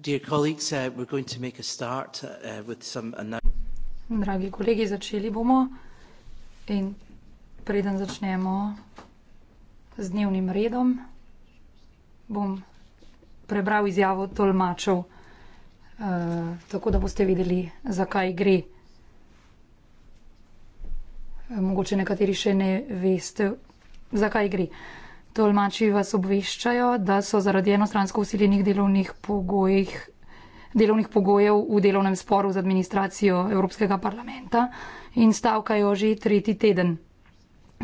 Dear colleagues, uh, we're going to make a start uh, with some Dragi kolegi, začeli bomo in preden začnemo z dnevnim redom, bom prebral izjavo tolmačev, uh, tako da boste vedeli, zakaj gre. Mogoče nekateri še ne veste, zakaj gre. Uh, tolmači vas obveščajo, da so zaradi enostransko usiljenih delovnih pogojih delovnih pogojev v delovnem sporu z administracijo Evropskega parlamenta in stavkajo že tretji teden.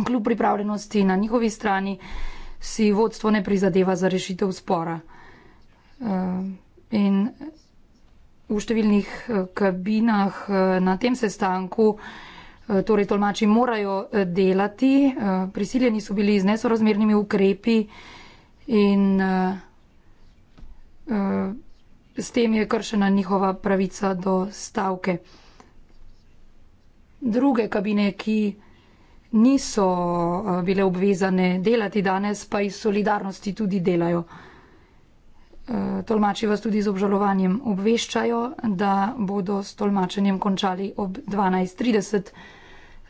Kljub pripravljenosti na njihovi strani si vodstvo ne prizadeva za rešitev spora. Eh, in v številnih eh, kabinah eh, na tem sestanku Eh, torej, tolmači morajo eh, delati, eh, prisiljeni so bili z nesorazmernimi ukrepi in s tem je kršena njihova pravica do stavke. Druge kabine, ki niso bile obvezane delati danes, pa iz solidarnosti tudi delajo. Eh, tolmačiva tudi z obžalovanjem obveščajo, da bodo s tolmačenjem končali ob 12.30,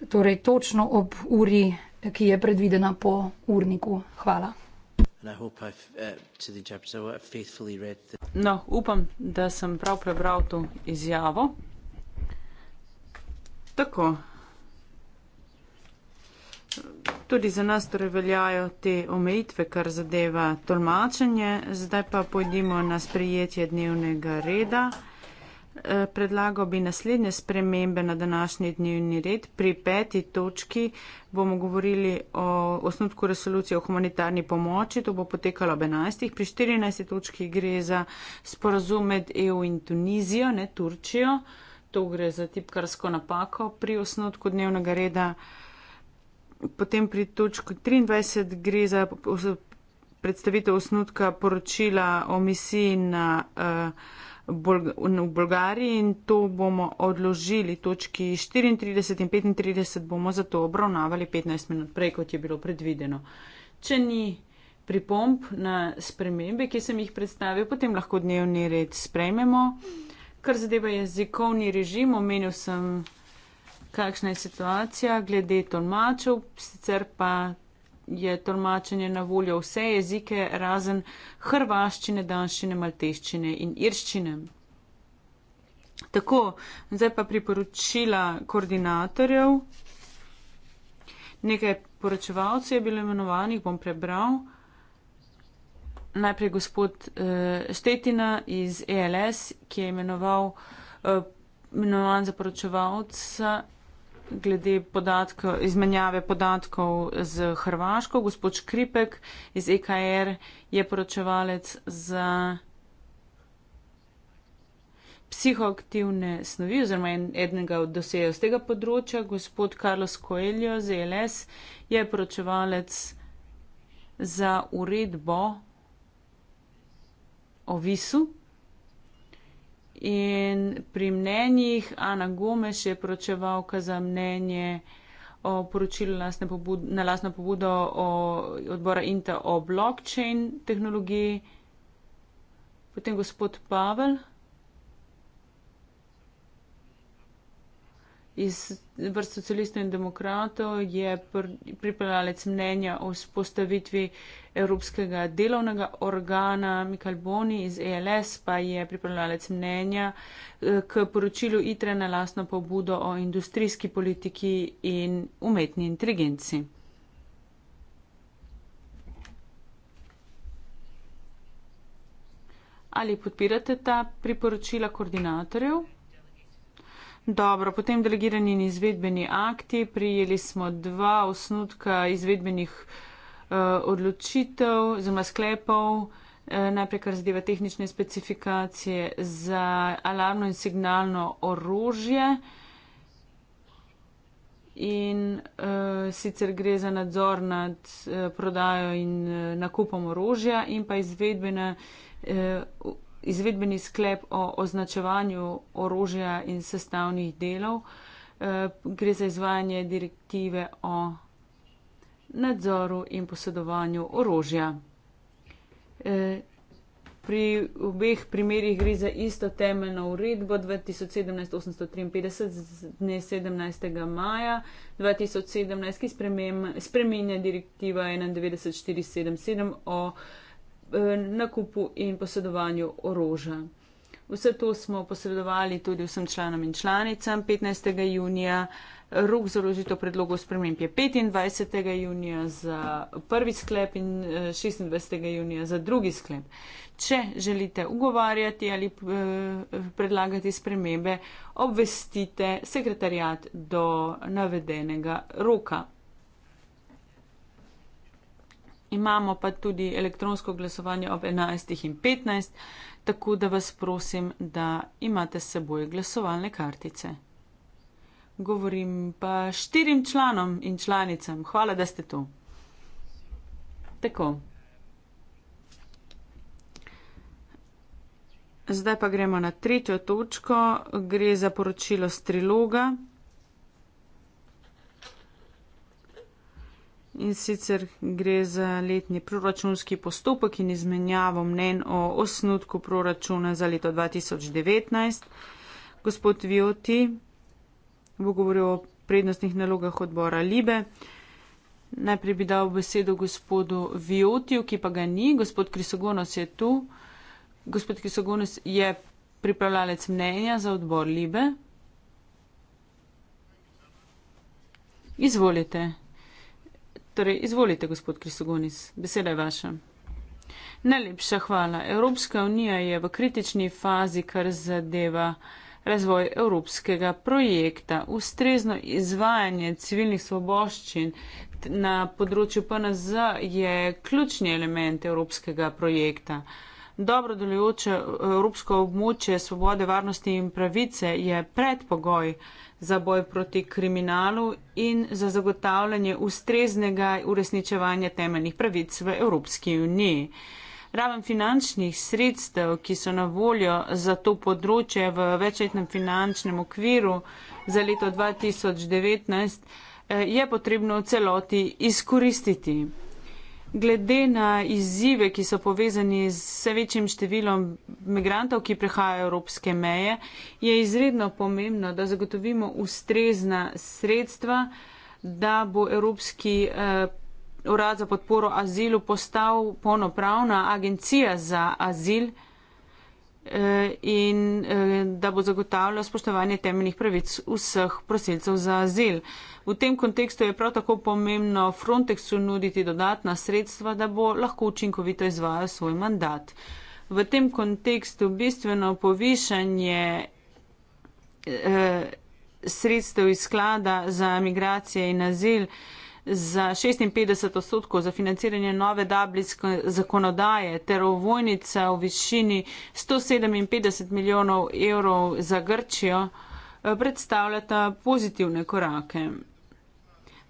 torej točno ob uri, ki je predvidena po urniku. Hvala. Eh, no, upam, da sem prav prebral to izjavo. Tako tudi za nas torej veljajo te omejitve, kar zadeva tolmačenje. Zdaj pa pojdimo na sprejetje dnevnega reda. E, predlagal bi naslednje spremembe na današnji dnevni red. Pri peti točki bomo govorili o osnutku resolucije o humanitarni pomoči. To bo potekalo ob 11. Pri 14. točki gre za sporazum med EU in Tunizijo, ne Turčijo. To gre za tipkarsko napako pri osnutku dnevnega reda potem pri točki 23 gre za predstavitev osnutka poročila o misiji na, uh, v Bolgariji in to bomo odložili. Točki 34 in 35 bomo zato obravnavali 15 minut prej, kot je bilo predvideno. Če ni pripomp na spremembe, ki sem jih predstavil, potem lahko dnevni red sprejmemo. Kar zadeva jezikovni režim, omenil sem kakšna je situacija glede tolmačev, sicer pa je tolmačenje na voljo vse jezike, razen hrvaščine, danščine, malteščine in irščine. Tako, zdaj pa priporočila koordinatorjev. Nekaj poročevalcev je bilo imenovanih, bom prebral. Najprej gospod uh, Štetina iz ELS, ki je imenoval, uh, imenovan za poročevalca glede podatko, izmenjave podatkov z Hrvaško. Gospod Škripek iz EKR je poročevalec za psihoaktivne snovi oziroma enega od dosejev z tega področja. Gospod Carlos Coelho z ELS je poročevalec za uredbo o visu. In pri mnenjih Ana Gomes je pročevalka za mnenje o poročilu na lasno pobudo odbora INTA o blockchain tehnologiji. Potem gospod Pavel. iz vrst socialistov in demokratov je pr pripeljalec mnenja o spostavitvi Evropskega delovnega organa, Mikael Boni iz ELS pa je pripeljalec mnenja eh, k poročilu ITRE na lasno pobudo o industrijski politiki in umetni inteligenci. Ali podpirate ta priporočila koordinatorjev? Dobro, potem delegirani in izvedbeni akti. Prijeli smo dva osnutka izvedbenih eh, odločitev, zelo sklepov, eh, najprej kar zadeva tehnične specifikacije za alarmno in signalno orožje. In uh, sicer gre za nadzor nad uh, prodajo in uh, nakupom orožja, in pa izvedbena uh, izvedbeni sklep o označevanju orožja in sestavnih delov. Eh, gre za izvajanje direktive o nadzoru in posedovanju orožja. Eh, pri obeh primerjih gre za isto temeljno uredbo 2017-853 z dne 17. maja 2017, ki spremenja direktiva 91477 o Eh, nakupu in posedovanju orožja. Vse to smo posredovali tudi vsem članom in članicam 15. junija. Rok za ložitev predlogov sprememb je 25. junija za prvi sklep in 26. Eh, junija za drugi sklep. Če želite ugovarjati ali eh, predlagati spremembe, obvestite sekretarjat do navedenega roka imamo pa tudi elektronsko glasovanje ob 11 in 15, tako da vas prosim, da imate s seboj glasovalne kartice. Govorim pa štirim članom in članicam, hvala, da ste tu. Tako. Zdaj pa gremo na tretjo točko, gre za poročilo Striloga. In sicer gre za letni proračunski postopek in izmenjavo mnen o osnutku proračuna za leto 2019. Gospod Vioti bo govoril o prednostnih nalogah odbora Libe. Najprej bi dal besedo gospodu Viotiju, ki pa ga ni. Gospod Krisogonos je tu. Gospod Krisogonos je pripravljalec mnenja za odbor Libe. Izvolite. Torej, izvolite, gospod Krisogonis, beseda je vaša. Najlepša hvala. Evropska unija je v kritični fazi, kar zadeva razvoj evropskega projekta. Ustrezno izvajanje civilnih svoboščin na področju PNZ je ključni element evropskega projekta. Uh, Dobro delujoče evropsko območje svobode, varnosti in pravice je predpogoj za boj proti kriminalu in za zagotavljanje ustreznega uresničevanja temeljnih pravic v Evropski uniji. Raven finančnih sredstev, ki so na voljo za to področje v večletnem finančnem okviru za leto 2019, eh, je potrebno v celoti izkoristiti glede na izzive, ki so povezani z vse večjim številom migrantov, ki prehajajo evropske meje, je izredno pomembno, da zagotovimo ustrezna sredstva, da bo Evropski eh, urad za podporo azilu postal polnopravna agencija za azil. Eh, in eh, da bo zagotavljal spoštovanje temeljnih pravic vseh prosilcev za azil. V tem kontekstu je prav tako pomembno Frontexu nuditi dodatna sredstva, da bo lahko učinkovito izvajal svoj mandat. V tem kontekstu bistveno povišanje eh, sredstev iz sklada za migracije in azil za 56 odstotkov za financiranje nove dablinske zakonodaje ter ovojnica v višini 157 milijonov evrov za Grčijo eh, predstavljata pozitivne korake.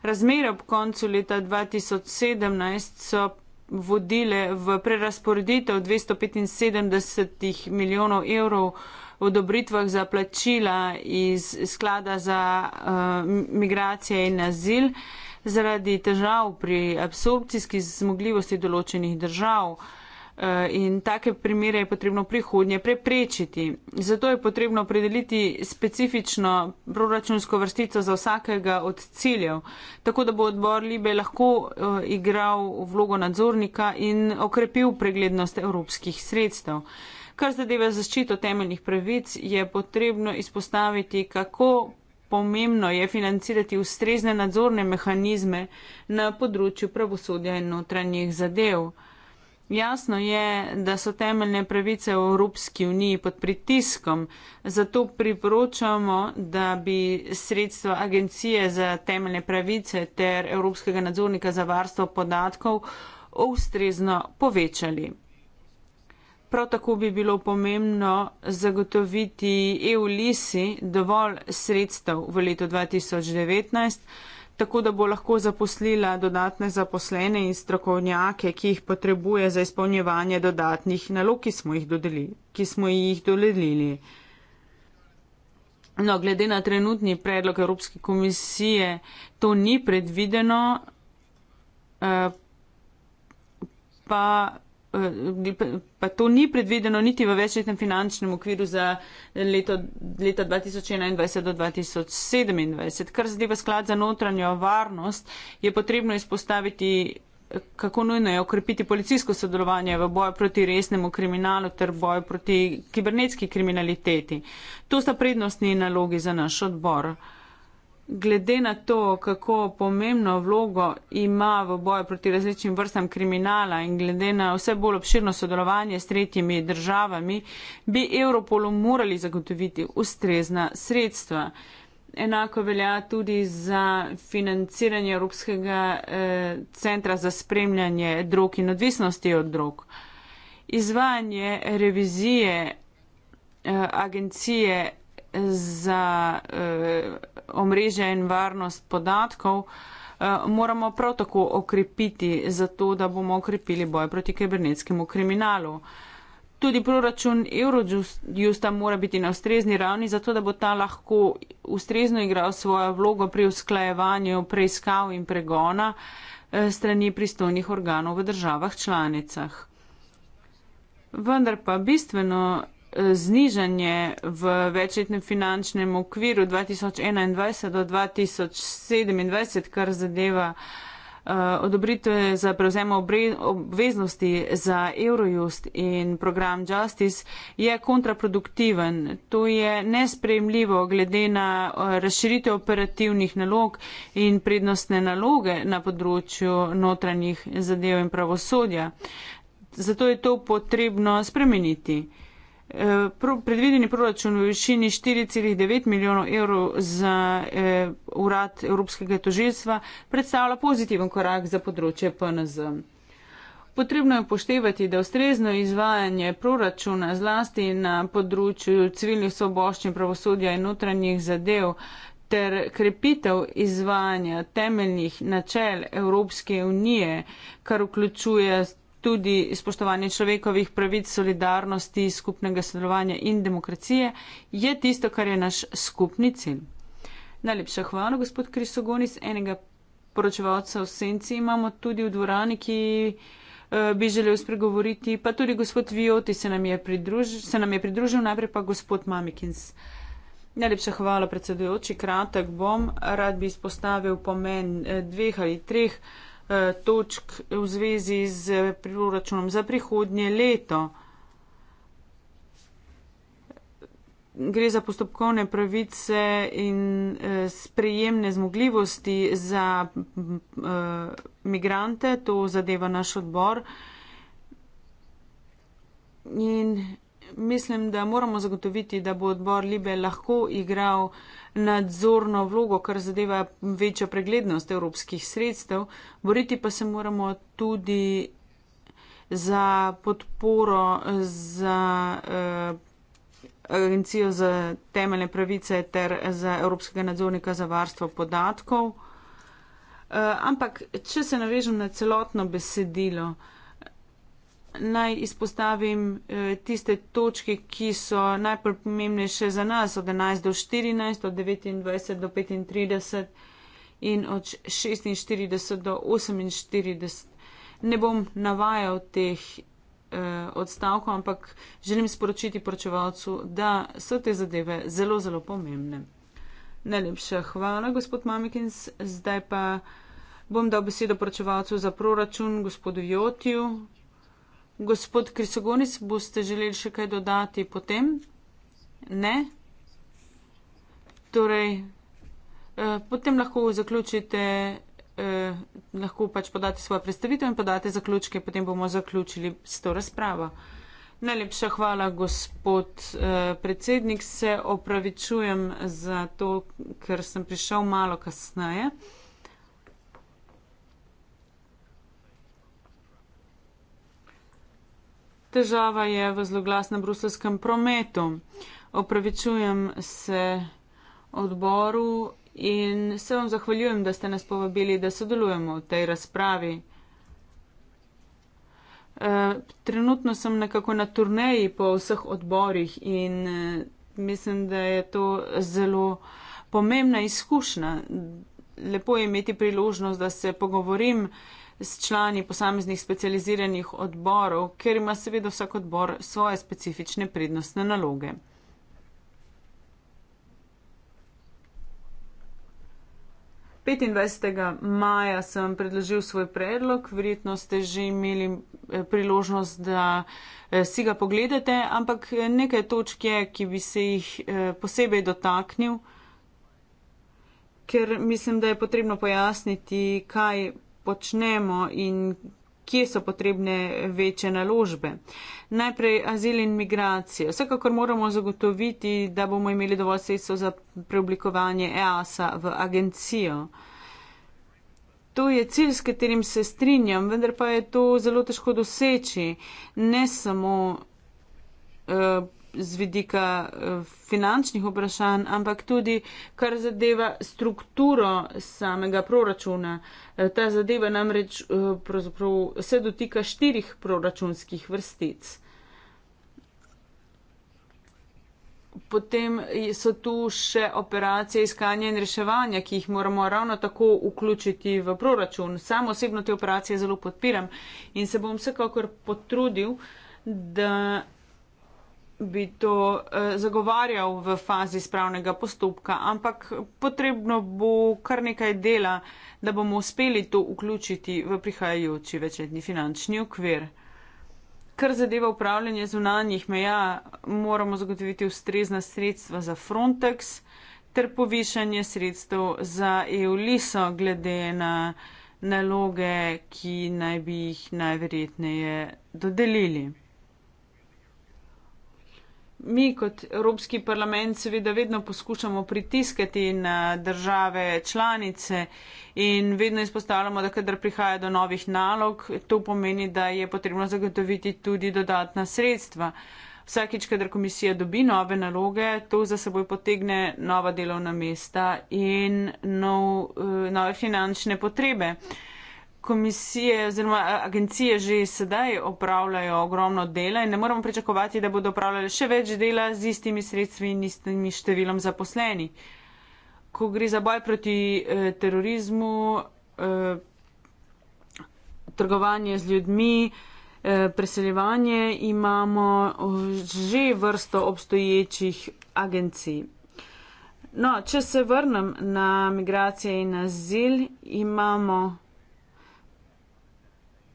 Razmere ob koncu leta 2017 so vodile v prerasporeditev 275 milijonov evrov v odobritvah za plačila iz sklada za uh, migracije in azil. Uh, zaradi težav pri absorpcijski zmogljivosti določenih držav. Eh, in take primere je potrebno prihodnje preprečiti. Zato je potrebno predeliti specifično proračunsko vrstico za vsakega od ciljev, tako da bo odbor Libe lahko eh, igral vlogo nadzornika in okrepil preglednost evropskih sredstev. Kar zadeva zaščito temeljnih pravic, je potrebno izpostaviti, kako pomembno je financirati ustrezne nadzorne mehanizme na področju pravosodja in notranjih zadev. Jasno je, da so temeljne pravice v Evropski uniji pod pritiskom, zato priporočamo, da bi sredstva Agencije za temeljne pravice ter Evropskega nadzornika za varstvo podatkov ustrezno povečali. Prav tako bi bilo pomembno zagotoviti EU-lisi dovolj sredstev v letu 2019, tako da bo lahko zaposlila dodatne zaposlene in strokovnjake, ki jih potrebuje za izpolnjevanje dodatnih nalog, ki smo jih dodelili. Ki smo jih dodelili. No, glede na trenutni predlog Evropske komisije, to ni predvideno, eh, pa Eh, pa to ni predvideno niti v večletnem finančnem okviru za leto, leta 2021 do 2027. Kar zadeva sklad za notranjo varnost, je potrebno izpostaviti, kako nujno je okrepiti policijsko sodelovanje v boju proti resnemu kriminalu ter boju proti kibernetski kriminaliteti. To sta prednostni nalogi za naš odbor glede na to, kako pomembno vlogo ima v boju proti različnim vrstam kriminala in glede na vse bolj obširno sodelovanje s tretjimi državami, bi Europolu morali zagotoviti ustrezna sredstva. Enako velja tudi za financiranje Evropskega eh, centra za spremljanje drog in odvisnosti od drog. Izvajanje revizije eh, agencije za eh, omrežja in varnost podatkov eh, moramo prav tako okrepiti, zato da bomo okrepili boj proti kibernetskemu kriminalu. Tudi proračun Eurojusta mora biti na ustrezni ravni, zato da bo ta lahko ustrezno igral svojo vlogo pri usklajevanju preiskav in pregona eh, strani pristojnih organov v državah članicah. Vendar pa bistveno znižanje v večletnem finančnem okviru 2021 do 2027, kar zadeva uh, odobritve za prevzem obveznosti za Eurojust in program Justice, je kontraproduktiven. To je nespremljivo glede na eh, razširitev operativnih nalog in prednostne naloge na področju notranjih zadev in pravosodja. Zato je to potrebno spremeniti. Eh, predvideni proračun v višini 4,9 milijonov evrov za eh, urad Evropskega tožilstva predstavlja pozitiven korak za področje PNZ. Potrebno je upoštevati, da ustrezno izvajanje proračuna zlasti na področju civilnih soboščin pravosodja in notranjih zadev ter krepitev izvajanja temeljnih načel Evropske unije, kar vključuje tudi spoštovanje človekovih pravic, solidarnosti, skupnega sodelovanja in demokracije, je tisto, kar je naš skupni cilj. Najlepša hvala, gospod Krisogonis, enega poročevalca v senci imamo tudi v dvorani, ki eh, bi želel spregovoriti, pa tudi gospod Vijoti se nam je pridružil, se nam je pridružil najprej pa gospod Mamikins. Najlepša hvala, predsedujoči, kratek bom, rad bi izpostavil pomen eh, dveh ali treh. Eh, točk v zvezi z proračunom za prihodnje leto. Gre za postopkovne pravice in eh, sprejemne zmogljivosti za eh, migrante, to zadeva naš odbor. In mislim, da moramo zagotoviti, da bo odbor Libe lahko igral nadzorno vlogo, kar zadeva večjo preglednost evropskih sredstev. Boriti pa se moramo tudi za podporo za eh, Agencijo za temeljne pravice ter za Evropskega nadzornika za varstvo podatkov. Eh, ampak, če se navežem na celotno besedilo, eh, naj izpostavim eh, tiste točke, ki so najbolj pomembnejše za nas od 11 do 14, od 29 do 35 in od 46 do 48. Ne bom navajal teh eh, odstavkov, ampak želim sporočiti poročevalcu, da so te zadeve zelo, zelo pomembne. Najlepša hvala, gospod Mamikins. Zdaj pa bom dal besedo poročevalcu za proračun, gospodu Jotiju. Gospod Krisogonis, boste želeli še kaj dodati potem? Ne? Torej, eh, potem lahko zaključite, eh, lahko pač podate svojo predstavitev in podate zaključke, potem bomo zaključili s to razpravo. Najlepša hvala, gospod eh, predsednik. Se opravičujem za to, ker sem prišel malo kasneje. težava je v zloglasnem bruselskem prometu. Opravičujem se odboru in se vam zahvaljujem, da ste nas povabili, da sodelujemo v tej razpravi. E, trenutno sem nekako na turneji po vseh odborih in e, mislim, da je to zelo pomembna izkušnja. Lepo je imeti priložnost, da se pogovorim s člani posameznih specializiranih odborov, ker ima seveda vsak odbor svoje specifične prednostne naloge. 25. maja sem predložil svoj predlog, verjetno ste že imeli eh, priložnost, da eh, si ga pogledate, ampak eh, nekaj točk je, ki bi se jih posebej dotaknil, ker mislim, da je potrebno pojasniti, kaj počnemo in kje so potrebne večje naložbe. Najprej azil in migracije. Vsekakor moramo zagotoviti, da bomo imeli dovolj sredstva za preoblikovanje EASA v agencijo. To je cilj, s katerim se strinjam, vendar pa je to zelo težko doseči. Ne samo. Uh, z vidika eh, finančnih vprašanj, ampak tudi kar zadeva strukturo samega proračuna. Eh, ta zadeva namreč eh, se dotika štirih proračunskih vrstic. Potem so tu še operacije iskanja in reševanja, ki jih moramo ravno tako vključiti v proračun. Sam osebno te operacije zelo podpiram in se bom vsekakor potrudil, da bi to eh, zagovarjal v fazi spravnega postopka, ampak potrebno bo kar nekaj dela, da bomo uspeli to vključiti v prihajajoči večletni finančni okvir. Kar zadeva upravljanje zunanjih meja, moramo zagotoviti ustrezna sredstva za Frontex ter povišanje sredstev za EULISO glede na naloge, ki naj bi jih najverjetneje dodelili mi kot Evropski parlament seveda vedno poskušamo pritiskati na države članice in vedno izpostavljamo, da kadar prihaja do novih nalog, to pomeni, da je potrebno zagotoviti tudi dodatna sredstva. Vsakič, kadar komisija dobi nove naloge, to za seboj potegne nova delovna mesta in nov, eh, nove finančne potrebe. Uh, komisije oziroma agencije že sedaj opravljajo ogromno dela in ne moramo pričakovati, da bodo opravljali še več dela z istimi sredstvi in istimi številom zaposleni. Ko gre za boj proti eh, terorizmu, eh, trgovanje z ljudmi, eh, preseljevanje, imamo že vrsto obstoječih agencij. No, če se vrnem na migracije in azil, imamo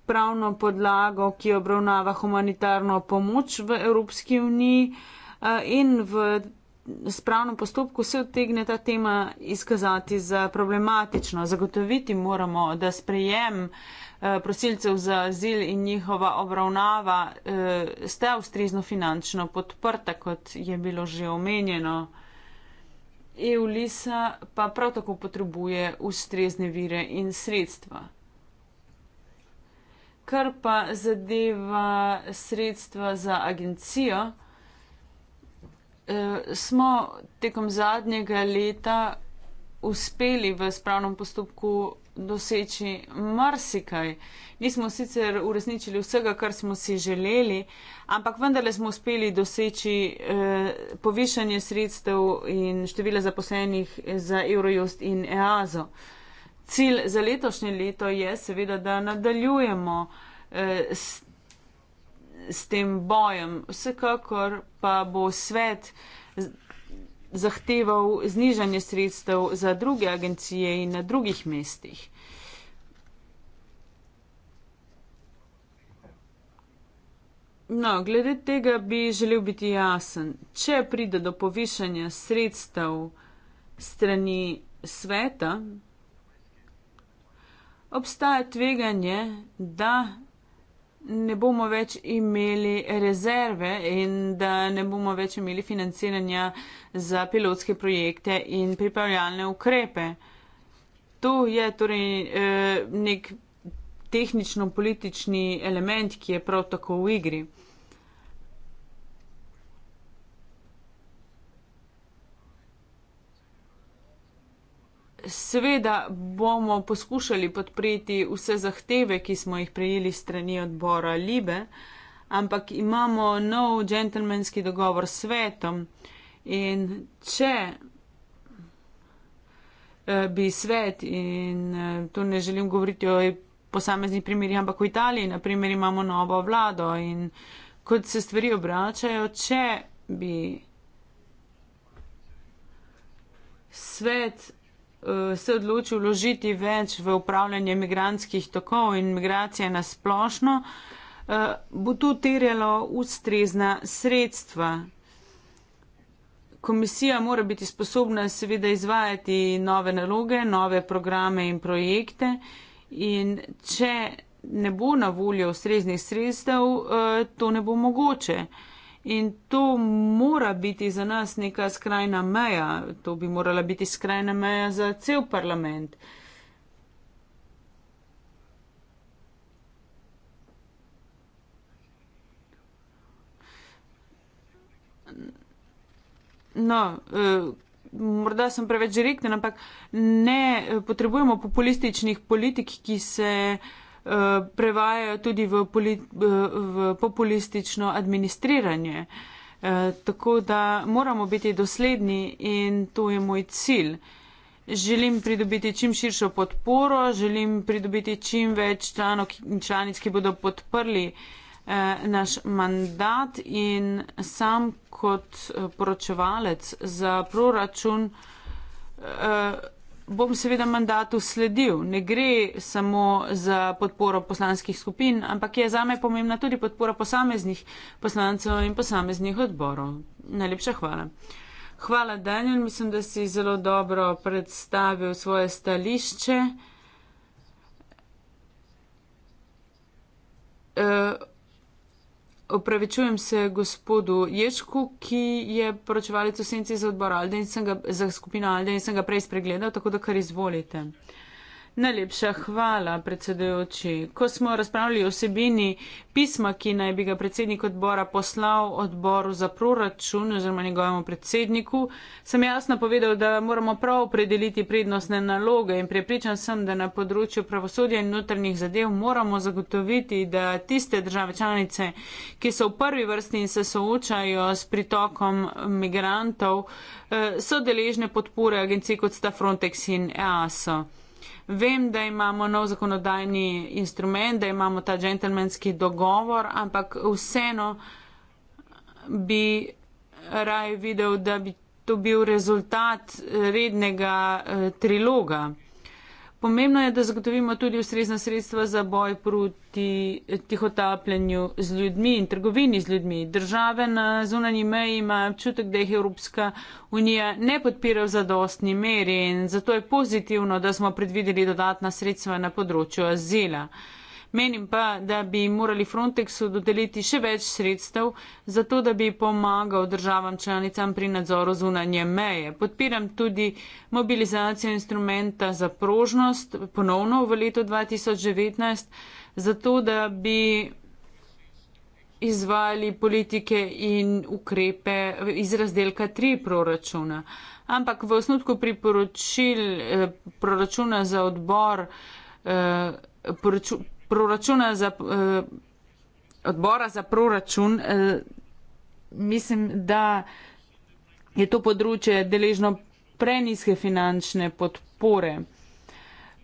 pravno podlago, ki obravnava humanitarno pomoč v Evropski uniji eh, in v spravnem postopku se odtegne ta tema izkazati za problematično. Zagotoviti moramo, da sprejem eh, prosilcev za azil in njihova obravnava eh, sta ustrezno finančno podprta, kot je bilo že omenjeno. EU-LISA pa prav tako potrebuje ustrezne vire in sredstva kar pa zadeva sredstva za agencijo, eh, smo tekom zadnjega leta uspeli v spravnem postopku doseči marsikaj. Nismo sicer uresničili vsega, kar smo si želeli, ampak vendarle smo uspeli doseči eh, povišanje sredstev in števila zaposlenih za Eurojust in EASO. Eh, cilj za letošnje leto je seveda, da nadaljujemo eh, s, s tem bojem. Vsekakor pa bo svet zahteval znižanje sredstev za druge agencije in na drugih mestih. No, glede tega bi želel biti jasen. Če pride do povišanja sredstev strani sveta, obstaja tveganje, da ne bomo več imeli rezerve in da ne bomo več imeli financiranja za pilotske projekte in pripravljalne ukrepe. To je torej eh, nek tehnično-politični element, ki je prav tako v igri. seveda bomo poskušali podpreti vse zahteve, ki smo jih prejeli strani odbora Libe, ampak imamo nov džentlmenski dogovor s svetom in če eh, bi svet in eh, tu ne želim govoriti o posameznih primerih, ampak v Italiji, na primer, imamo novo vlado in kot se stvari obračajo, če bi svet Eh, se odloči vložiti več v upravljanje migranskih tokov in migracije na splošno, eh, bo to terjalo ustrezna sredstva. Komisija mora biti sposobna seveda izvajati nove naloge, nove programe in projekte in če ne bo na voljo ustreznih sredstev, eh, to ne bo mogoče. In to mora biti za nas neka skrajna meja, to bi morala biti skrajna meja za cel parlament. No, e, morda sem preveč direkten, ampak ne potrebujemo populističnih politik, ki se. Eh, prevajajo tudi v, poli, eh, v populistično administriranje. Eh, tako da moramo biti dosledni in to je moj cilj. Želim pridobiti čim širšo podporo, želim pridobiti čim več članov in članic, ki bodo podprli naš mandat in sam kot poročevalec za proračun bom seveda mandatu sledil. Ne gre samo za podporo poslanskih skupin, ampak je zame pomembna tudi podpora posameznih poslancev in posameznih odborov. Najlepša hvala. Hvala, Daniel. Mislim, da si zelo dobro predstavil svoje stališče. Uh, opravičujem se gospodu Ječku, ki je poročevalec v senci za odbor Alde in sem ga, za skupino Alde in sem ga prej spregledal, tako da kar izvolite. Najlepša hvala, predsedujoči. Ko smo razpravljali osebini pisma, ki naj bi ga predsednik odbora poslal odboru za proračun oziroma njegovemu predsedniku, sem jasno povedal, da moramo prav opredeliti prednostne naloge in prepričan sem, da na področju pravosodja in notrnih zadev moramo zagotoviti, da tiste države članice, ki so v prvi vrsti in se soočajo s pritokom migrantov, eh, so deležne podpore agencij kot sta Frontex in EASO. Vem, da imamo nov zakonodajni instrument, da imamo ta džentlmenski dogovor, ampak vseeno bi raje videl, da bi to bil rezultat rednega eh, triloga. Pomembno je, da zagotovimo tudi ustrezna sredstva za boj proti tihotapljenju z ljudmi in trgovini z ljudmi. Države na zunanji meji imajo občutek, da jih Evropska unija ne podpira v zadostni meri in zato je pozitivno, da smo predvideli dodatna sredstva na področju azila. Menim pa, da bi morali Frontexu dodeliti še več sredstev, zato da bi pomagal državam članicam pri nadzoru zunanje meje. Podpiram tudi mobilizacijo instrumenta za prožnost ponovno v letu 2019, zato da bi izvajali politike in ukrepe iz razdelka tri proračuna. Ampak v osnutku priporočil eh, proračuna za odbor eh, poraču, proračuna za, eh, odbora za proračun, eh, mislim, da je to področje deležno preniske finančne podpore.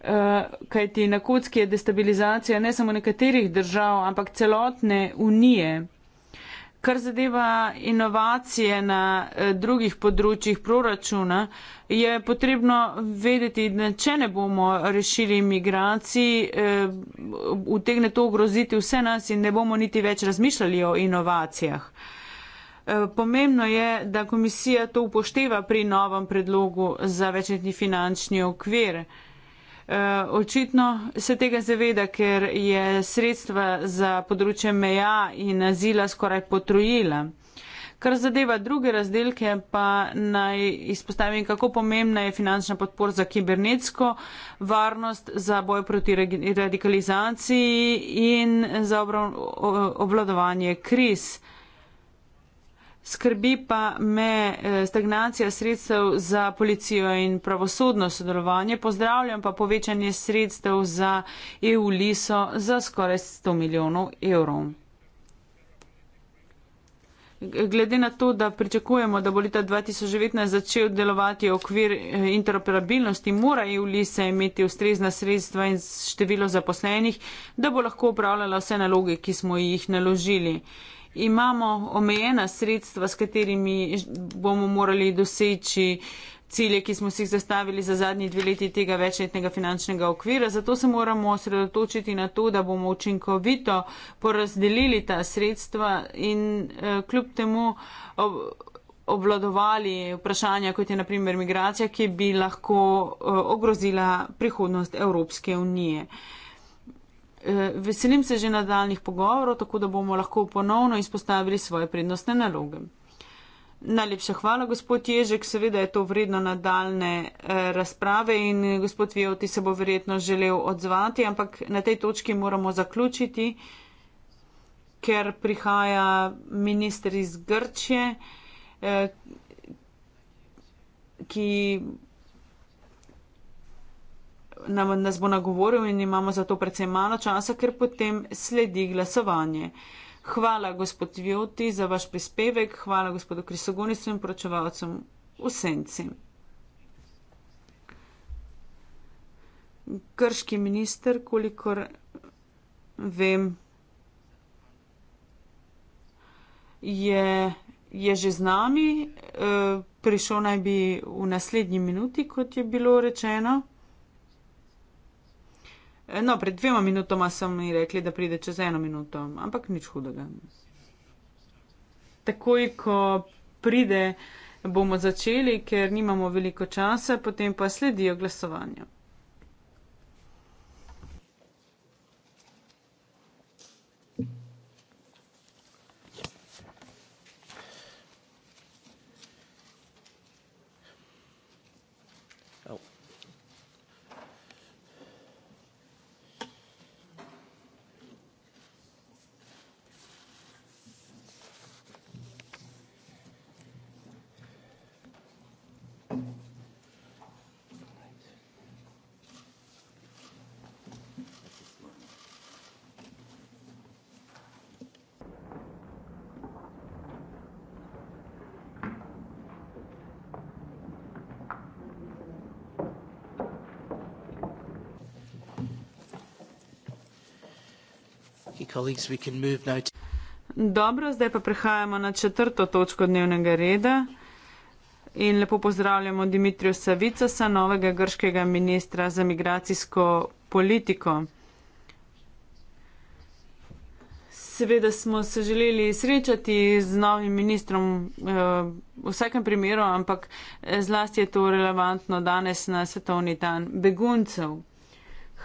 Eh, kajti na kocki je destabilizacija ne samo nekaterih držav, ampak celotne unije. Kar zadeva inovacije na eh, drugih področjih proračuna, je potrebno vedeti, da če ne bomo rešili imigracij, eh, utegne to ogroziti vse nas in ne bomo niti več razmišljali o inovacijah. Eh, pomembno je, da komisija to upošteva pri novem predlogu za večletni finančni okvir. Eh, očitno se tega zaveda, ker je sredstva za področje meja in azila skoraj potrojila. Kar zadeva druge razdelke, pa naj izpostavim, kako pomembna je finančna podpor za kibernetsko varnost, za boj proti radikalizaciji in za obvladovanje kriz. Skrbi pa me eh, stagnacija sredstev za policijo in pravosodno sodelovanje, pozdravljam pa povečanje sredstev za EU liso za skoraj 100 milijonov evrov. Glede na to, da pričakujemo, da bo leta 2019 začel delovati okvir eh, interoperabilnosti, mora EU lisa imeti ustrezna sredstva in število zaposlenih, da bo lahko upravljala vse naloge, ki smo jih naložili imamo omejena sredstva, s katerimi bomo morali doseči cilje, ki smo si jih zastavili za zadnji dve leti tega večletnega finančnega okvira. Zato se moramo osredotočiti na to, da bomo učinkovito porazdelili ta sredstva in eh, kljub temu ob, obvladovali vprašanja, kot je naprimer migracija, ki bi lahko eh, ogrozila prihodnost Evropske unije. Eh, Eh, veselim se že nadaljnih pogovorov, tako da bomo lahko ponovno izpostavili svoje prednostne naloge. Najlepša hvala, gospod Ježek, seveda je to vredno nadaljne eh, razprave in eh, gospod Vijoti se bo verjetno želel odzvati, ampak na tej točki moramo zaključiti, ker prihaja minister iz Grčije, ki nam, nas bo nagovoril in imamo za to predvsem malo časa, ker potem sledi glasovanje. Hvala gospod Vjoti za vaš prispevek, hvala gospodu Krisogonicu in poročevalcem v senci. Krški minister, kolikor vem, je, je že z nami, e, prišel naj bi v naslednji minuti, kot je bilo rečeno. No, pred dvema minutoma so mi rekli, da pride čez eno minuto, ampak nič hudega. Takoj, ko pride, bomo začeli, ker nimamo veliko časa, potem pa sledijo glasovanju. Dobro, zdaj pa prehajamo na četrto točko dnevnega reda. In lepo pozdravljamo Dimitrija Savicasa, novega grškega ministra za migracijsko politiko. Seveda smo se želeli srečati z novim ministrom eh, v vsakem primeru, ampak eh, zlasti je to relevantno danes na svetovni dan beguncev.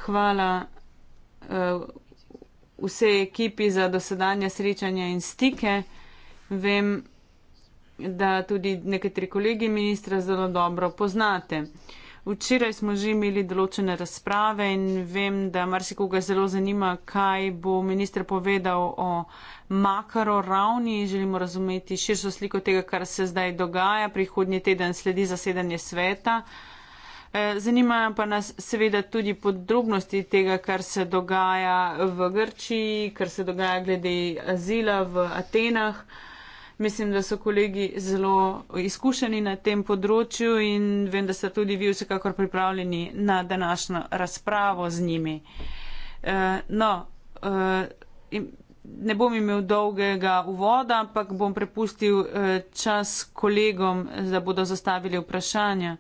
Hvala. Eh, vse ekipi za dosedanje srečanje in stike. Vem, da tudi nekateri kolegi ministra zelo dobro poznate. Včeraj smo že imeli določene razprave in vem, da marsikoga zelo zanima, kaj bo minister povedal o makaro ravni. Želimo razumeti širšo sliko tega, kar se zdaj dogaja. Prihodnji teden sledi zasedanje sveta. Uh, Eh, zanimajo pa nas seveda tudi podrobnosti tega, kar se dogaja v Grčiji, kar se dogaja glede azila v Atenah. Mislim, da so kolegi zelo izkušeni na tem področju in vem, da ste tudi vi vsekakor pripravljeni na današnjo razpravo z njimi. Eh, no, eh, ne bom imel dolgega uvoda, ampak bom prepustil čas kolegom, da bodo zastavili vprašanja.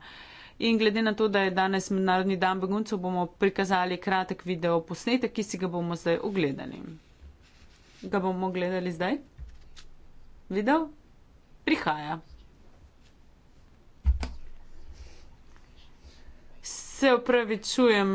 In glede na to, da je danes Mednarodni dan beguncev, bomo prikazali kratek video posnetek, ki si ga bomo zdaj ogledali. Ga bomo gledali zdaj? Video? Prihaja. Se opravičujem.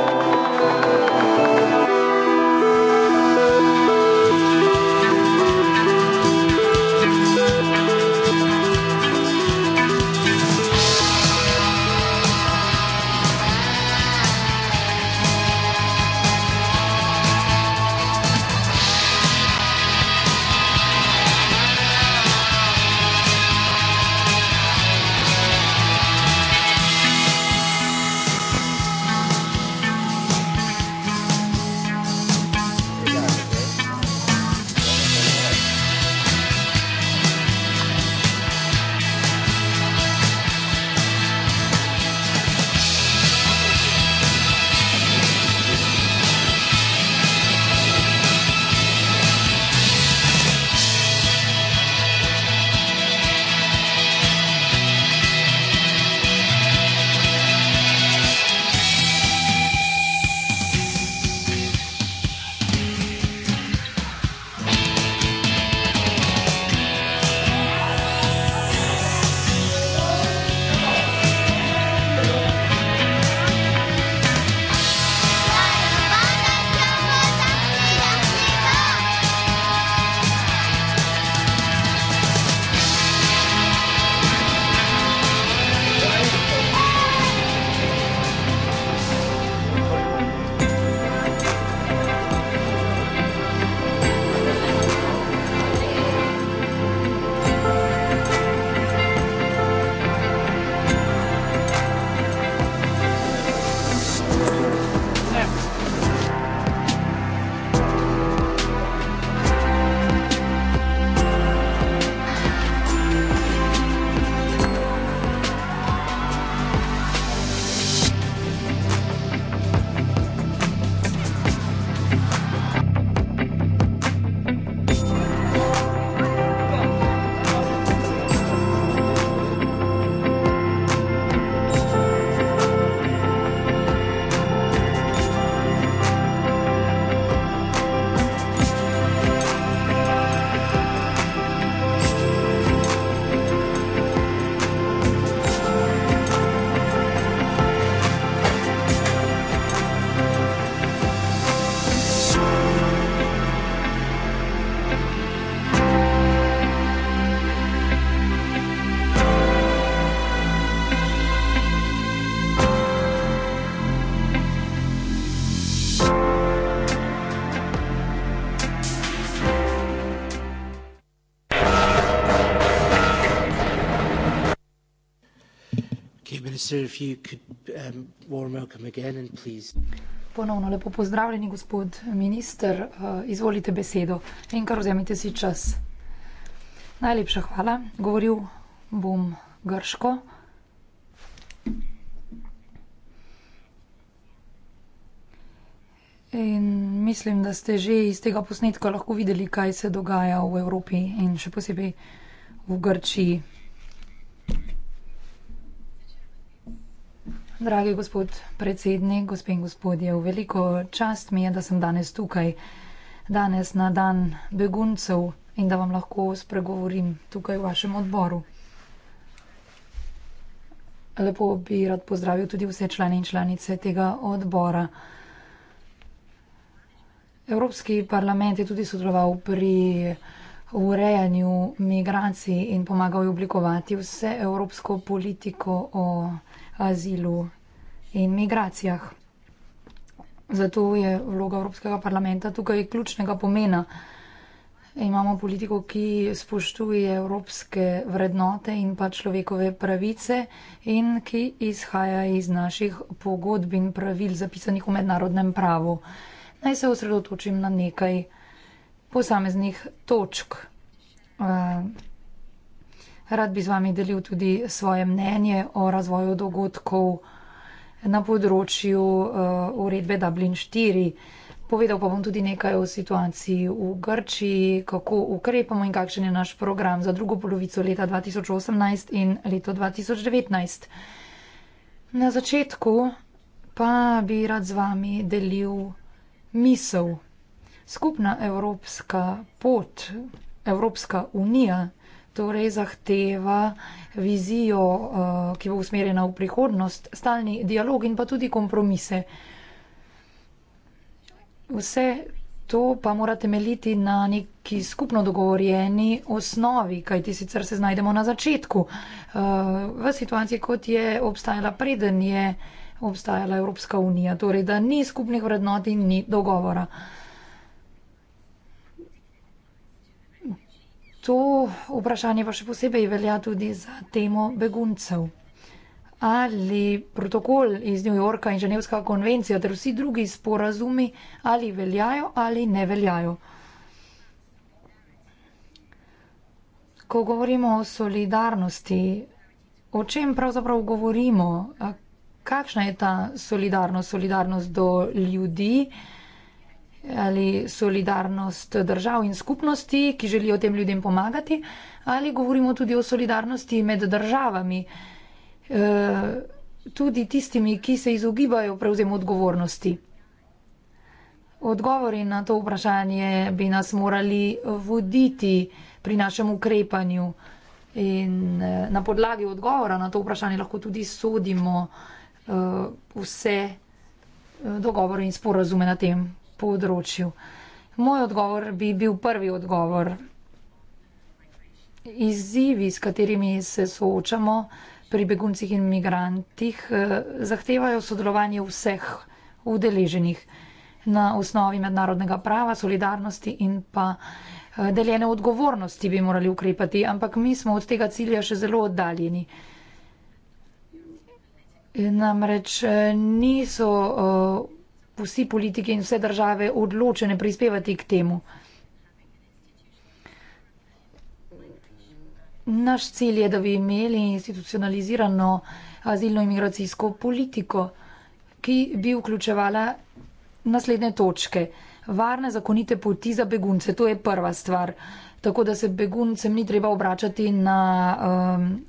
Minister, if you could, um, warm welcome again and please. Ponovno lepo pozdravljeni, gospod minister, uh, izvolite besedo in kar vzemite si čas. Najlepša hvala. Govoril bom grško. In mislim, da ste že iz tega posnetka lahko videli, kaj se dogaja v Evropi in še posebej v Grčiji. Dragi gospod predsednik, gospe in gospodje, v veliko čast mi je, da sem danes tukaj, danes na dan beguncev in da vam lahko spregovorim tukaj v vašem odboru. Lepo bi rad pozdravil tudi vse člane in članice tega odbora. Evropski parlament je tudi sodeloval pri urejanju migracij in pomagal je oblikovati vse evropsko politiko o migracijah azilu in migracijah. Zato je vloga Evropskega parlamenta tukaj ključnega pomena. Imamo politiko, ki spoštuje evropske vrednote in pa človekove pravice in ki izhaja iz naših pogodb in pravil zapisanih v mednarodnem pravu. Naj se osredotočim na nekaj posameznih točk. Uh, Rad bi z vami delil tudi svoje mnenje o razvoju dogodkov na področju uh, uredbe Dublin 4. Povedal pa bom tudi nekaj o situaciji v Grčiji, kako ukrepamo in kakšen je naš program za drugo polovico leta 2018 in leto 2019. Na začetku pa bi rad z vami delil misel. Skupna evropska pot, Evropska unija torej zahteva vizijo, eh, ki bo usmerjena v prihodnost, stalni dialog in pa tudi kompromise. Vse to pa mora temeljiti na neki skupno dogovorjeni osnovi, kajti sicer se znajdemo na začetku, eh, v situaciji, kot je obstajala preden je obstajala Evropska unija, torej da ni skupnih vrednot in ni dogovora. To vprašanje pa še posebej velja tudi za temo beguncev. Ali protokol iz New Yorka in Ženevska konvencija ter vsi drugi sporazumi ali veljajo ali ne veljajo. Ko govorimo o solidarnosti, o čem pravzaprav govorimo? Kakšna je ta solidarnost? Solidarnost do ljudi? ali solidarnost držav in skupnosti, ki želijo tem ljudem pomagati, ali govorimo tudi o solidarnosti med državami, eh, tudi tistimi, ki se izogibajo prevzemu odgovornosti. Odgovori na to vprašanje bi nas morali voditi pri našem ukrepanju in eh, na podlagi odgovora na to vprašanje lahko tudi sodimo eh, vse dogovore in sporazume na tem področju. Moj odgovor bi bil prvi odgovor. Izzivi, s katerimi se soočamo pri beguncih in migrantih, eh, zahtevajo sodelovanje vseh udeleženih na osnovi mednarodnega prava, solidarnosti in pa eh, deljene odgovornosti bi morali ukrepati, ampak mi smo od tega cilja še zelo oddaljeni. Namreč eh, niso. Uh, vsi politiki in vse države odločene prispevati k temu. Naš cilj je, da bi imeli institucionalizirano azilno-imigracijsko politiko, ki bi vključevala naslednje točke. Varne zakonite poti za begunce, to je prva stvar. Tako da se beguncem ni treba obračati na, um,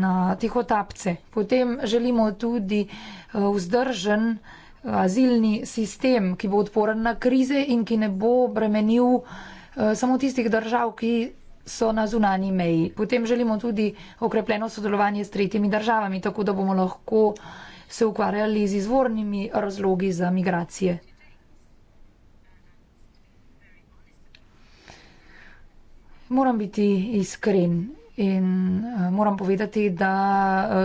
na tihotapce. Potem želimo tudi uh, vzdržen uh, azilni sistem, ki bo odporen na krize in ki ne bo bremenil eh, samo tistih držav, ki so na zunani meji. Potem želimo tudi okrepljeno sodelovanje s tretjimi državami, tako da bomo lahko se ukvarjali z izvornimi razlogi za migracije. Moram biti iskren. In eh, moram povedati, da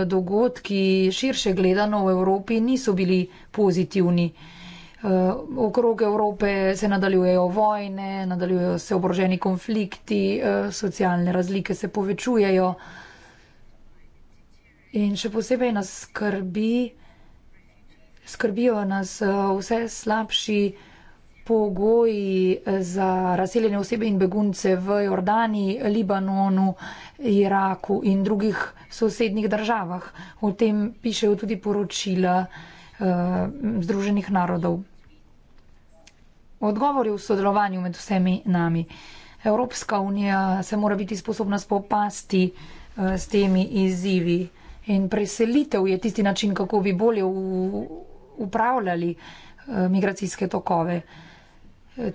eh, dogodki širše gledano v Evropi niso bili pozitivni. Eh, okrog Evrope se nadaljujejo vojne, nadaljujejo se oboroženi konflikti, socialne razlike se povečujejo. In še posebej nas skrbi, skrbijo nas vse slabši pogoji eh, za razseljene osebe in begunce v Jordani, Libanonu, Iraku in drugih sosednjih državah. O tem pišejo tudi poročila eh, Združenih narodov. Odgovor je v sodelovanju med vsemi nami. Evropska unija se mora biti sposobna spopasti eh, s temi izzivi in preselitev je tisti način, kako bi bolje v, upravljali eh, migracijske tokove. Eh,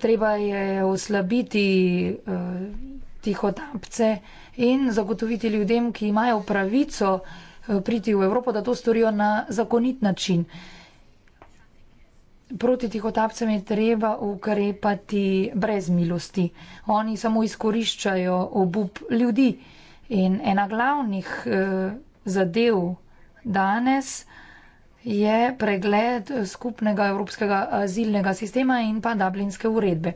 treba je oslabiti eh, tihotapce in zagotoviti ljudem, ki imajo pravico eh, priti v Evropo, da to storijo na zakonit način. Proti tihotapcem je treba ukrepati brez milosti. Oni samo izkoriščajo obup ljudi. In ena glavnih eh, zadev danes, eh, je pregled skupnega evropskega azilnega sistema in pa Dublinske uredbe.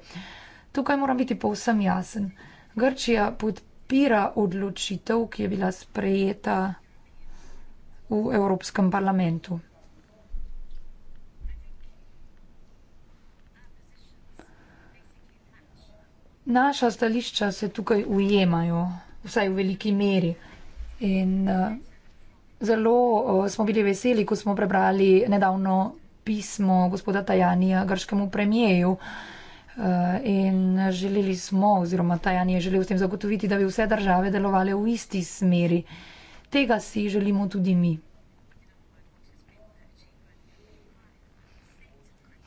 Tukaj moram biti povsem jasen. Grčija podpira odločitev, ki je bila sprejeta v Evropskem parlamentu. Naša stališča se tukaj ujemajo, vsaj v veliki meri. In uh, Zelo uh, smo bili veseli, ko smo prebrali nedavno pismo gospoda Tajanija grškemu premijeju. Uh, e, in želeli smo, oziroma Tajani je želel s tem zagotoviti, da bi vse države delovale v isti smeri. Tega si želimo tudi mi.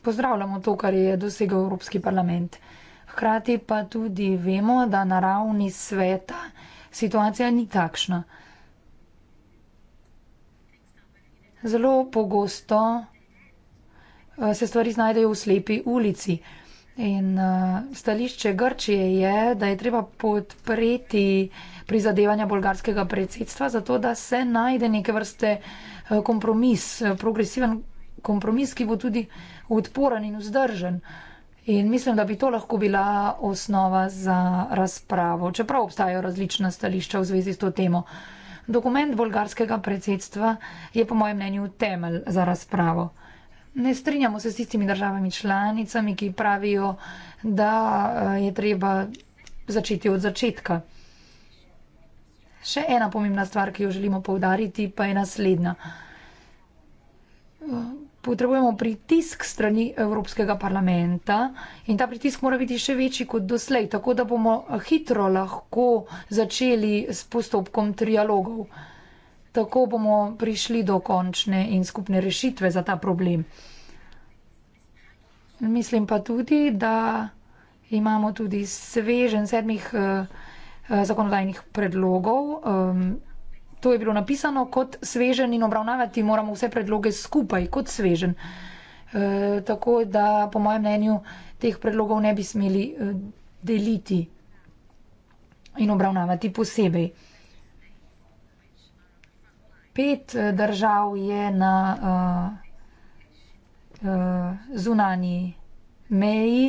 Pozdravljamo to, kar je dosegel Evropski parlament. Hkrati pa tudi vemo, da na ravni sveta situacija ni takšna. Uh, zelo pogosto eh, se stvari znajdejo v slepi ulici. In eh, stališče Grčije je, da je treba podpreti prizadevanja bolgarskega predsedstva, zato da se najde neke vrste eh, kompromis, progresiven kompromis, ki bo tudi odporen in vzdržen. In mislim, da bi to lahko bila osnova za razpravo, čeprav obstajajo različna stališča v zvezi s to temo. Dokument bolgarskega predsedstva je po mojem mnenju temelj za razpravo. Ne strinjamo se s tistimi državami članicami, ki pravijo, da eh, je treba začeti od začetka. Še ena pomembna stvar, ki jo želimo povdariti, pa je naslednja potrebujemo pritisk strani Evropskega parlamenta in ta pritisk mora biti še večji kot doslej, tako da bomo hitro lahko začeli s postopkom trialogov. Tako bomo prišli do končne in skupne rešitve za ta problem. Mislim pa tudi, da imamo tudi svežen sedmih eh, eh zakonodajnih predlogov. Eh, To je bilo napisano kot svežen in obravnavati moramo vse predloge skupaj kot svežen. E, tako da po mojem mnenju teh predlogov ne bi smeli e, deliti in obravnavati posebej. Pet e, držav je na uh, e, uh, zunani meji.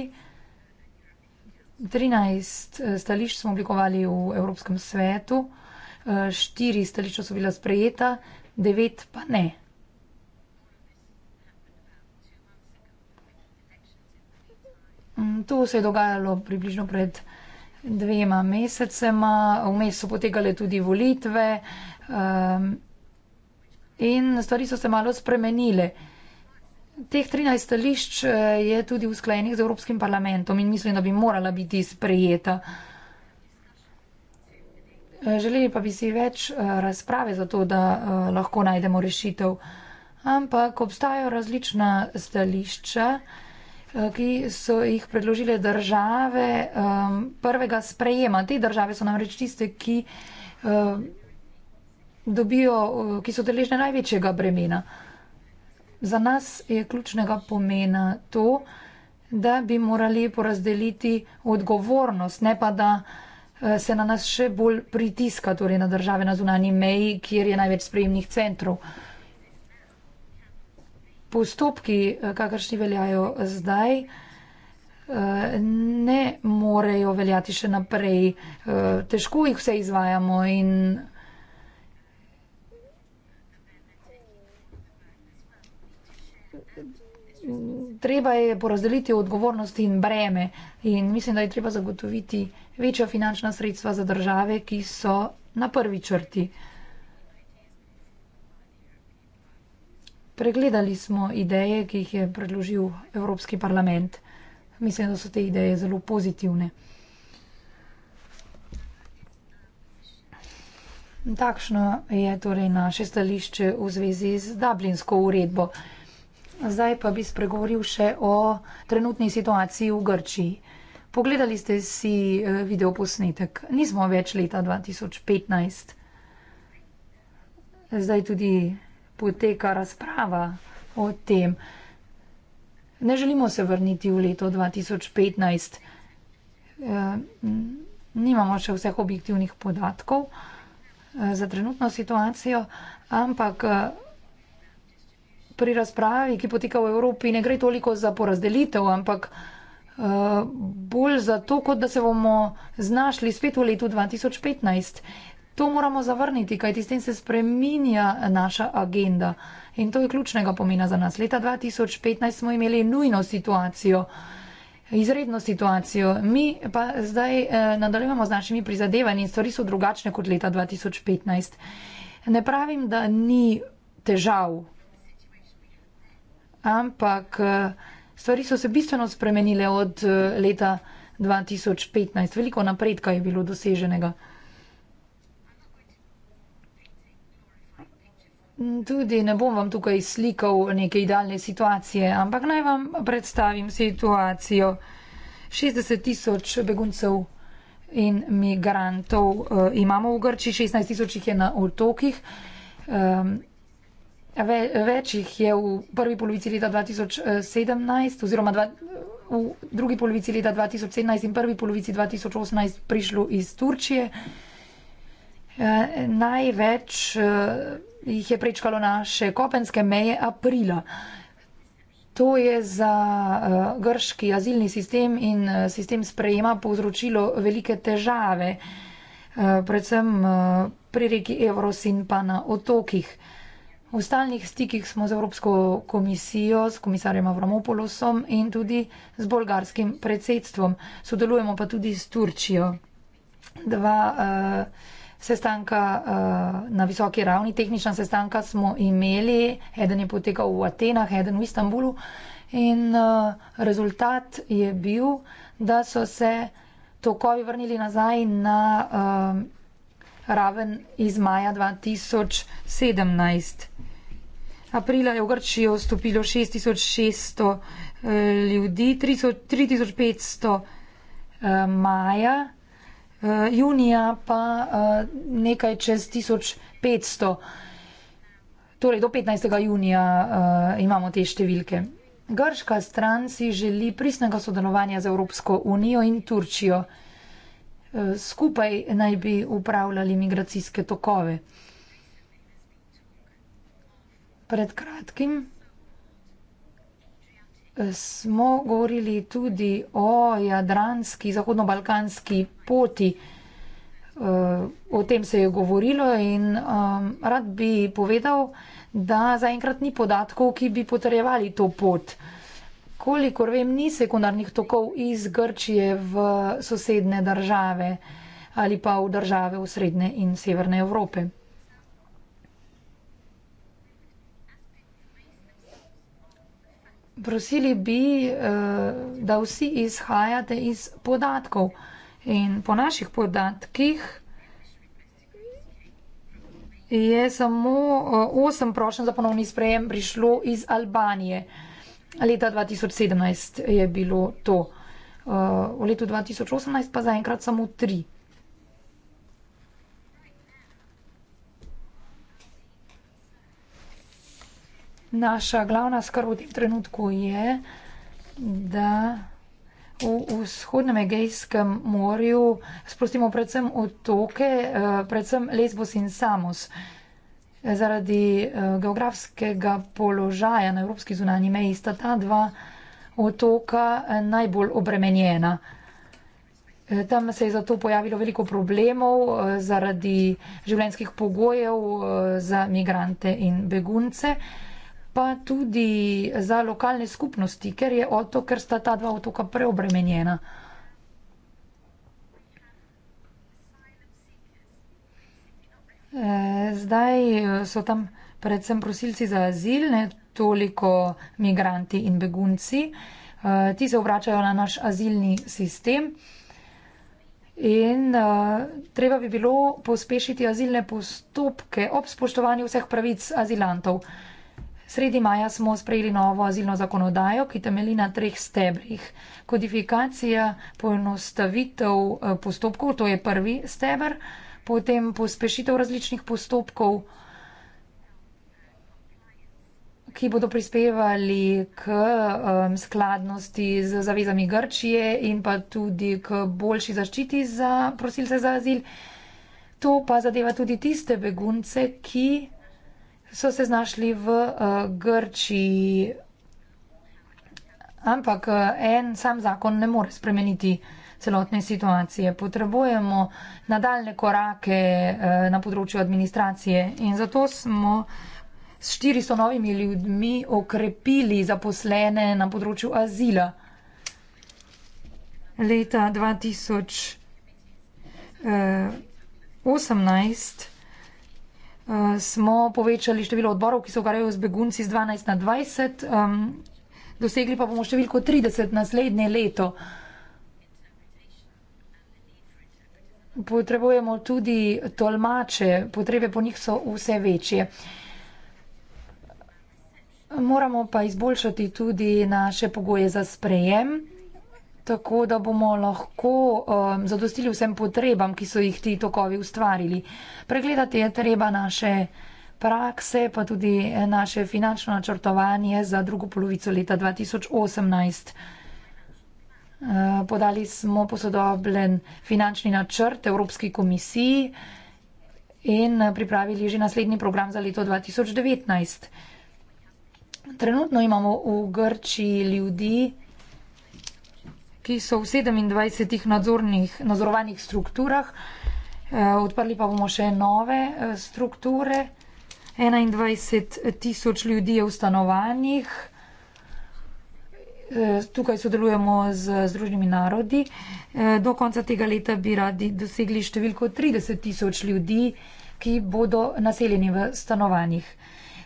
13 stališč smo oblikovali v Evropskem svetu štiri stališča so bila sprejeta, devet pa ne. to se je dogajalo približno pred dvema mesecema, vmes so potekale tudi volitve, ehm, in stvari so se malo spremenile. Teh trinajst stališč eh, je tudi usklajenih z Evropskim parlamentom in mislim, da bi morala biti sprejeta. Želeli pa bi si več eh, razprave za to, da eh, lahko najdemo rešitev. Ampak obstajajo različna stališča, eh, ki so jih predložile države prvega sprejema. Te države so namreč tiste, ki, dobijo, ki so deležne največjega bremena. Za nas je ključnega pomena to, da bi morali porazdeliti odgovornost, ne pa da. Eh, se na nas še bolj pritiska, torej na države na zunanji meji, kjer je največ sprejemnih centrov. Postopki, eh, kakršni veljajo zdaj, eh, ne morejo veljati še naprej. Težko jih vse izvajamo in treba je porazdeliti odgovornosti in breme in mislim, da je treba zagotoviti, večja finančna sredstva za države, ki so na prvi črti. Pregledali smo ideje, ki jih je predložil Evropski parlament. Mislim, da so te ideje zelo pozitivne. Takšno je torej naše stališče v zvezi z Dublinsko uredbo. Zdaj pa bi spregovoril še o trenutni situaciji v Grčiji. Pogledali ste si eh, video posnetek, nismo več leta 2015. Zdaj tudi poteka razprava o tem. Ne želimo se vrniti v leto 2015. E, eh, nimamo še vseh objektivnih podatkov eh, za trenutno situacijo, ampak pri razpravi, ki poteka v Evropi, ne gre toliko za porazdelitev, ampak bolj zato, kot da se bomo znašli spet v letu 2015. To moramo zavrniti, kajti s tem se spreminja naša agenda. In to je ključnega pomena za nas. Leta 2015 smo imeli nujno situacijo, izredno situacijo. Mi pa zdaj eh, nadaljujemo z našimi prizadevanji in stvari so drugačne kot leta 2015. Ne pravim, da ni težav, ampak eh, Stvari so se bistveno spremenile od eh, leta 2015. Veliko napredka je bilo doseženega. Tudi ne bom vam tukaj slikal neke idealne situacije, ampak naj vam predstavim situacijo. 60 tisoč beguncev in migrantov eh, imamo v Grči, 16 tisoč jih je na otokih. Ehm, Ve, več jih je v prvi polovici leta 2017 oziroma dva, v drugi polovici leta 2017 in prvi polovici 2018 prišlo iz Turčije. E, največ e, jih je prečkalo naše kopenske meje aprila. To je za uh, grški azilni sistem in uh, sistem sprejema povzročilo velike težave, uh, predvsem uh, pri reki Evros in pa na otokih. Uh, V stalnih stikih smo z Evropsko komisijo, s komisarjem Avramopolosom in tudi z bolgarskim predsedstvom. Sodelujemo pa tudi s Turčijo. Dva uh, sestanka uh, na visoki ravni, tehnična sestanka smo imeli, eden je potekal v Atenah, eden v Istanbulu. In uh, rezultat je bil, da so se tokovi vrnili nazaj na uh, raven iz maja 2017. Aprila je v Grčijo stopilo 6600 uh, ljudi, 3500 uh, eh, maja, uh, junija pa uh, nekaj čez 1500. Torej, do 15. junija uh, imamo te številke. Grška stran si želi pristnega sodelovanja z Evropsko unijo in Turčijo. Uh, skupaj naj bi upravljali migracijske tokove. Uh, pred kratkim eh, smo govorili tudi o jadranski, zahodno-balkanski poti. Eh, o tem se je govorilo in ehm, rad bi povedal, da zaenkrat ni podatkov, ki bi potrjevali to pot. Kolikor vem, ni sekundarnih tokov iz Grčije v sosedne države ali pa v države v srednje in severne Evrope. prosili bi, eh, da vsi izhajate iz podatkov. In po naših podatkih je samo 8 eh, prošen za ponovni sprejem prišlo iz Albanije. Leta 2017 je bilo to. Eh, v letu 2018 pa zaenkrat samo 3. Naša glavna skrb v tem trenutku je, da v vzhodnem Egejskem morju sprostimo predvsem otoke, eh, predvsem Lesbos in Samos. Zaradi eh, geografskega položaja na evropski zunanji meji sta ta dva otoka eh, najbolj obremenjena. Tam se je zato pojavilo veliko problemov zaradi življenjskih pogojev za migrante in begunce pa tudi za lokalne skupnosti, ker, oto, ker sta ta dva otoka preobremenjena. Eh, zdaj eh, so tam predvsem prosilci za azil, ne toliko migranti in begunci. Eh, ti se obračajo na naš azilni sistem in treba bi bilo pospešiti azilne postopke ob spoštovanju vseh pravic azilantov. Sredi maja smo sprejeli novo azilno zakonodajo, ki temeli na treh stebrih. Kodifikacija, poenostavitev eh, postopkov, to je prvi stebr, potem pospešitev različnih postopkov, ki bodo prispevali k um, skladnosti z zavezami Grčije in pa tudi k boljši zaščiti za prosilce za azil. To pa zadeva tudi tiste begunce, ki so se znašli v uh, Grčiji. Ampak eh, en sam zakon ne more spremeniti celotne situacije. Potrebujemo nadaljne korake eh, na področju administracije in zato smo s 400 novimi ljudmi okrepili zaposlene na področju azila. Leta 2018 smo povečali število odborov, ki se ukvarjajo z begunci z 12 na 20, um, dosegli pa bomo številko 30 naslednje leto. Potrebujemo tudi tolmače, potrebe po njih so vse večje. Moramo pa izboljšati tudi naše pogoje za sprejem tako da bomo lahko um, zadostili vsem potrebam, ki so jih ti tokovi ustvarili. Pregledati je treba naše prakse, pa tudi naše finančno načrtovanje za drugo polovico leta 2018. Uh, podali smo posodobljen finančni načrt Evropski komisiji in pripravili že naslednji program za leto 2019. Trenutno imamo v Grči ljudi, ki so v 27 nadzornih strukturah. Eh, odprli pa bomo še nove eh, strukture. 21 tisoč ljudi je v stanovanjih. Eh, tukaj sodelujemo z Združnimi narodi. Do konca tega leta bi radi dosegli številko 30 tisoč ljudi, ki bodo naseljeni v stanovanjih.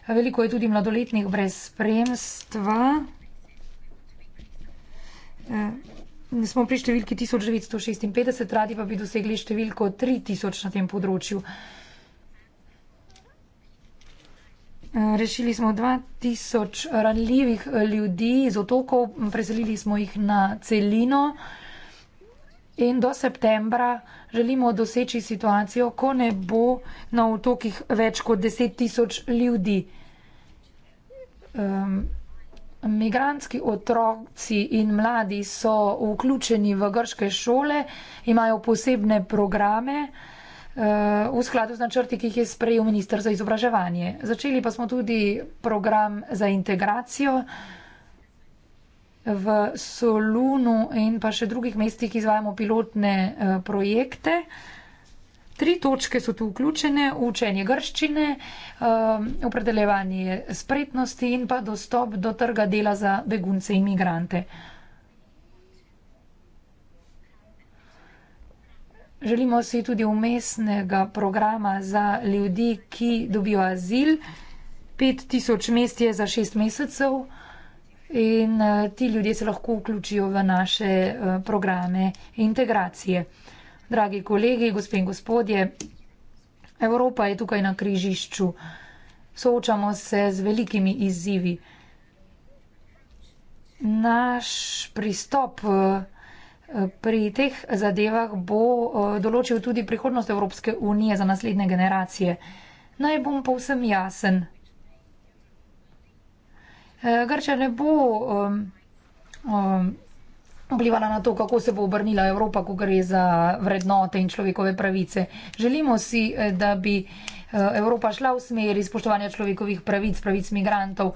Veliko je tudi mladoletnih brez spremstva smo pri številki 1956, radi pa bi dosegli številko 3000 na tem področju. Rešili smo 2000 ranljivih ljudi iz otokov, preselili smo jih na celino in do septembra želimo doseči situacijo, ko ne bo na otokih več kot 10 tisoč ljudi. Um, Migrantski otroci in mladi so vključeni v grške šole, imajo posebne programe eh, v skladu z načrti, ki jih je sprejel ministr za izobraževanje. Začeli pa smo tudi program za integracijo v Solunu in pa še drugih mestih, ki izvajamo pilotne eh, projekte. Tri točke so tu vključene, učenje grščine, um, opredeljevanje spretnosti in pa dostop do trga dela za begunce in imigrante. Želimo si tudi umestnega programa za ljudi, ki dobijo azil. 5000 mest je za 6 mesecev in eh, ti ljudje se lahko vključijo v naše eh, programe integracije. Dragi kolegi, gospe in gospodje, Evropa je tukaj na križišču. Soočamo se z velikimi izzivi. Naš pristop eh, pri teh zadevah bo eh, določil tudi prihodnost Evropske unije za naslednje generacije. Naj bom povsem jasen. Eh, Grča ne bo um, um, vplivala na to, kako se bo obrnila Evropa, ko gre za vrednote in človekove pravice. Želimo si, eh, da bi eh, Evropa šla v smeri spoštovanja človekovih pravic, pravic migrantov.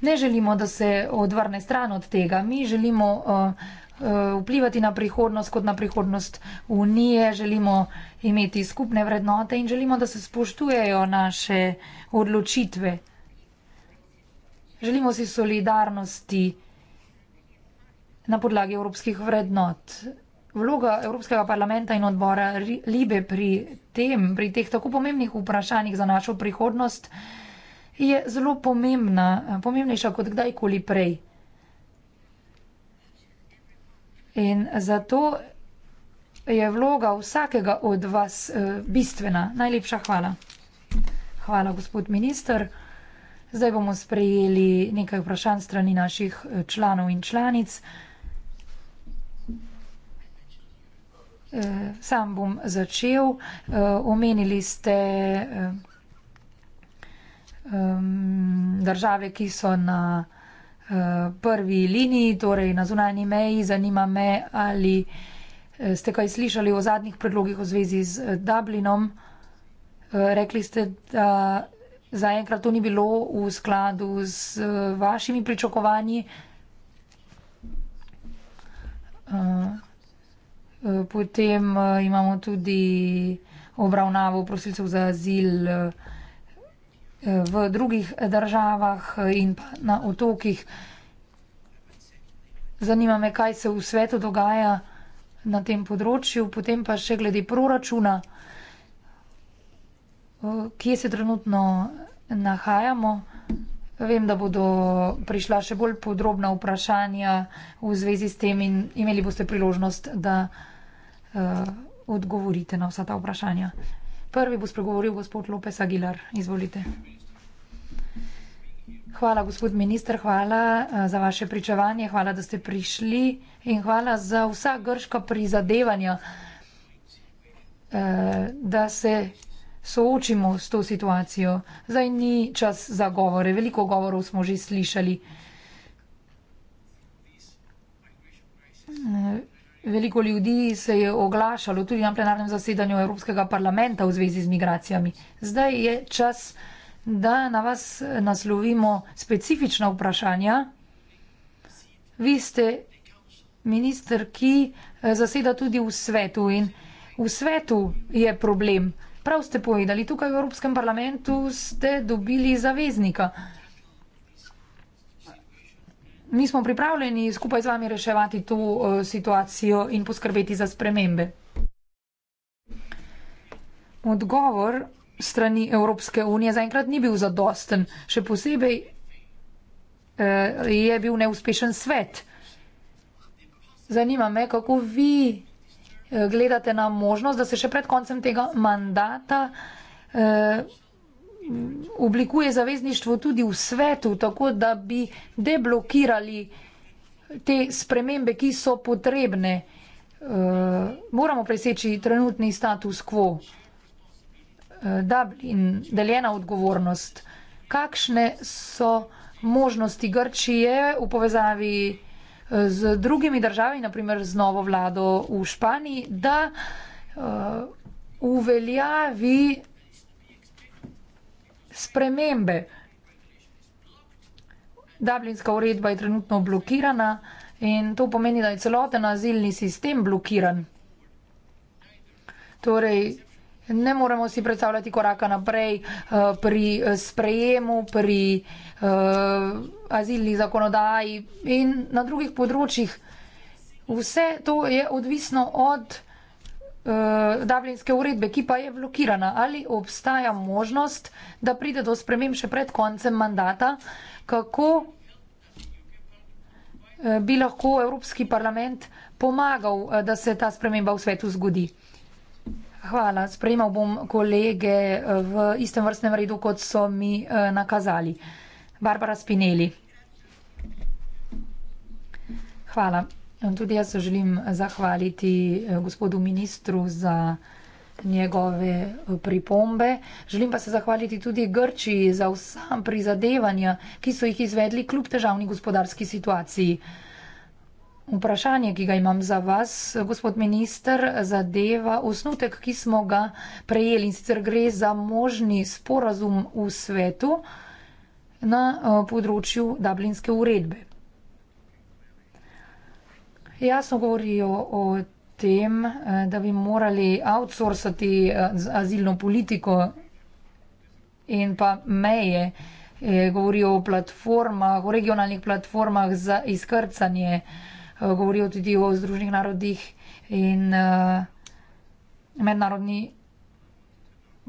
Ne želimo, da se odvrne stran od tega. Mi želimo uh, uh, vplivati na prihodnost kot na prihodnost unije, želimo imeti skupne vrednote in želimo, da se spoštujejo naše odločitve. Želimo si solidarnosti na podlagi evropskih vrednot. Vloga Evropskega parlamenta in odbora Libe pri tem, pri teh tako pomembnih vprašanjih za našo prihodnost, je zelo pomembna, pomembnejša kot kdajkoli prej. In zato je vloga vsakega od vas eh, bistvena. Najlepša hvala. Hvala, gospod minister. Zdaj bomo sprejeli nekaj vprašanj strani naših eh, članov in članic. Eh, sam bom začel. Eh, omenili ste eh, države, ki so na prvi liniji, torej na zunanji meji. Zanima me, ali ste kaj slišali o zadnjih predlogih v zvezi z Dublinom. Rekli ste, da zaenkrat to ni bilo v skladu z vašimi pričakovanji. Potem eh, imamo tudi obravnavo prosilcev za azil eh, v drugih državah eh, in pa na otokih. Zanima me, kaj se v svetu dogaja na tem področju, potem pa še glede proračuna, kje se trenutno nahajamo. Vem, da bodo prišla še bolj podrobna vprašanja v zvezi s tem in imeli boste priložnost, da. Eh, odgovorite na vsa ta vprašanja. Prvi bo spregovoril gospod Lopes Aguilar. Izvolite. Hvala, gospod minister, hvala eh, za vaše pričevanje, hvala, da ste prišli in hvala za vsa grška prizadevanja, eh, da se soočimo s to situacijo. Zdaj ni čas za govore, veliko govorov smo že slišali. Veliko ljudi se je oglašalo tudi na plenarnem zasedanju Evropskega parlamenta v zvezi z migracijami. Zdaj je čas, da na vas naslovimo specifična vprašanja. Vi ste minister, ki eh, zaseda tudi v svetu in v svetu je problem. Prav ste povedali, tukaj v Evropskem parlamentu ste dobili zaveznika mi smo pripravljeni skupaj z vami reševati to uh, situacijo in poskrbeti za spremembe. Odgovor strani Evropske unije zaenkrat ni bil zadosten. Še posebej uh, je bil neuspešen svet. Zanima me, kako vi uh, gledate na možnost, da se še pred koncem tega mandata uh, oblikuje zavezništvo tudi v svetu, tako da bi deblokirali te spremembe, ki so potrebne. Uh, moramo preseči trenutni status quo. Uh, Dublin, deljena odgovornost. Kakšne so možnosti Grčije v povezavi eh, z drugimi državami, naprimer z novo vlado v Španiji, da uh, uveljavi spremembe. Dublinska uredba je trenutno blokirana in to pomeni, da je celoten azilni sistem blokiran. Torej, ne moremo si predstavljati koraka naprej eh, pri eh, sprejemu, pri eh, azilni zakonodaji in na drugih področjih. Vse to je odvisno od uh, Dublinske uredbe, ki pa je blokirana. Ali obstaja možnost, da pride do spremem še pred koncem mandata? Kako eh, bi lahko Evropski parlament pomagal, eh, da se ta sprememba v svetu zgodi. Hvala. Sprejemal bom kolege v istem vrstnem redu, kot so mi nakazali. Barbara Spinelli. Hvala. Tudi jaz se želim zahvaliti eh, gospodu ministru za njegove eh, pripombe. Želim pa se zahvaliti tudi Grčiji za vsa prizadevanja, ki so jih izvedli kljub težavni gospodarski situaciji. Vprašanje, ki ga imam za vas, eh, gospod minister, zadeva osnutek, ki smo ga prejeli in sicer gre za možni sporazum v svetu na področju Dublinske uredbe jasno govorijo o tem, eh, da bi morali outsourcati eh, azilno politiko in pa meje. Eh, govorijo o platformah, o regionalnih platformah za izkrcanje, govorijo tudi o Združenih narodih in mednarodni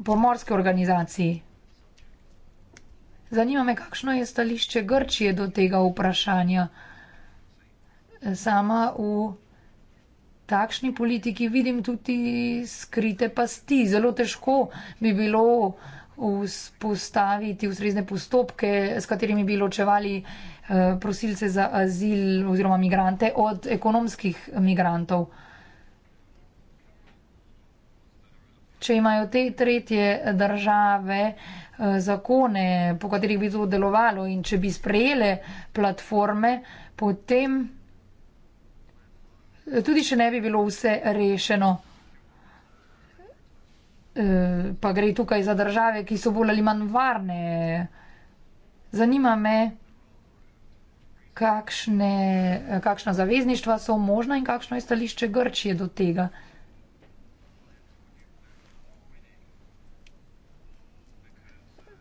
pomorski organizaciji. Zanima me, kakšno je stališče Grčije do tega vprašanja sama v takšni politiki vidim tudi skrite pasti. Zelo težko bi bilo vzpostaviti ustrezne postopke, s katerimi bi ločevali eh, prosilce za azil oziroma migrante od ekonomskih migrantov. Če imajo te tretje države eh, zakone, po katerih bi to delovalo in če bi sprejele platforme, potem tudi če ne bi bilo vse rešeno. E, pa gre tukaj za države, ki so bolj ali manj varne. Zanima me, kakšne, kakšna zavezništva so možna in kakšno je stališče Grčije do tega.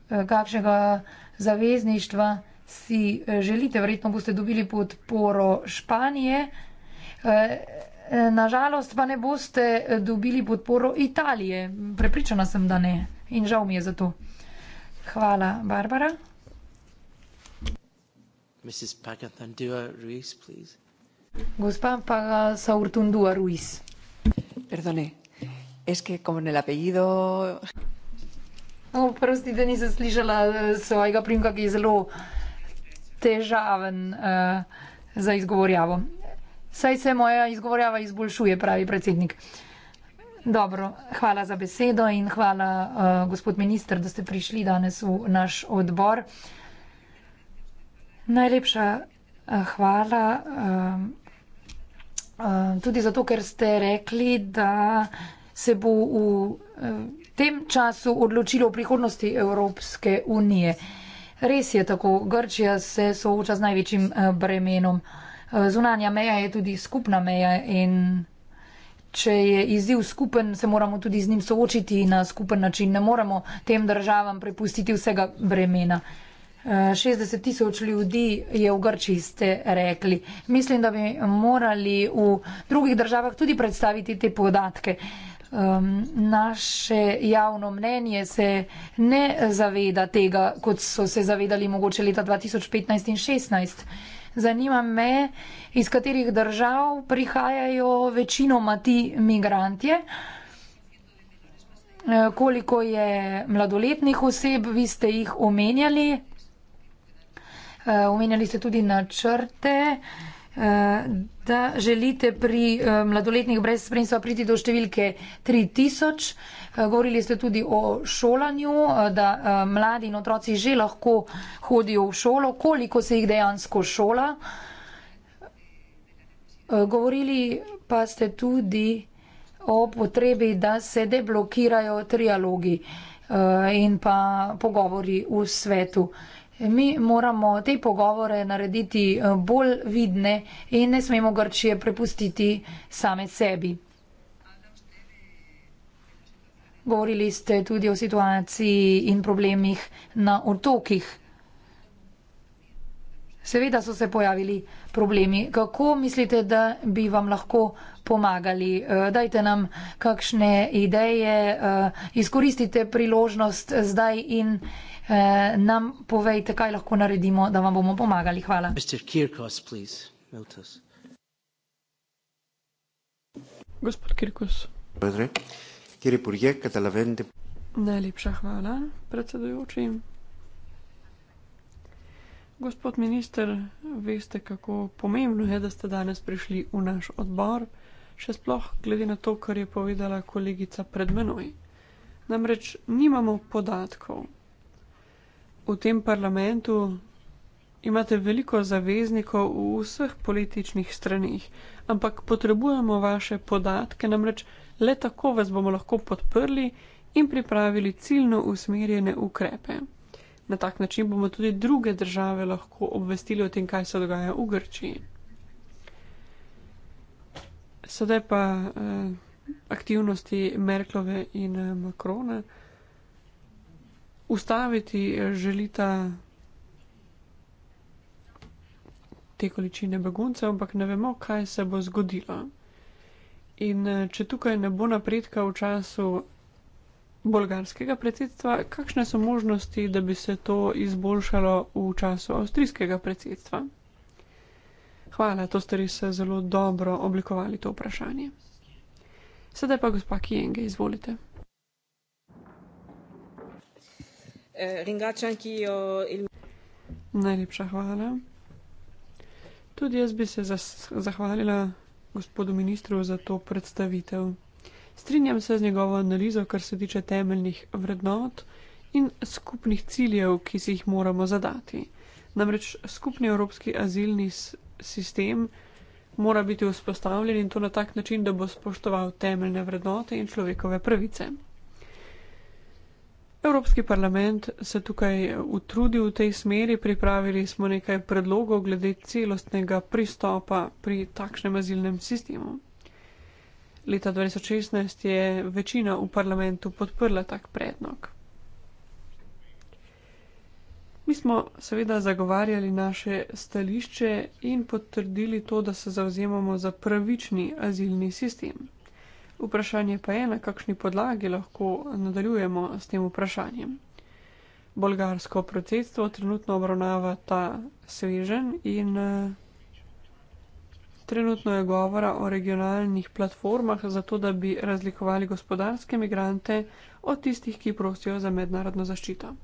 E, kakšnega zavezništva si želite? Verjetno boste dobili podporo Španije. Eh, eh, na žalost pa ne boste dobili podporo Italije. Prepričana sem, da ne. In žal mi je za to. Hvala, Barbara. Gospa Paga Saurtundua Ruiz. Perdone, es que como en el apellido... Oprosti, no, da nisem slišala eh, svojega primka, ki je zelo težaven uh, za izgovorjavo. Saj se moja izgovorjava izboljšuje, pravi predsednik. Dobro, hvala za besedo in hvala, uh, gospod minister, da ste prišli danes v naš odbor. Najlepša uh, hvala uh, uh, tudi zato, ker ste rekli, da se bo v uh, tem času odločilo o prihodnosti Evropske unije. Res je tako, Grčija se sooča z največjim uh, bremenom. Uh, Eh, zunanja meja je tudi skupna meja in če je izziv skupen, se moramo tudi z njim soočiti na skupen način. Ne moremo tem državam prepustiti vsega bremena. 60 eh, tisoč ljudi je v Grčiji, ste rekli. Mislim, da bi morali v drugih državah tudi predstaviti te podatke. Um, naše javno mnenje se ne zaveda tega, kot so se zavedali mogoče leta 2015 in 2016. Zanima me, iz katerih držav prihajajo večinoma ti migranti. Eh, koliko je mladoletnih oseb, vi ste jih omenjali. Eh, omenjali ste tudi načrte. Eh, da želite pri eh, mladoletnih brez spremstva priti do številke 3000. Eh, govorili ste tudi o šolanju, da mladi in otroci že lahko hodijo v šolo, koliko se jih dejansko šola. Govorili pa ste tudi o potrebi, da se deblokirajo trialogi in pa pogovori v svetu. Mi moramo te pogovore narediti eh, bolj vidne in ne smemo Grčije prepustiti same sebi. Govorili ste tudi o situaciji in problemih na otokih. Seveda so se pojavili problemi. Kako mislite, da bi vam lahko pomagali. Eh, dajte nam kakšne ideje, eh, izkoristite priložnost zdaj in eh, nam povejte, kaj lahko naredimo, da vam bomo pomagali. Hvala. Kirkos, Gospod Kirkos. Najlepša hvala, predsedujoči. Gospod minister, veste, kako pomembno je, da ste danes prišli v naš odbor še sploh glede na to, kar je povedala kolegica pred menoj. Namreč nimamo podatkov. V tem parlamentu imate veliko zaveznikov v vseh političnih stranih, ampak potrebujemo vaše podatke, namreč le tako vas bomo lahko podprli in pripravili ciljno usmerjene ukrepe. Na tak način bomo tudi druge države lahko obvestili o tem, kaj se dogaja v Grčiji. Sedaj pa eh, aktivnosti Merklove in eh, Makrona. Ustaviti eh, želita te količine beguncev, ampak ne vemo, kaj se bo zgodilo. In eh, če tukaj ne bo napredka v času bolgarskega predsedstva, kakšne so možnosti, da bi se to izboljšalo v času avstrijskega predsedstva? Hvala, to ste res zelo dobro oblikovali to vprašanje. Sedaj pa gospa Kijenge, izvolite. Najlepša hvala. Tudi jaz bi se zahvalila gospodu ministru za to predstavitev. Strinjam se z njegovo analizo, kar se tiče temeljnih vrednot in skupnih ciljev, ki si jih moramo zadati. Namreč skupni evropski azilni sistem mora biti vzpostavljen in to na tak način, da bo spoštoval temeljne vrednote in človekove pravice. Evropski parlament se tukaj utrudi v tej smeri, pripravili smo nekaj predlogov glede celostnega pristopa pri takšnem azilnem sistemu. Leta 2016 je večina v parlamentu podprla tak prednok. Mi smo seveda zagovarjali naše stališče in potrdili to, da se zauzemamo za pravični azilni sistem. Vprašanje pa je, na kakšni podlagi lahko nadaljujemo s tem vprašanjem. Bolgarsko predsedstvo trenutno obravnava ta svežen in eh, trenutno je govora o regionalnih platformah za to, da bi razlikovali gospodarske migrante od tistih, ki prosijo za mednarodno zaščito.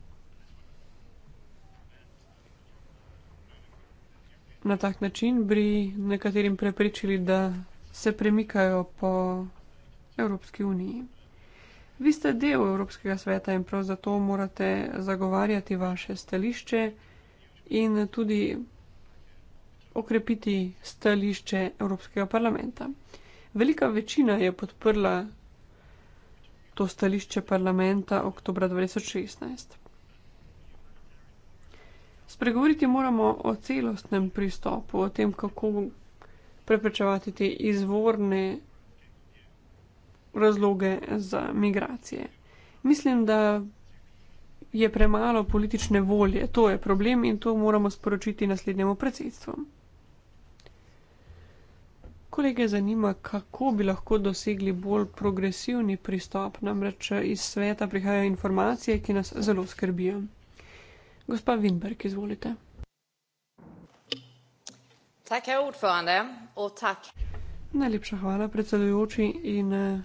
na tak način bi nekaterim preprečili, da se premikajo po Evropski uniji. Vi ste del Evropskega sveta in prav zato morate zagovarjati vaše stališče in tudi okrepiti stališče Evropskega parlamenta. Velika večina je podprla to stališče parlamenta oktober 2016. Spregovoriti moramo o celostnem pristopu, o tem, kako preprečevati te izvorne razloge za migracije. Mislim, da je premalo politične volje, to je problem in to moramo sporočiti naslednjemu predsedstvu. Kolege zanima, kako bi lahko dosegli bolj progresivni pristop, namreč iz sveta prihajajo informacije, ki nas zelo skrbijo. Gospa Winberg, izvolite. Najlepša hvala, predsedujoči, in, eh,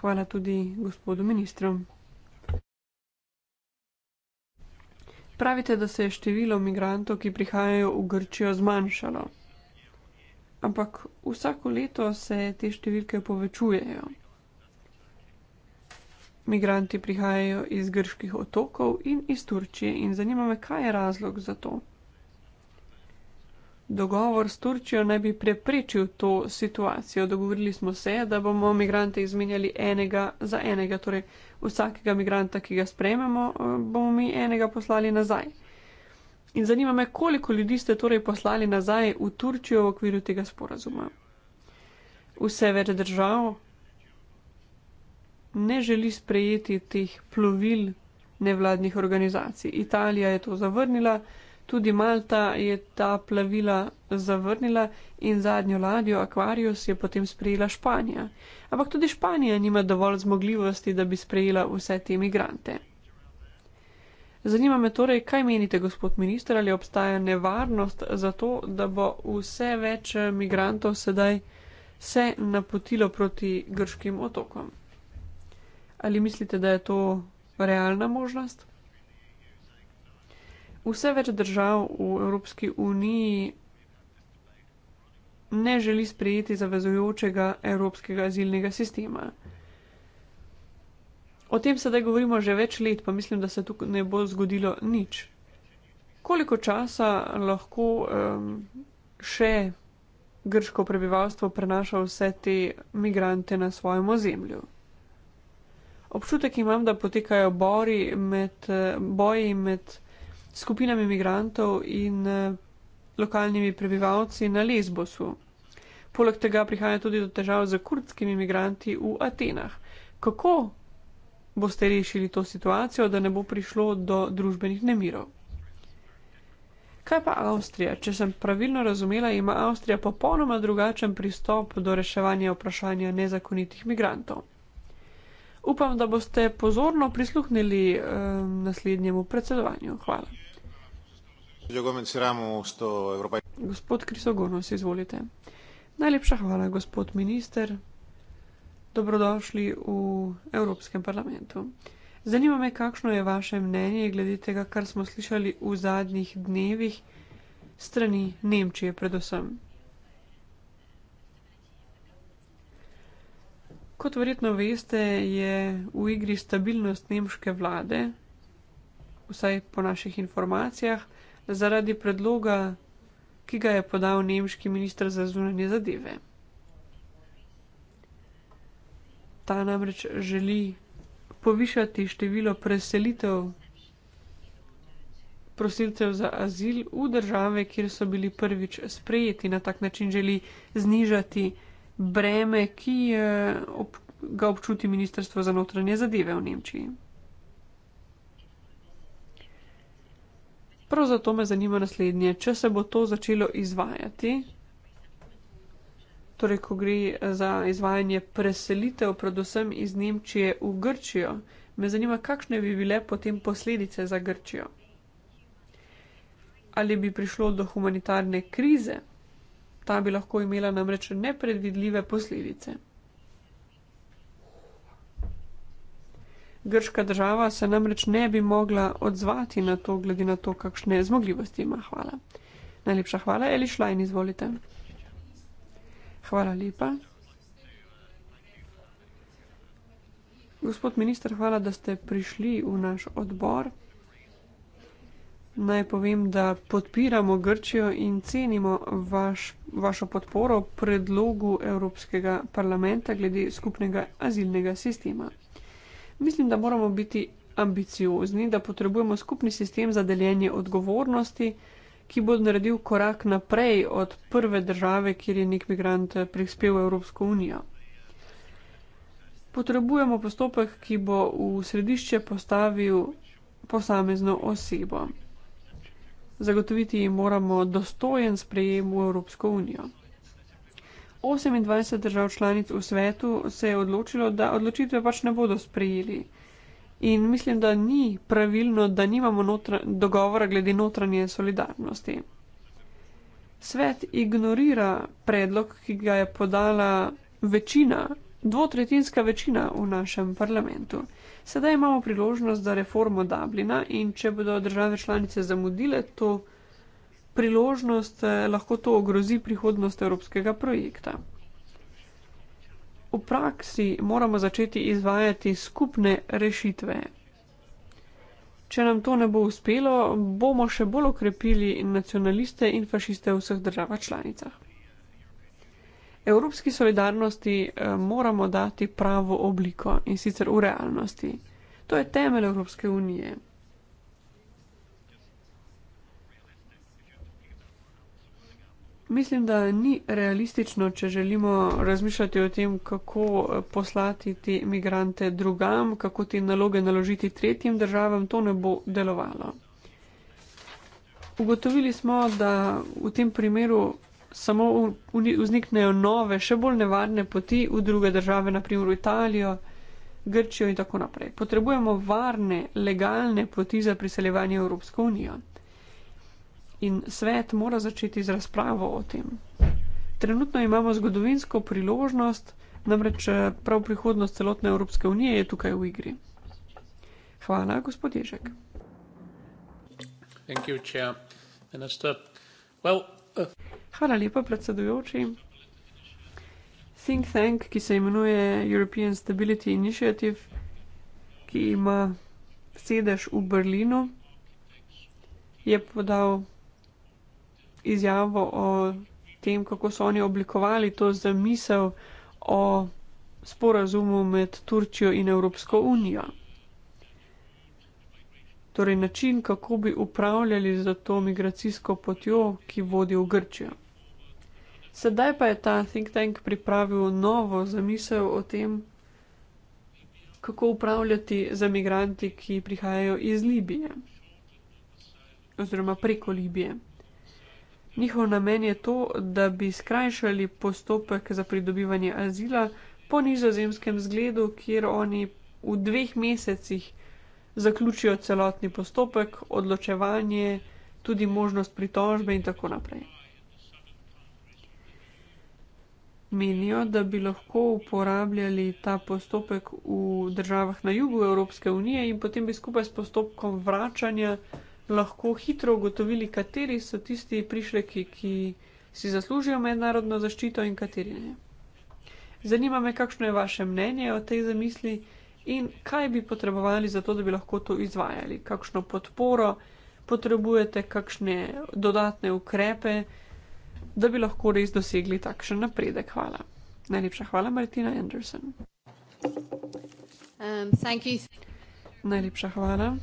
hvala tudi gospodu ministru. Pravite, da se je število migrantov, ki prihajajo v Grčijo, zmanjšalo. Ampak vsako leto se te številke povečujejo. Migranti prihajajo iz grških otokov in iz Turčije in zanima me, kaj je razlog za to. Dogovor s Turčijo naj bi preprečil to situacijo. Dogovorili smo se, da bomo migrante izmenjali enega za enega, torej vsakega migranta, ki ga sprememo, bomo mi enega poslali nazaj. In zanima me, koliko ljudi ste torej poslali nazaj v Turčijo v okviru tega sporazuma. Vse več držav, ne želi sprejeti teh plovil nevladnih organizacij. Italija je to zavrnila, tudi Malta je ta plavila zavrnila in zadnjo ladjo Aquarius je potem sprejela Španija. Ampak tudi Španija nima dovolj zmogljivosti, da bi sprejela vse te imigrante. Zanima me torej, kaj menite, gospod minister, ali obstaja nevarnost za to, da bo vse več migrantov sedaj se napotilo proti grškim otokom? Ali mislite, da je to realna možnost? Vse več držav v Evropski uniji ne želi sprejeti zavezujočega evropskega azilnega sistema. O tem sedaj govorimo že več let, pa mislim, da se tukaj ne bo zgodilo nič. Koliko časa lahko um, še grško prebivalstvo prenaša vse te migrante na svojem ozemlju? Občutek imam, da potekajo bori med, eh, boji med skupinami imigrantov in eh, lokalnimi prebivalci na Lesbosu. Poleg tega prihaja tudi do težav z kurdskimi imigranti v Atenah. Kako boste rešili to situacijo, da ne bo prišlo do družbenih nemirov? Kaj pa Avstrija? Če sem pravilno razumela, ima Avstrija popolnoma drugačen pristop do reševanja vprašanja nezakonitih imigrantov. Upam, da boste pozorno prisluhnili um, naslednjemu predsedovanju. Hvala. Gospod Krisogonos, izvolite. Najlepša hvala, gospod minister. Dobrodošli v Evropskem parlamentu. Zanima me, kakšno je vaše mnenje glede tega, kar smo slišali v zadnjih dnevih strani Nemčije predvsem. Kot verjetno veste, je v igri stabilnost nemške vlade, vsaj po naših informacijah, zaradi predloga, ki ga je podal nemški ministr za zunanje zadeve. Ta namreč želi povišati število preselitev prosilcev za azil v države, kjer so bili prvič sprejeti. Na tak način želi znižati breme, ki ob, ga občuti Ministrstvo za notranje zadeve v Nemčiji. Prav zato me zanima naslednje, če se bo to začelo izvajati, torej ko gre za izvajanje preselitev, predvsem iz Nemčije v Grčijo, me zanima, kakšne bi bile potem posledice za Grčijo. Ali bi prišlo do humanitarne krize? Ta bi lahko imela namreč nepredvidljive posledice. Grška država se namreč ne bi mogla odzvati na to, glede na to, kakšne zmogljivosti ima. Hvala. Najlepša hvala, Eli Šlajn, izvolite. Hvala lepa. Gospod minister, hvala, da ste prišli v naš odbor naj povem, da podpiramo Grčijo in cenimo vaš, vašo podporo predlogu Evropskega parlamenta glede skupnega azilnega sistema. Mislim, da moramo biti ambiciozni, da potrebujemo skupni sistem za deljenje odgovornosti, ki bo naredil korak naprej od prve države, kjer je nek migrant prispel v Evropsko unijo. Potrebujemo postopek, ki bo v središče postavil posamezno osebo. Zagotoviti jim moramo dostojen sprejem v Evropsko unijo. 28 držav članic v svetu se je odločilo, da odločitve pač ne bodo sprejeli. In mislim, da ni pravilno, da nimamo dogovora glede notranje solidarnosti. Svet ignorira predlog, ki ga je podala večina dvotretjinska večina v našem parlamentu. Sedaj imamo priložnost za reformo Dublina in če bodo države članice zamudile to priložnost, eh, lahko to ogrozi prihodnost evropskega projekta. V praksi moramo začeti izvajati skupne rešitve. Če nam to ne bo uspelo, bomo še bolj okrepili nacionaliste in fašiste v vseh državah članicah. Evropski solidarnosti eh, moramo dati pravo obliko in sicer v realnosti. To je temelj Evropske unije. Mislim, da ni realistično, če želimo razmišljati o tem, kako eh, poslati te imigrante drugam, kako te naloge naložiti tretjim državam, to ne bo delovalo. Ugotovili smo, da v tem primeru samo vzniknejo nove, še bolj nevarne poti v druge države, naprimer v Italijo, Grčijo in tako naprej. Potrebujemo varne, legalne poti za priseljevanje v Evropsko unijo. In svet mora začeti z razpravo o tem. Trenutno imamo zgodovinsko priložnost, namreč eh, prav prihodnost celotne Evropske unije je tukaj v igri. Hvala, gospod Ježek. Thank you, chair. Minister. Well, uh... Hvala lepa, predsedujoči. Think Tank, ki se imenuje European Stability Initiative, ki ima sedež v Berlinu, je podal izjavo o tem, kako so oni oblikovali to zamisel o sporazumu med Turčijo in Evropsko unijo. Torej način, kako bi upravljali za to migracijsko potjo, ki vodi v Grčijo. Sedaj pa je ta think tank pripravil novo zamisel o tem, kako upravljati z emigranti, ki prihajajo iz Libije oziroma preko Libije. Njihov namen je to, da bi skrajšali postopek za pridobivanje azila po nizozemskem zgledu, kjer oni v dveh mesecih zaključijo celotni postopek, odločevanje, tudi možnost pritožbe in tako naprej. menijo, da bi lahko uporabljali ta postopek v državah na jugu Evropske unije in potem bi skupaj s postopkom vračanja lahko hitro ugotovili, kateri so tisti prišleki, ki si zaslužijo mednarodno zaščito in kateri ne. Zanima me, kakšno je vaše mnenje o tej zamisli in kaj bi potrebovali za to, da bi lahko to izvajali. Kakšno podporo potrebujete, kakšne dodatne ukrepe, da bi lahko res dosegli takšen napredek. Hvala. Najlepša hvala, Martina Anderson. Um, Najlepša hvala.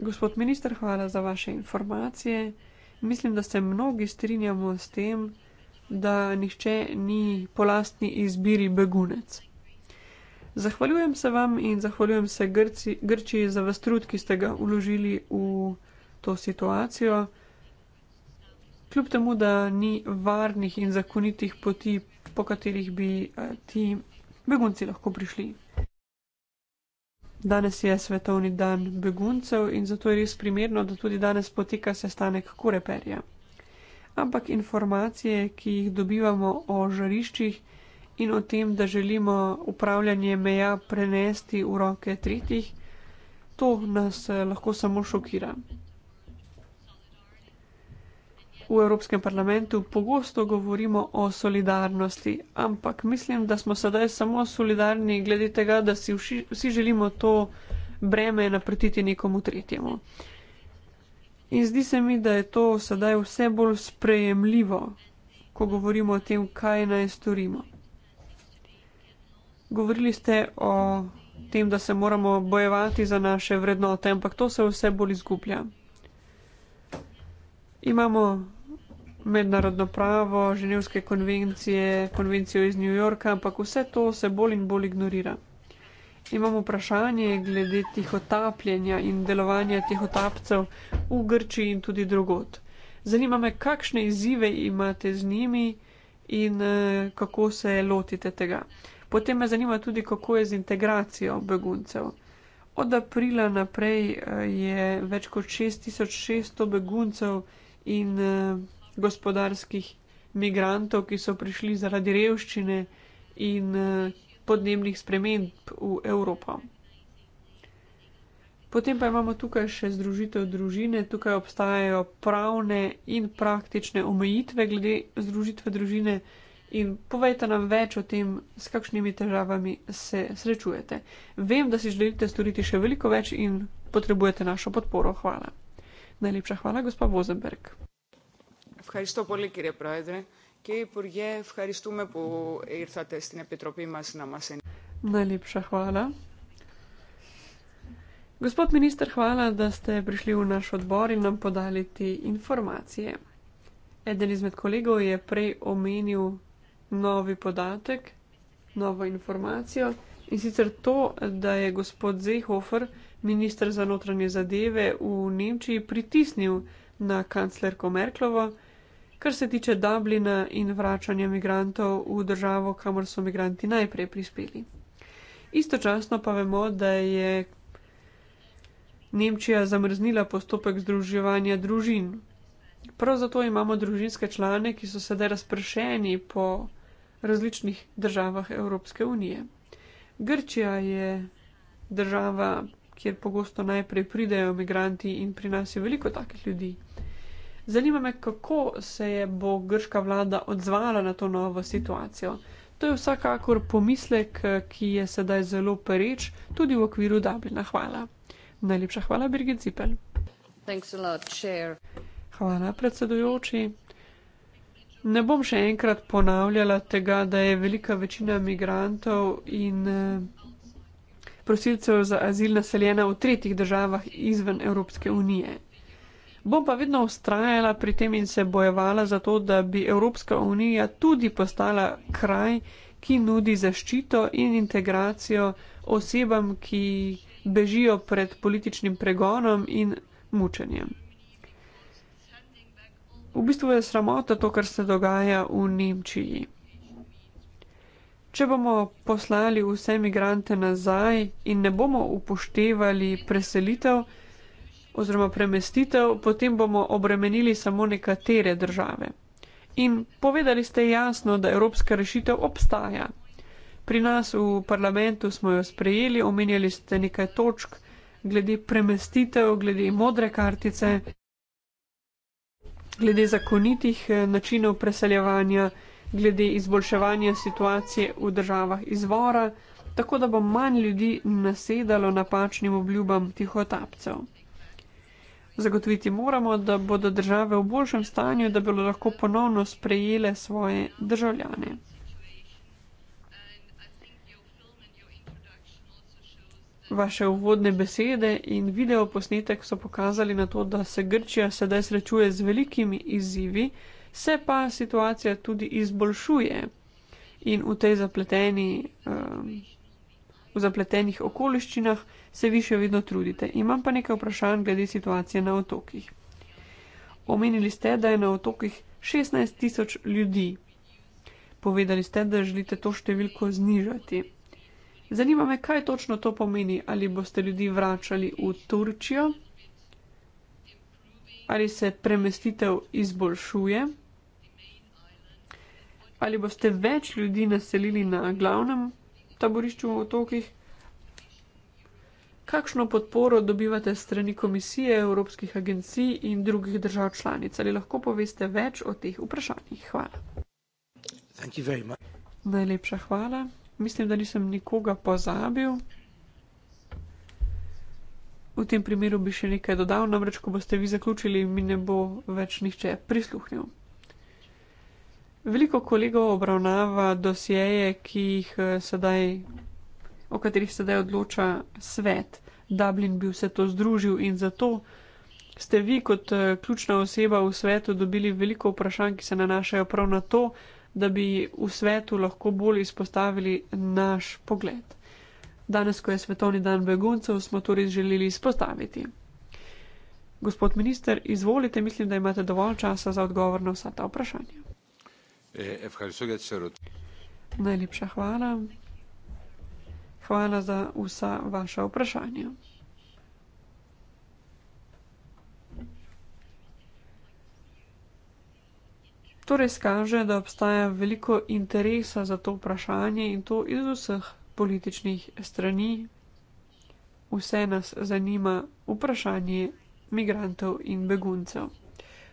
Gospod minister, hvala za vaše informacije. Mislim, da se mnogi strinjamo s tem, da nihče ni po lastni izbiri begunec. Zahvaljujem se vam in zahvaljujem se Grči, Grči za vas trud, ki ste ga uložili v to situacijo kljub temu, da ni varnih in zakonitih poti, po katerih bi eh, ti begunci lahko prišli. Danes je svetovni dan beguncev in zato je res primerno, da tudi danes poteka sestanek kureperja. Ampak informacije, ki jih dobivamo o žariščih in o tem, da želimo upravljanje meja prenesti v roke tretjih, to nas eh, lahko samo šokira. V Evropskem parlamentu pogosto govorimo o solidarnosti, ampak mislim, da smo sedaj samo solidarni glede tega, da si vši, vsi želimo to breme napretiti nekomu tretjemu. In zdi se mi, da je to sedaj vse bolj sprejemljivo, ko govorimo o tem, kaj naj storimo. Govorili ste o tem, da se moramo bojevati za naše vrednote, ampak to se vse bolj izgublja imamo mednarodno pravo, ženevske konvencije, konvencijo iz New Yorka, ampak vse to se bolj in bolj ignorira. Imamo vprašanje glede tihotapljenja in delovanja tihotapcev v Grčiji in tudi drugot. Zanima me, kakšne izzive imate z njimi in uh, kako se lotite tega. Potem me zanima tudi, kako je z integracijo beguncev. Od aprila naprej uh, je več kot 6600 beguncev in uh, gospodarskih migrantov, ki so prišli zaradi revščine in uh, podnebnih sprememb v Evropo. Potem pa imamo tukaj še združitev družine. Tukaj obstajajo pravne in praktične omejitve glede združitve družine. In povejte nam več o tem, s kakšnimi težavami se srečujete. Vem, da si želite storiti še veliko več in potrebujete našo podporo. Hvala. Najlepša hvala, gospod Vozenberg. Ευχαριστώ πολύ, κύριε Πρόεδρε. Κύριε Υπουργέ, ευχαριστούμε που ήρθατε στην Επιτροπή μας να μας ενημερώσετε. Najlepša hvala. Gospod minister, hvala, da ste prišli v naš odbor in nam podali te informacije. Eden izmed kolegov je prej omenil novi podatek, novo informacijo in sicer to, da je gospod Zehofer minister za notranje zadeve v Nemčiji pritisnil na kanclerko Merklovo, kar se tiče Dublina in vračanja migrantov v državo, kamor so migranti najprej prispeli. Istočasno pa vemo, da je Nemčija zamrznila postopek združevanja družin. Prav zato imamo družinske člane, ki so sedaj razpršeni po različnih državah Evropske unije. Grčija je država kjer pogosto najprej pridejo imigranti in pri nas je veliko takih ljudi. Zanima me, kako se je bo grška vlada odzvala na to novo situacijo. To je vsakakor pomislek, ki je sedaj zelo pereč, tudi v okviru Dublina. Hvala. Najlepša hvala, Birgit Zipel. Hvala, predsedujoči. Ne bom še enkrat ponavljala tega, da je velika večina imigrantov in prosilcev za azil naseljena v tretjih državah izven Evropske unije. Bom pa vedno ustrajala pri tem in se bojevala za to, da bi Evropska unija tudi postala kraj, ki nudi zaščito in integracijo osebam, ki bežijo pred političnim pregonom in mučenjem. V bistvu je sramota to, kar se dogaja v Nemčiji. Če bomo poslali vse imigrante nazaj in ne bomo upoštevali preselitev oziroma premestitev, potem bomo obremenili samo nekatere države. In povedali ste jasno, da evropska rešitev obstaja. Pri nas v parlamentu smo jo sprejeli, omenjali ste nekaj točk glede premestitev, glede modre kartice, glede zakonitih eh, načinov preseljevanja glede izboljševanja situacije v državah izvora, tako da bo manj ljudi nasedalo napačnim obljubam tihotapcev. Zagotoviti moramo, da bodo države v boljšem stanju, da bodo lahko ponovno sprejele svoje državljane. Vaše uvodne besede in videoposnetek so pokazali na to, da se Grčija sedaj srečuje z velikimi izzivi se pa situacija tudi izboljšuje in v tej zapleteni, um, v zapletenih okoliščinah se više vedno trudite. Imam pa nekaj vprašanj glede situacije na otokih. Omenili ste, da je na otokih 16 tisoč ljudi. Povedali ste, da želite to številko znižati. Zanima me, kaj točno to pomeni, ali boste ljudi vračali v Turčijo, ali se premestitev izboljšuje ali boste več ljudi naselili na glavnem taborišču v otokih? Kakšno podporo dobivate strani komisije, evropskih agencij in drugih držav članic? Ali lahko poveste več o teh vprašanjih? Hvala. Najlepša hvala. Mislim, da nisem nikoga pozabil. V tem primeru bi še nekaj dodal, namreč, ko boste vi zaključili, mi ne bo več nihče prisluhnil. Veliko kolegov obravnava dosjeje, ki jih eh, sedaj, o katerih sedaj odloča svet. Dublin bi vse to združil in zato ste vi kot eh, ključna oseba v svetu dobili veliko vprašanj, ki se nanašajo prav na to, da bi v svetu lahko bolj izpostavili naš pogled. Danes, ko je svetovni dan beguncev, smo torej želeli izpostaviti. Gospod minister, izvolite, mislim, da imate dovolj časa za odgovor na vsa ta vprašanja. Eh, Najlepša hvala. Hvala za vsa vaša vprašanja. Torej skaže, da obstaja veliko interesa za to vprašanje in to iz vseh političnih strani. Vse nas zanima vprašanje migrantov in beguncev.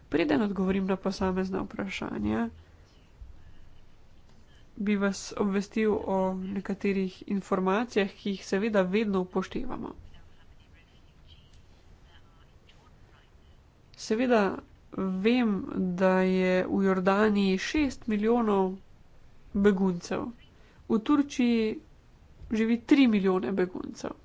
Preden odgovorim na posamezna vprašanja, bi vas obvestil o nekaterih informacijah, ki jih seveda vedno upoštevamo. Seveda vem, da je v Jordaniji 6 milijonov beguncev, v Turčiji živi 3 milijone beguncev.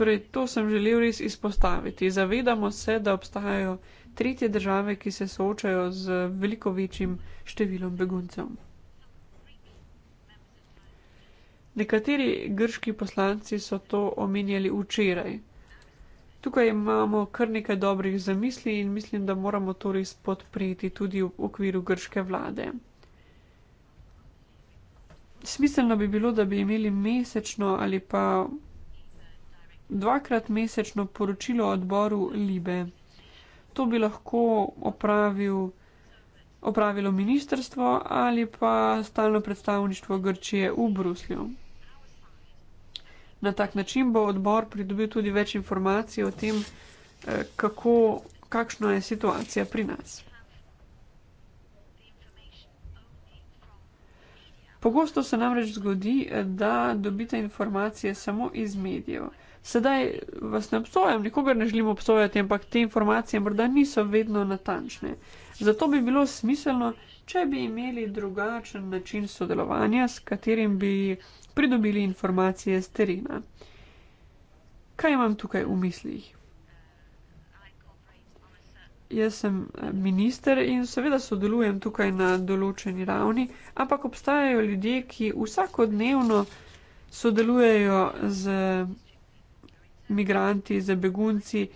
Torej, to sem želel res izpostaviti. Zavedamo se, da obstajajo tretje države, ki se soočajo z veliko večjim številom beguncev. Nekateri grški poslanci so to omenjali včeraj. Tukaj imamo kar nekaj dobrih zamisli in mislim, da moramo to res podpreti tudi v okviru grške vlade. Smiselno bi bilo, da bi imeli mesečno ali pa dvakrat mesečno poročilo odboru Libe. To bi lahko opravil, opravilo ministrstvo ali pa stalno predstavništvo Grčije v Bruslju. Na tak način bo odbor pridobil tudi več informacij o tem, eh, kako, kakšna je situacija pri nas. Pogosto se namreč zgodi, eh, da dobite informacije samo iz medijev. Sedaj vas ne obsojam, nikogar ne želim obsojati, ampak te informacije morda niso vedno natančne. Zato bi bilo smiselno, če bi imeli drugačen način sodelovanja, s katerim bi pridobili informacije z terena. Kaj imam tukaj v mislih? Jaz sem eh, minister in seveda sodelujem tukaj na določeni ravni, ampak obstajajo ljudje, ki vsakodnevno sodelujejo z migranti, za begunci,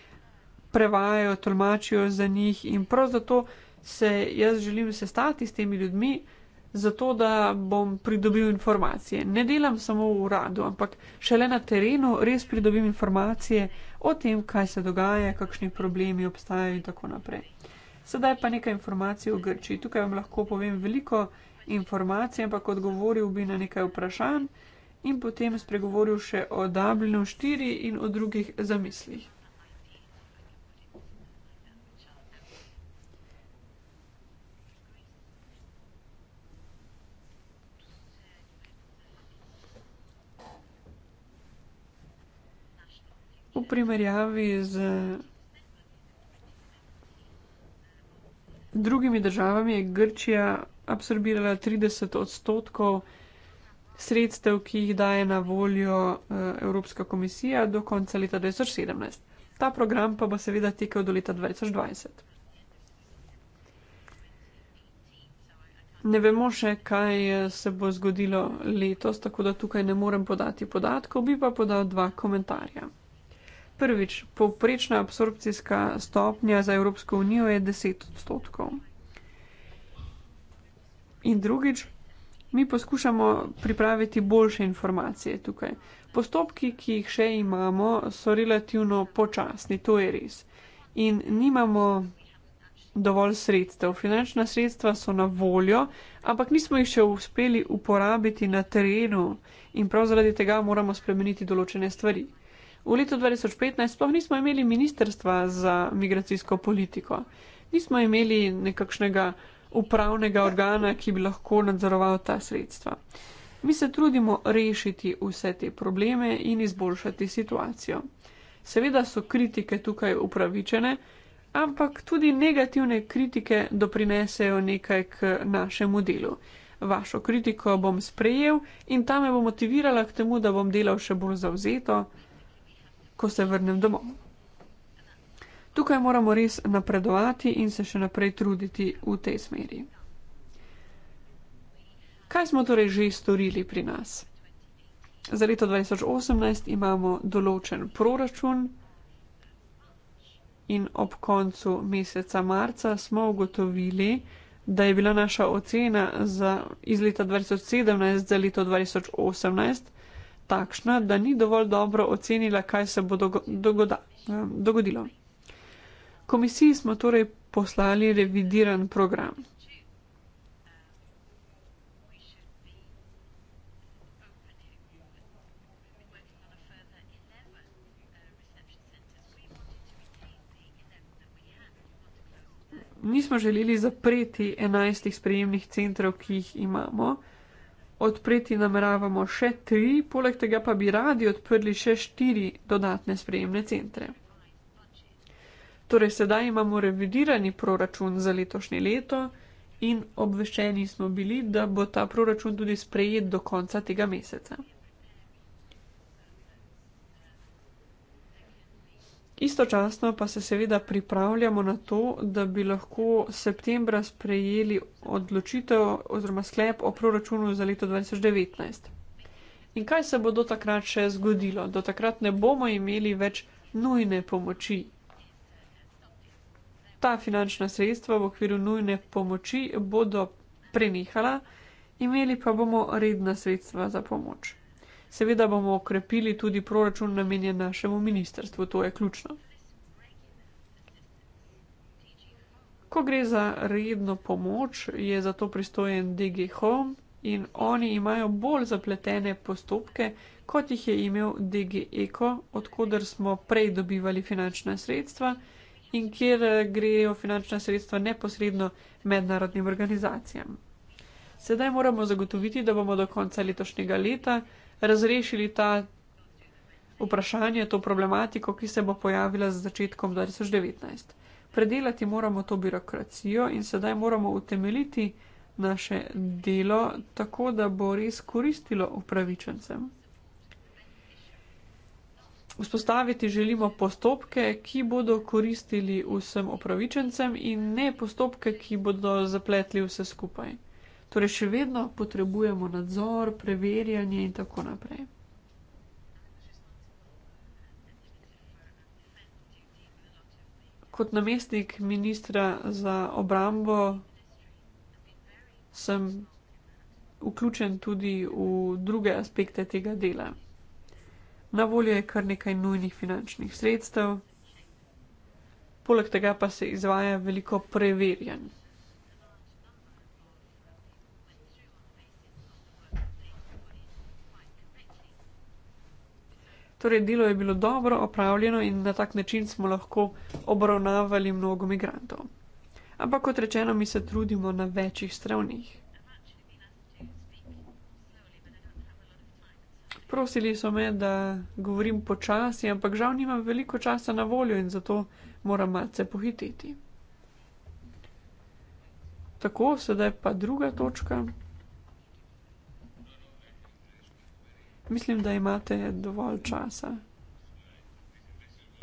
prevajajo, tolmačijo za njih in prav zato se jaz želim sestati s temi ljudmi, zato da bom pridobil informacije. Ne delam samo v uradu, ampak šele na terenu res pridobim informacije o tem, kaj se dogaja, kakšni problemi obstajajo in tako naprej. Sedaj pa nekaj informacij o Grčiji. Tukaj vam lahko povem veliko informacij, ampak odgovoril bi na nekaj vprašanj in potem spregovoril še o Dublinu 4 in o drugih zamislih. V primerjavi z drugimi državami je Grčija absorbirala 30 odstotkov sredstev, ki jih daje na voljo eh, Evropska komisija do konca leta 2017. Ta program pa bo seveda tekel do leta 2020. Ne vemo še, kaj eh, se bo zgodilo letos, tako da tukaj ne morem podati podatkov, bi pa podal dva komentarja. Prvič, povprečna absorpcijska stopnja za Evropsko unijo je 10 odstotkov. In drugič, mi poskušamo pripraviti boljše informacije tukaj. Postopki, ki jih še imamo, so relativno počasni, to je res. In nimamo dovolj sredstev. Finančna sredstva so na voljo, ampak nismo jih še uspeli uporabiti na terenu in prav zaradi tega moramo spremeniti določene stvari. V letu 2015 sploh nismo imeli ministrstva za migracijsko politiko. Nismo imeli nekakšnega upravnega organa, ki bi lahko nadzoroval ta sredstva. Mi se trudimo rešiti vse te probleme in izboljšati situacijo. Seveda so kritike tukaj upravičene, ampak tudi negativne kritike doprinesejo nekaj k našemu delu. Vašo kritiko bom sprejel in ta me bo motivirala k temu, da bom delal še bolj zauzeto, ko se vrnem domov. Tukaj moramo res napredovati in se še naprej truditi v tej smeri. Kaj smo torej že storili pri nas? Za leto 2018 imamo določen proračun in ob koncu meseca marca smo ugotovili, da je bila naša ocena za, iz leta 2017 za leto 2018 takšna, da ni dovolj dobro ocenila, kaj se bo dogoda, dogodilo. Komisiji smo torej poslali revidiran program. Nismo želeli zapreti enajstih sprejemnih centrov, ki jih imamo. Odpreti nameravamo še tri, poleg tega pa bi radi odprli še štiri dodatne sprejemne centre. Torej, sedaj imamo revidirani proračun za letošnje leto in obveščeni smo bili, da bo ta proračun tudi sprejet do konca tega meseca. Istočasno pa se seveda pripravljamo na to, da bi lahko septembra sprejeli odločitev oziroma sklep o proračunu za leto 2019. In kaj se bo do takrat še zgodilo? Do takrat ne bomo imeli več nujne pomoči ta finančna sredstva v okviru nujne pomoči bodo prenehala, imeli pa bomo redna sredstva za pomoč. Seveda bomo okrepili tudi proračun namenjen našemu ministrstvu, to je ključno. Ko gre za redno pomoč, je za to pristojen DG Home in oni imajo bolj zapletene postopke, kot jih je imel DG Eko, odkudar smo prej dobivali finančna sredstva in kjer eh, grejo finančna sredstva neposredno mednarodnim organizacijam. Sedaj moramo zagotoviti, da bomo do konca letošnjega leta razrešili ta vprašanje, to problematiko, ki se bo pojavila z začetkom 2019. Predelati moramo to birokracijo in sedaj moramo utemeliti naše delo tako, da bo res koristilo upravičencem. Vzpostaviti želimo postopke, ki bodo koristili vsem opravičencem in ne postopke, ki bodo zapletli vse skupaj. Torej še vedno potrebujemo nadzor, preverjanje in tako naprej. Kot namestnik ministra za obrambo sem vključen tudi v druge aspekte tega dela. Na voljo je kar nekaj nujnih finančnih sredstev, poleg tega pa se izvaja veliko preverjanj. Torej, delo je bilo dobro opravljeno in na tak način smo lahko obravnavali mnogo migrantov. Ampak kot rečeno, mi se trudimo na večjih stranih. prosili so me, da govorim počasi, ampak žal nimam veliko časa na voljo in zato moram malce pohititi. Tako, sedaj pa druga točka. Mislim, da imate dovolj časa.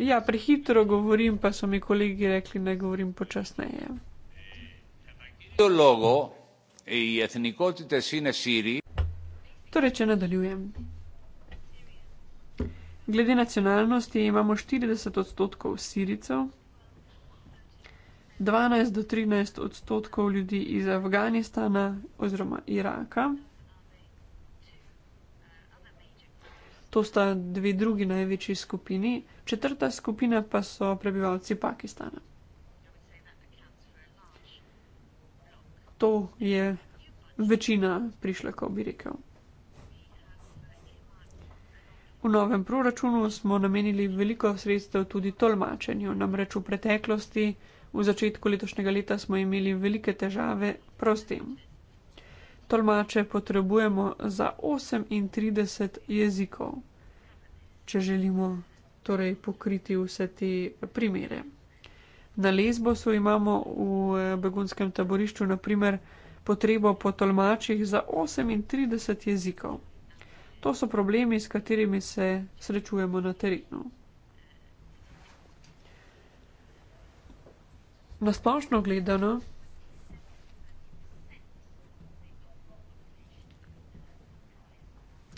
Ja, prehitro govorim, pa so mi kolegi rekli, da govorim počasneje. E, torej, če nadaljujem. Glede nacionalnosti imamo štirideset odstotkov Sirijcev, dvanajst do trinajst odstotkov ljudi iz Afganistana oziroma Iraka. To sta dve drugi največji skupini, četrta skupina pa so prebivalci Pakistana. To je večina prišlekov, bi rekel. V novem proračunu smo namenili veliko sredstev tudi tolmačenju, namreč v preteklosti, v začetku letošnjega leta smo imeli velike težave prav s tem. Tolmače potrebujemo za 38 jezikov, če želimo torej pokriti vse te primere. Na Lesbosu imamo v eh, begunskem taborišču naprimer potrebo po tolmačih za 38 jezikov. To so problemi, s katerimi se srečujemo na terenu. Nasplošno gledano,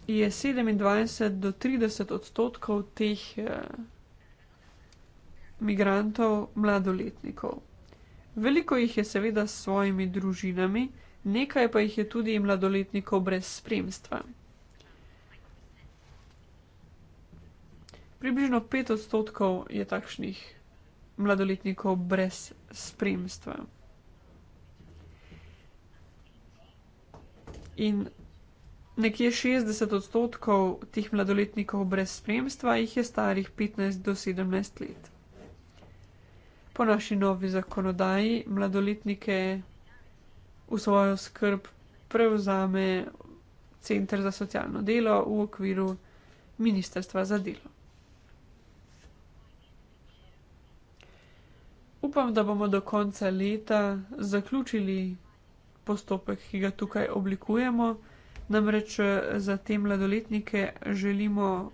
je 27 do 30 odstotkov teh eh, migrantov mladoletnikov. Veliko jih je seveda s svojimi družinami, nekaj pa jih je tudi mladoletnikov brez spremstva. Približno 5 odstotkov je takšnih mladoletnikov brez spremstva. In nekje 60 odstotkov teh mladoletnikov brez spremstva jih je starih 15 do 17 let. Po naši novi zakonodaji mladoletnike v svojo skrb prevzame Centr za socialno delo v okviru Ministrstva za delo. upam, da bomo do konca leta zaključili postopek, ki ga tukaj oblikujemo. Namreč za te mladoletnike želimo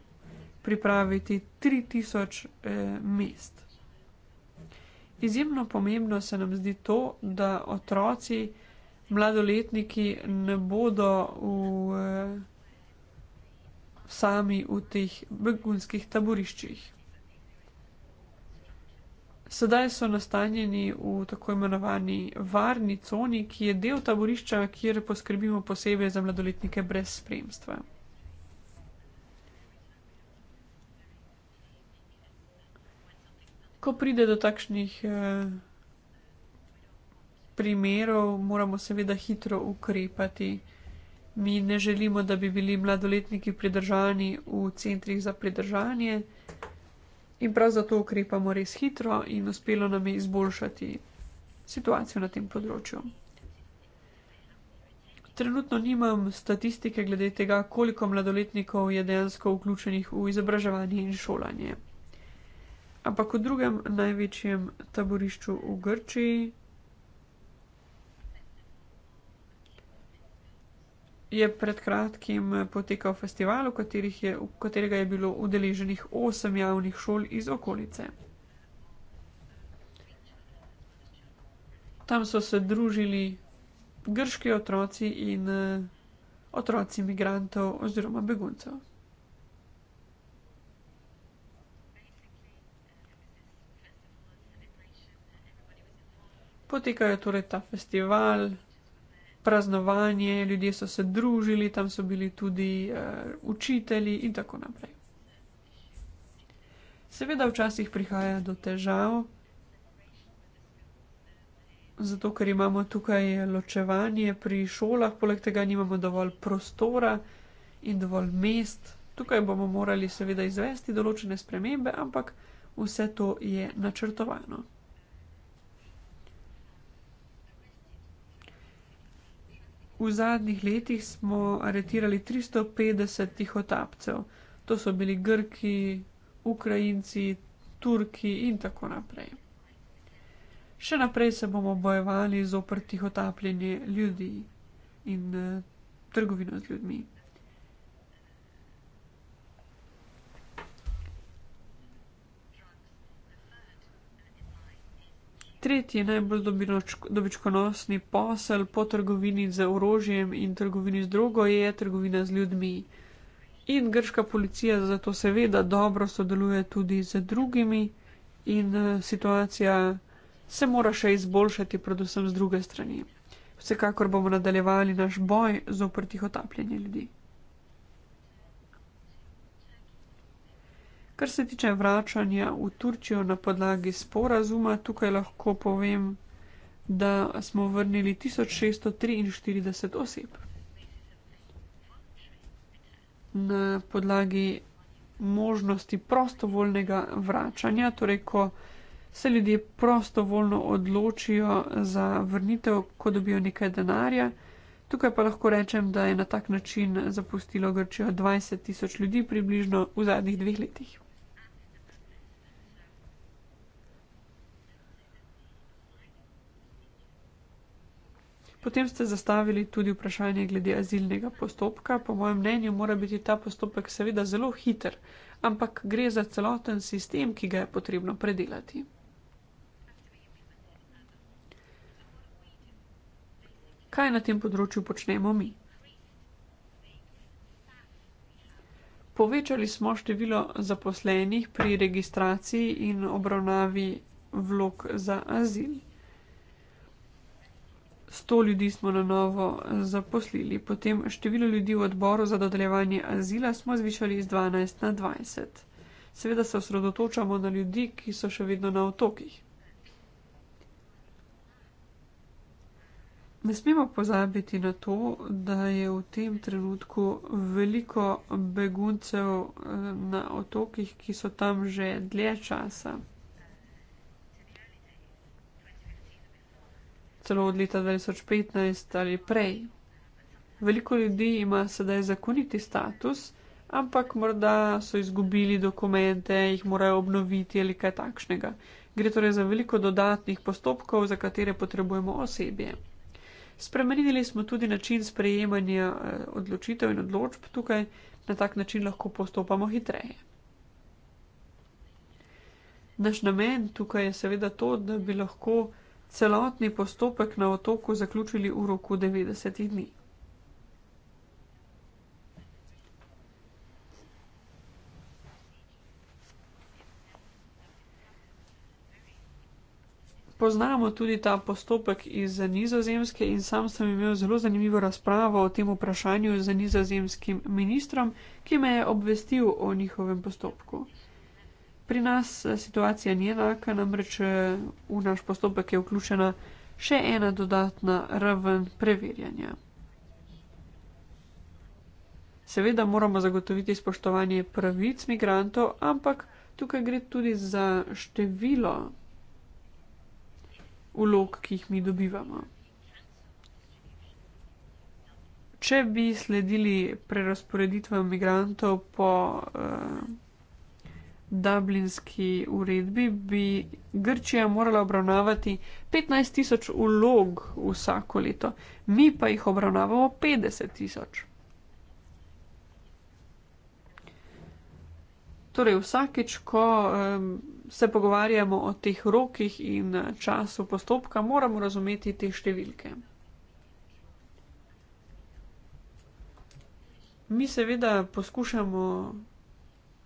pripraviti 3000 eh, mest. Izjemno pomembno se nam zdi to, da otroci, mladoletniki ne bodo v, eh, sami v teh begunskih taboriščih. Sedaj so nastanjeni v tako imenovani varni coni, ki je del taborišča, kjer poskrbimo posebej za mladoletnike brez spremstva. Ko pride do takšnih eh, primerov, moramo seveda hitro ukrepati. Mi ne želimo, da bi bili mladoletniki pridržani v centrih za pridržanje. In prav zato ukrepamo res hitro in uspelo nam je izboljšati situacijo na tem področju. Trenutno nimam statistike glede tega, koliko mladoletnikov je dejansko vključenih v izobraževanje in šolanje. Ampak v drugem največjem taborišču v Grčiji je pred kratkim eh, potekal festival, v, je, v katerega je bilo udeleženih osem javnih šol iz okolice. Tam so se družili grški otroci in eh, otroci imigrantov oziroma beguncev. Potekajo torej ta festival praznovanje, ljudje so se družili, tam so bili tudi uh, učitelji in tako naprej. Seveda včasih prihaja do težav, zato ker imamo tukaj ločevanje pri šolah, poleg tega nimamo dovolj prostora in dovolj mest. Tukaj bomo morali seveda izvesti določene spremembe, ampak vse to je načrtovano. V zadnjih letih smo aretirali 350 tihotapcev. To so bili Grki, Ukrajinci, Turki in tako naprej. Še naprej se bomo bojevali zoprti tihotapljenje ljudi in eh, trgovino z ljudmi. Tretji najbolj dobičkonosni posel po trgovini z orožjem in trgovini z drogo je trgovina z ljudmi. In grška policija zato seveda dobro sodeluje tudi z drugimi in eh, situacija se mora še izboljšati, predvsem z druge strani. Vsekakor bomo nadaljevali naš boj zoprtih otapljenja ljudi. Kar se tiče vračanja v Turčijo na podlagi sporazuma, tukaj lahko povem, da smo vrnili 1643 oseb. Na podlagi možnosti prostovoljnega vračanja, torej ko se ljudje prostovoljno odločijo za vrnitev, ko dobijo nekaj denarja. Tukaj pa lahko rečem, da je na tak način zapustilo Grčijo 20 tisoč ljudi približno v zadnjih dveh letih. Potem ste zastavili tudi vprašanje glede azilnega postopka. Po mojem mnenju mora biti ta postopek seveda zelo hiter, ampak gre za celoten sistem, ki ga je potrebno predelati. Kaj na tem področju počnemo mi? Povečali smo število zaposlenih pri registraciji in obravnavi vlog za azil. 100 ljudi smo na novo zaposlili, potem število ljudi v odboru za dodeljevanje azila smo zvišali iz 12 na 20. Seveda se osredotočamo na ljudi, ki so še vedno na otokih. Ne smemo pozabiti na to, da je v tem trenutku veliko beguncev eh, na otokih, ki so tam že dlje časa. celo od leta 2015 ali prej. Veliko ljudi ima sedaj zakoniti status, ampak morda so izgubili dokumente, jih morajo obnoviti ali kaj takšnega. Gre torej za veliko dodatnih postopkov, za katere potrebujemo osebje. Spremenili smo tudi način sprejemanja eh, odločitev in odločb tukaj, na tak način lahko postopamo hitreje. Naš namen tukaj je seveda to, da bi lahko celotni postopek na otoku zaključili v roku 90 dni. Poznamo tudi ta postopek iz Nizozemske in sam sem imel zelo zanimivo razpravo o tem vprašanju z nizozemskim ministrom, ki me je obvestil o njihovem postopku pri nas eh, situacija ni enaka, namreč eh, v naš postopek je vključena še ena dodatna raven preverjanja. Seveda moramo zagotoviti spoštovanje pravic migrantov, ampak tukaj gre tudi za število ulog, ki jih mi dobivamo. Če bi sledili prerasporeditvam migrantov po uh, dublinski uredbi bi Grčija morala obravnavati 15 tisoč ulog vsako leto, mi pa jih obravnavamo 50 tisoč. Torej, vsakič, ko um, se pogovarjamo o teh rokih in času postopka, moramo razumeti te številke. Mi seveda poskušamo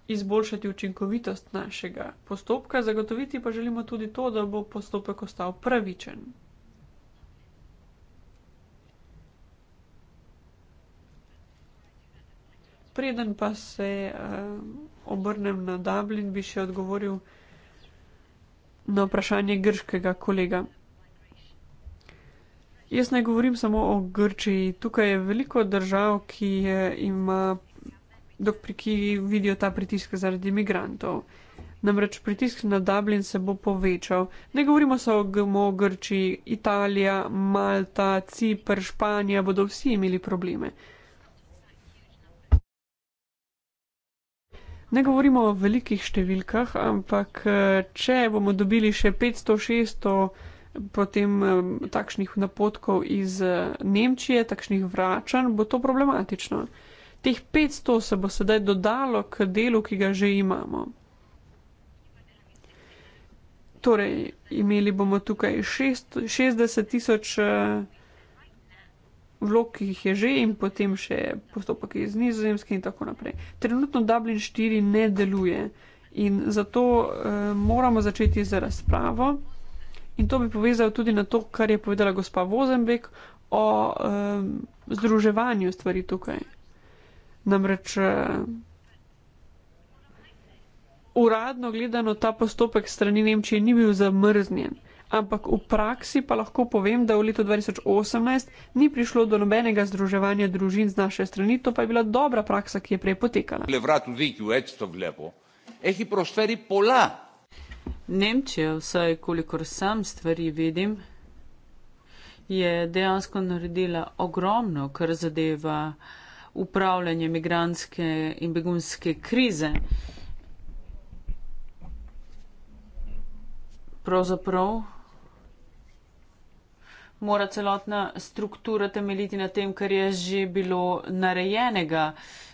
izboljšati učinkovitost našega postopka, zagotoviti pa želimo tudi to, da bo postopek ostal pravičen. Preden pa se uh, obrnem na Dublin, bi še odgovoril na vprašanje grškega kolega. Jaz ne govorim samo o Grčiji. Tukaj je veliko držav, ki eh, ima dokler ki vidijo ta pritisk zaradi imigrantov. Namreč pritisk na Dublin se bo povečal. Ne govorimo samo o GMO, Grčiji, Italija, Malta, Cipr, Španija, bodo vsi imeli probleme. Ne govorimo o velikih številkah, ampak če bomo dobili še 500-600 potem takšnih napotkov iz Nemčije, takšnih vračanj, bo to problematično. Teh 500 se bo sedaj dodalo k delu, ki ga že imamo. Torej, imeli bomo tukaj šest, 60 tisoč eh, vlog, ki jih je že in potem še postopek iz nizozemske in tako naprej. Trenutno Dublin 4 ne deluje in zato uh, moramo začeti z razpravo in to bi povezal tudi na to, kar je povedala gospa Vozenbek o um, združevanju stvari tukaj. Namreč eh, uradno gledano ta postopek strani Nemčije ni bil zamrznjen, ampak v praksi pa lahko povem, da v letu 2018 ni prišlo do nobenega združevanja družin z naše strani, to pa je bila dobra praksa, ki je prej potekala. Nemčija, vsaj kolikor sam stvari vidim, je dejansko naredila ogromno, kar zadeva upravljanje migranske in begunske krize. Pravzaprav mora celotna struktura temeljiti na tem, kar je že bilo narejenega.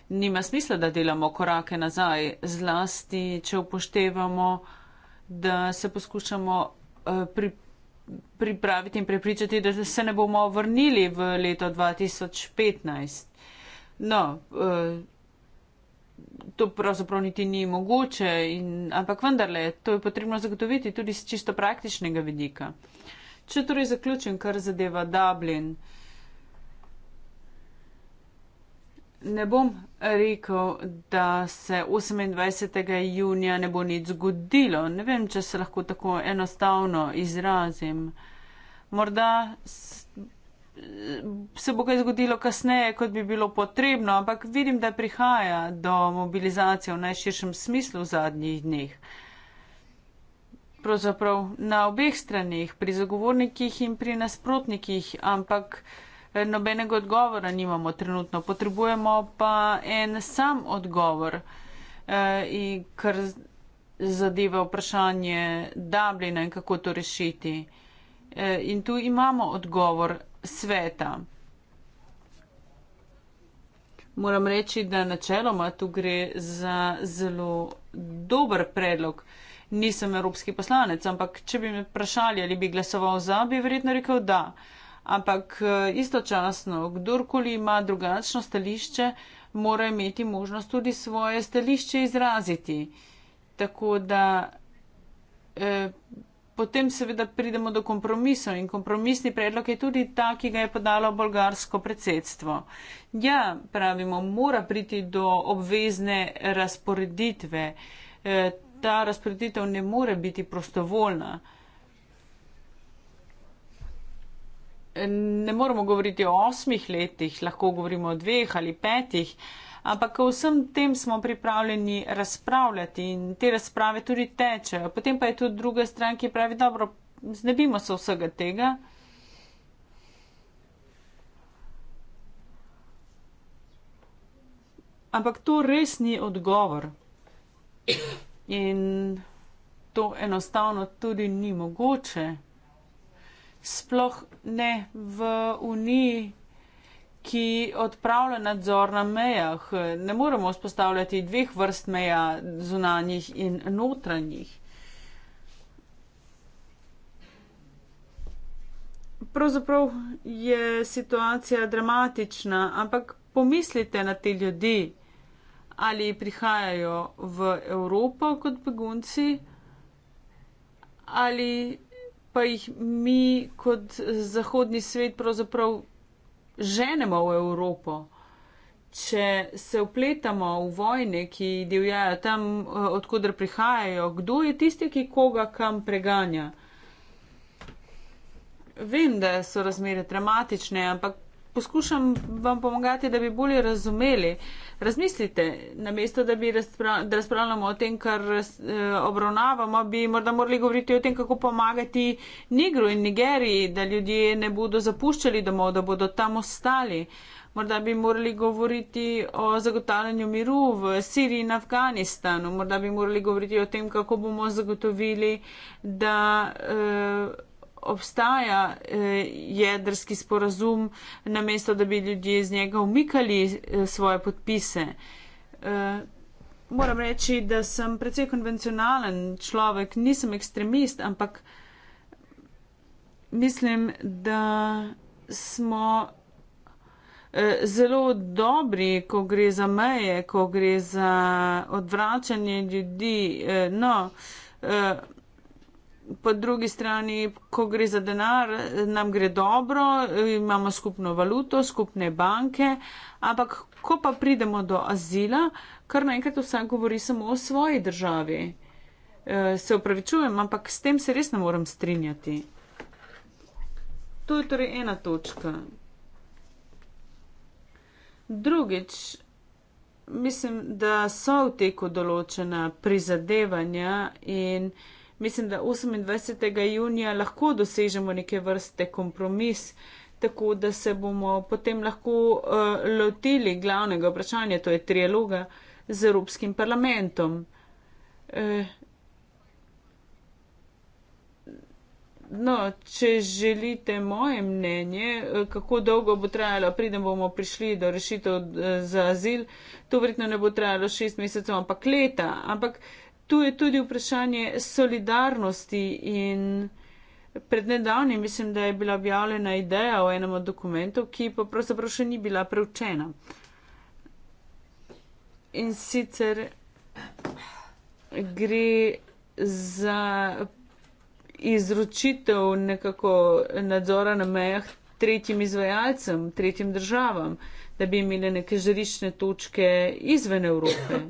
Nima smisla, da delamo korake nazaj, zlasti, če upoštevamo, da se poskušamo eh, pri, pripraviti in prepričati, da se ne bomo vrnili v leto 2015. No, eh, to pravzaprav niti ni mogoče, in, ampak vendarle, to je potrebno zagotoviti tudi z čisto praktičnega vidika. Če torej zaključim, kar zadeva Dublin, ne bom rekel, da se 28. junija ne bo nič zgodilo. Ne vem, če se lahko tako enostavno izrazim. Morda se bo kaj zgodilo kasneje, kot bi bilo potrebno, ampak vidim, da prihaja do mobilizacije v najširšem smislu v zadnjih dneh. Pravzaprav na obeh stranih, pri zagovornikih in pri nasprotnikih, ampak eh, nobenega odgovora nimamo trenutno. Potrebujemo pa en sam odgovor, eh, kar zadeva vprašanje Dublina in kako to rešiti. Eh, in tu imamo odgovor sveta. Moram reči, da načeloma tu gre za zelo dober predlog. Nisem evropski poslanec, ampak če bi me vprašali, ali bi glasoval za, bi verjetno rekel da. Ampak eh, istočasno, kdorkoli ima drugačno stališče, mora imeti možnost tudi svoje stališče izraziti. Tako da. Eh, potem seveda pridemo do kompromisov in kompromisni predlog je tudi ta, ki ga je podalo bolgarsko predsedstvo. Ja, pravimo, mora priti do obvezne razporeditve. E, ta razporeditev ne more biti prostovoljna. E, ne moramo govoriti o osmih letih, lahko govorimo o dveh ali petih. E, ampak o vsem tem smo pripravljeni razpravljati in te razprave tudi tečejo. Potem pa je tudi druga stran, ki pravi, dobro, znebimo se vsega tega. Ampak to res ni odgovor. In to enostavno tudi ni mogoče. Sploh ne v Uniji, ki odpravlja nadzor na mejah. Ne moremo vzpostavljati dveh vrst meja, zunanjih in notranjih. Pravzaprav je situacija dramatična, ampak pomislite na te ljudi, ali prihajajo v Evropo kot begunci, ali pa jih mi kot zahodni svet pravzaprav ženemo v Evropo, če se upletamo v vojne, ki divjajo tam, eh, odkudr prihajajo, kdo je tisti, ki koga kam preganja. Vem, da so razmere dramatične, ampak poskušam vam pomagati, da bi bolje razumeli. Razmislite, namesto da bi razpra razpravljali o tem, kar e, obravnavamo, bi morda morali govoriti o tem, kako pomagati Nigru in Nigeriji, da ljudje ne bodo zapuščali domov, da bodo tam ostali. Morda bi morali govoriti o zagotavljanju miru v Siriji in Afganistanu. Morda bi morali govoriti o tem, kako bomo zagotovili, da. E, obstaja eh, jedrski sporazum, namesto da bi ljudje iz njega umikali eh, svoje podpise. Eh, moram reči, da sem precej konvencionalen človek, nisem ekstremist, ampak mislim, da smo. Eh, zelo dobri, ko gre za meje, ko gre za odvračanje ljudi. Eh, no, eh, po drugi strani, ko gre za denar, nam gre dobro, imamo skupno valuto, skupne banke, ampak ko pa pridemo do azila, kar naenkrat vsak govori samo o svoji državi. E, se upravičujem, ampak s tem se res ne morem strinjati. To je torej ena točka. Drugič, mislim, da so v teku določena prizadevanja in uh, mislim, da 28. junija lahko dosežemo neke vrste kompromis, tako da se bomo potem lahko uh, lotili glavnega vprašanja, to je trialoga z Evropskim parlamentom. Uh, no, če želite moje mnenje, eh, kako dolgo bo trajalo, pridem bomo prišli do rešitev uh, za azil, to verjetno ne bo trajalo šest mesecev, ampak leta. Ampak, uh, tu je tudi vprašanje solidarnosti in pred nedavnim mislim, da je bila objavljena ideja o enem od dokumentov, ki pa pravzaprav še ni bila preučena. In sicer gre za izročitev nekako nadzora na mejah tretjim izvajalcem, tretjim državam, da bi imeli neke žarišne točke izven Evrope.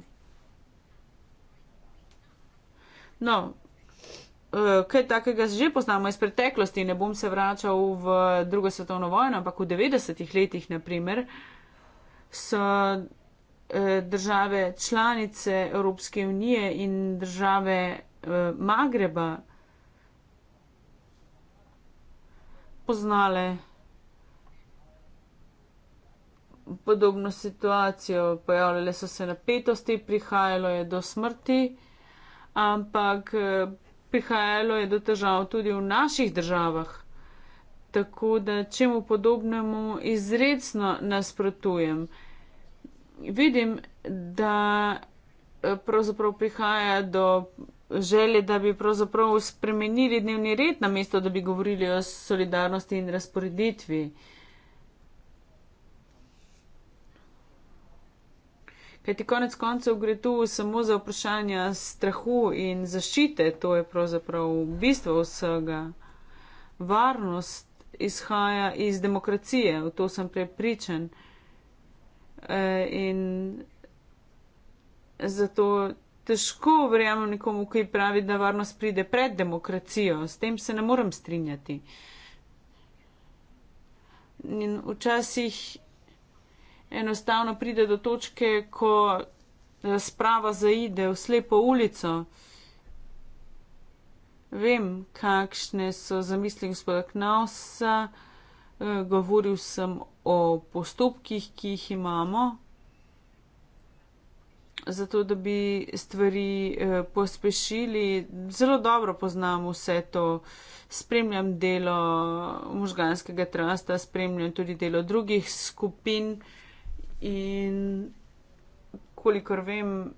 No, uh, kaj takega že poznamo iz preteklosti, ne bom se vračal v drugo svetovno vojno, ampak v 90-ih letih, naprimer, so uh, države članice Evropske unije in države uh, Magreba poznale. Podobno situacijo, pojavljale so se napetosti, prihajalo je do smrti ampak eh, prihajalo je do težav tudi v naših državah. Tako da čemu podobnemu izredno nasprotujem. Vidim, da eh, pravzaprav prihaja do želje, da bi pravzaprav spremenili dnevni red, namesto da bi govorili o solidarnosti in razporeditvi. Uh, Kaj ti konec koncev gre tu samo za vprašanje strahu in zaščite, to je pravzaprav bistvo vsega. Varnost izhaja iz demokracije, v to sem prepričan. E, in zato težko verjamem nekomu, ki pravi, da varnost pride pred demokracijo, s tem se ne morem strinjati. In včasih enostavno pride do točke, ko razprava zaide v slepo ulico. Vem, kakšne so zamisli gospoda Knausa, eh, govoril sem o postopkih, ki jih imamo, zato da bi stvari eh, pospešili. Zelo dobro poznam vse to, spremljam delo možganskega trasta, spremljam tudi delo drugih skupin. In kolikor vem,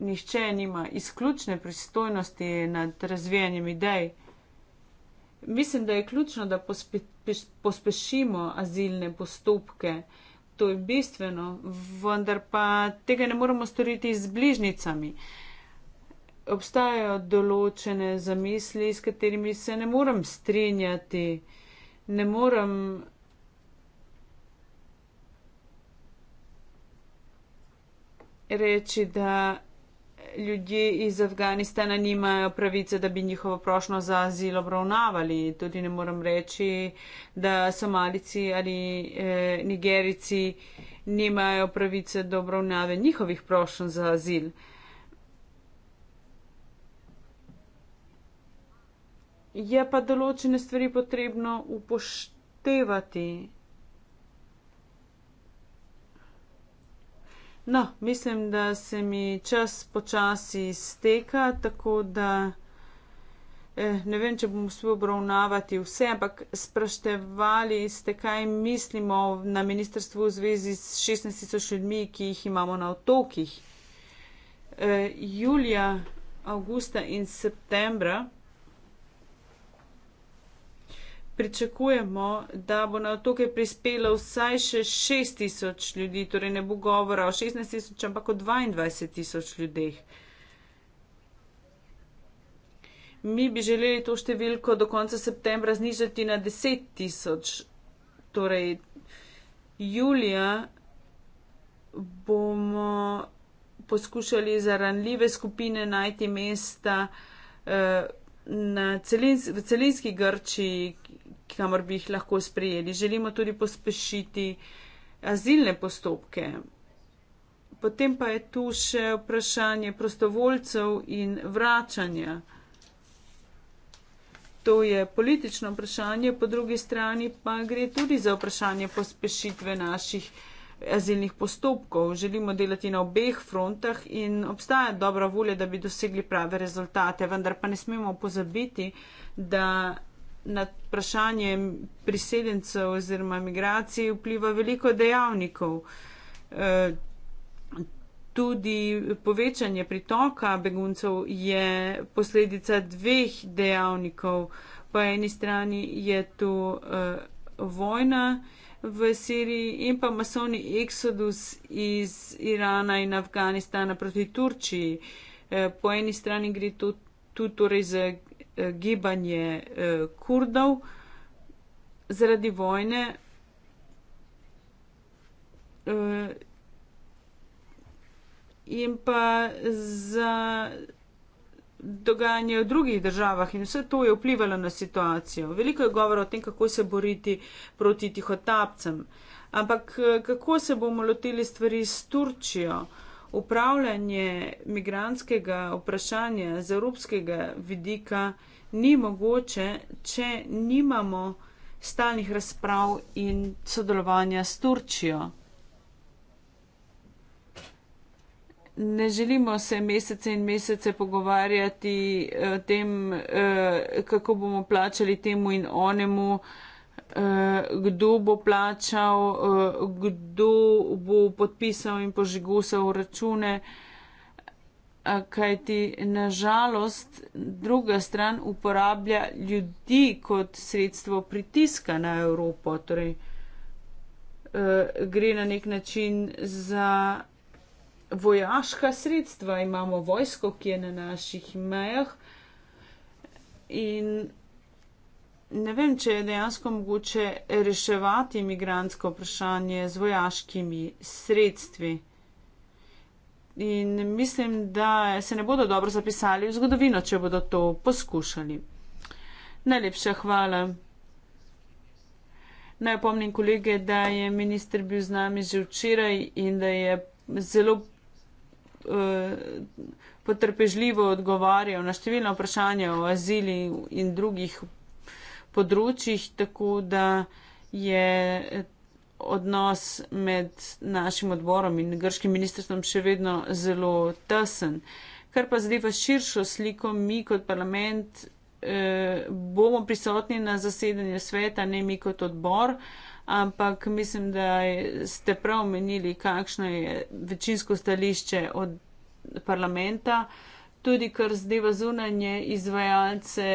nišče nima izključne pristojnosti nad razvijanjem idej. Mislim, da je ključno, da pospe, pospešimo azilne postopke. To je bistveno, vendar pa tega ne moremo storiti z bližnicami. Obstajajo določene zamisli, s katerimi se ne morem strinjati, ne morem reči, da ljudje iz Afganistana nimajo pravice, da bi njihovo prošlo za azil obravnavali. Tudi ne moram reči, da Somalici ali eh, Nigerici nimajo pravice do obravnave njihovih prošlj za azil. Je pa določene stvari potrebno upoštevati. No, mislim, da se mi čas počasi izteka, tako da eh, ne vem, če bom uspel obravnavati vse, ampak spraševali ste, kaj mislimo na ministrstvu v zvezi s 16 tisoč ljudmi, ki jih imamo na otokih. Eh, julija, avgusta in septembra pričakujemo, da bo na otoke prispelo vsaj še 6 tisoč ljudi, torej ne bo govora o 16 tisoč, ampak o 22 tisoč ljudeh. Mi bi želeli to številko do konca septembra znižati na 10 tisoč, torej julija bomo poskušali za ranljive skupine najti mesta eh, celins v celinski Grčiji, kamor bi jih lahko sprejeli. Želimo tudi pospešiti azilne postopke. Potem pa je tu še vprašanje prostovoljcev in vračanja. To je politično vprašanje, po drugi strani pa gre tudi za vprašanje pospešitve naših azilnih postopkov. Želimo delati na obeh frontah in obstaja dobra volja, da bi dosegli prave rezultate, vendar pa ne smemo pozabiti, da na vprašanje priseljencev oziroma migracij vpliva veliko dejavnikov. E, tudi povečanje pritoka beguncev je posledica dveh dejavnikov. Po eni strani je tu e, vojna v Siriji in pa masovni eksodus iz Irana in Afganistana proti Turčiji. E, po eni strani gre tu torej za Eh, gibanje eh, Kurdov zaradi vojne. Eh, in pa za dogajanje v drugih državah, in vse to je vplivalo na situacijo. Veliko je govora o tem, kako se boriti proti tihotapcem, ampak kako se bomo lotili stvari s Turčijo. Uh, upravljanje migranskega vprašanja z evropskega vidika ni mogoče, če nimamo stalnih razprav in sodelovanja s Turčijo. Ne želimo se mesece in mesece pogovarjati eh, o tem, eh, kako bomo plačali temu in onemu. Eh, kdo bo plačal, eh, kdo bo podpisal in požigusal račune, kajti nažalost druga stran uporablja ljudi kot sredstvo pritiska na Evropo. Torej, eh, gre na nek način za vojaška sredstva. Imamo vojsko, ki je na naših mejah in ne vem, če je dejansko mogoče reševati imigransko vprašanje z vojaškimi sredstvi. In mislim, da se ne bodo dobro zapisali v zgodovino, če bodo to poskušali. Najlepša hvala. Naj opomnim kolege, da je minister bil z nami že včeraj in da je zelo uh, potrpežljivo odgovarjal na številna vprašanja o azili in drugih področjih, tako da je odnos med našim odborom in grškim ministrstvom še vedno zelo tesen. Kar pa zadeva širšo sliko, mi kot parlament eh, bomo prisotni na zasedanju sveta, ne mi kot odbor, ampak mislim, da ste prav omenili, kakšno je večinsko stališče od parlamenta. Tudi kar zadeva zunanje izvajalce,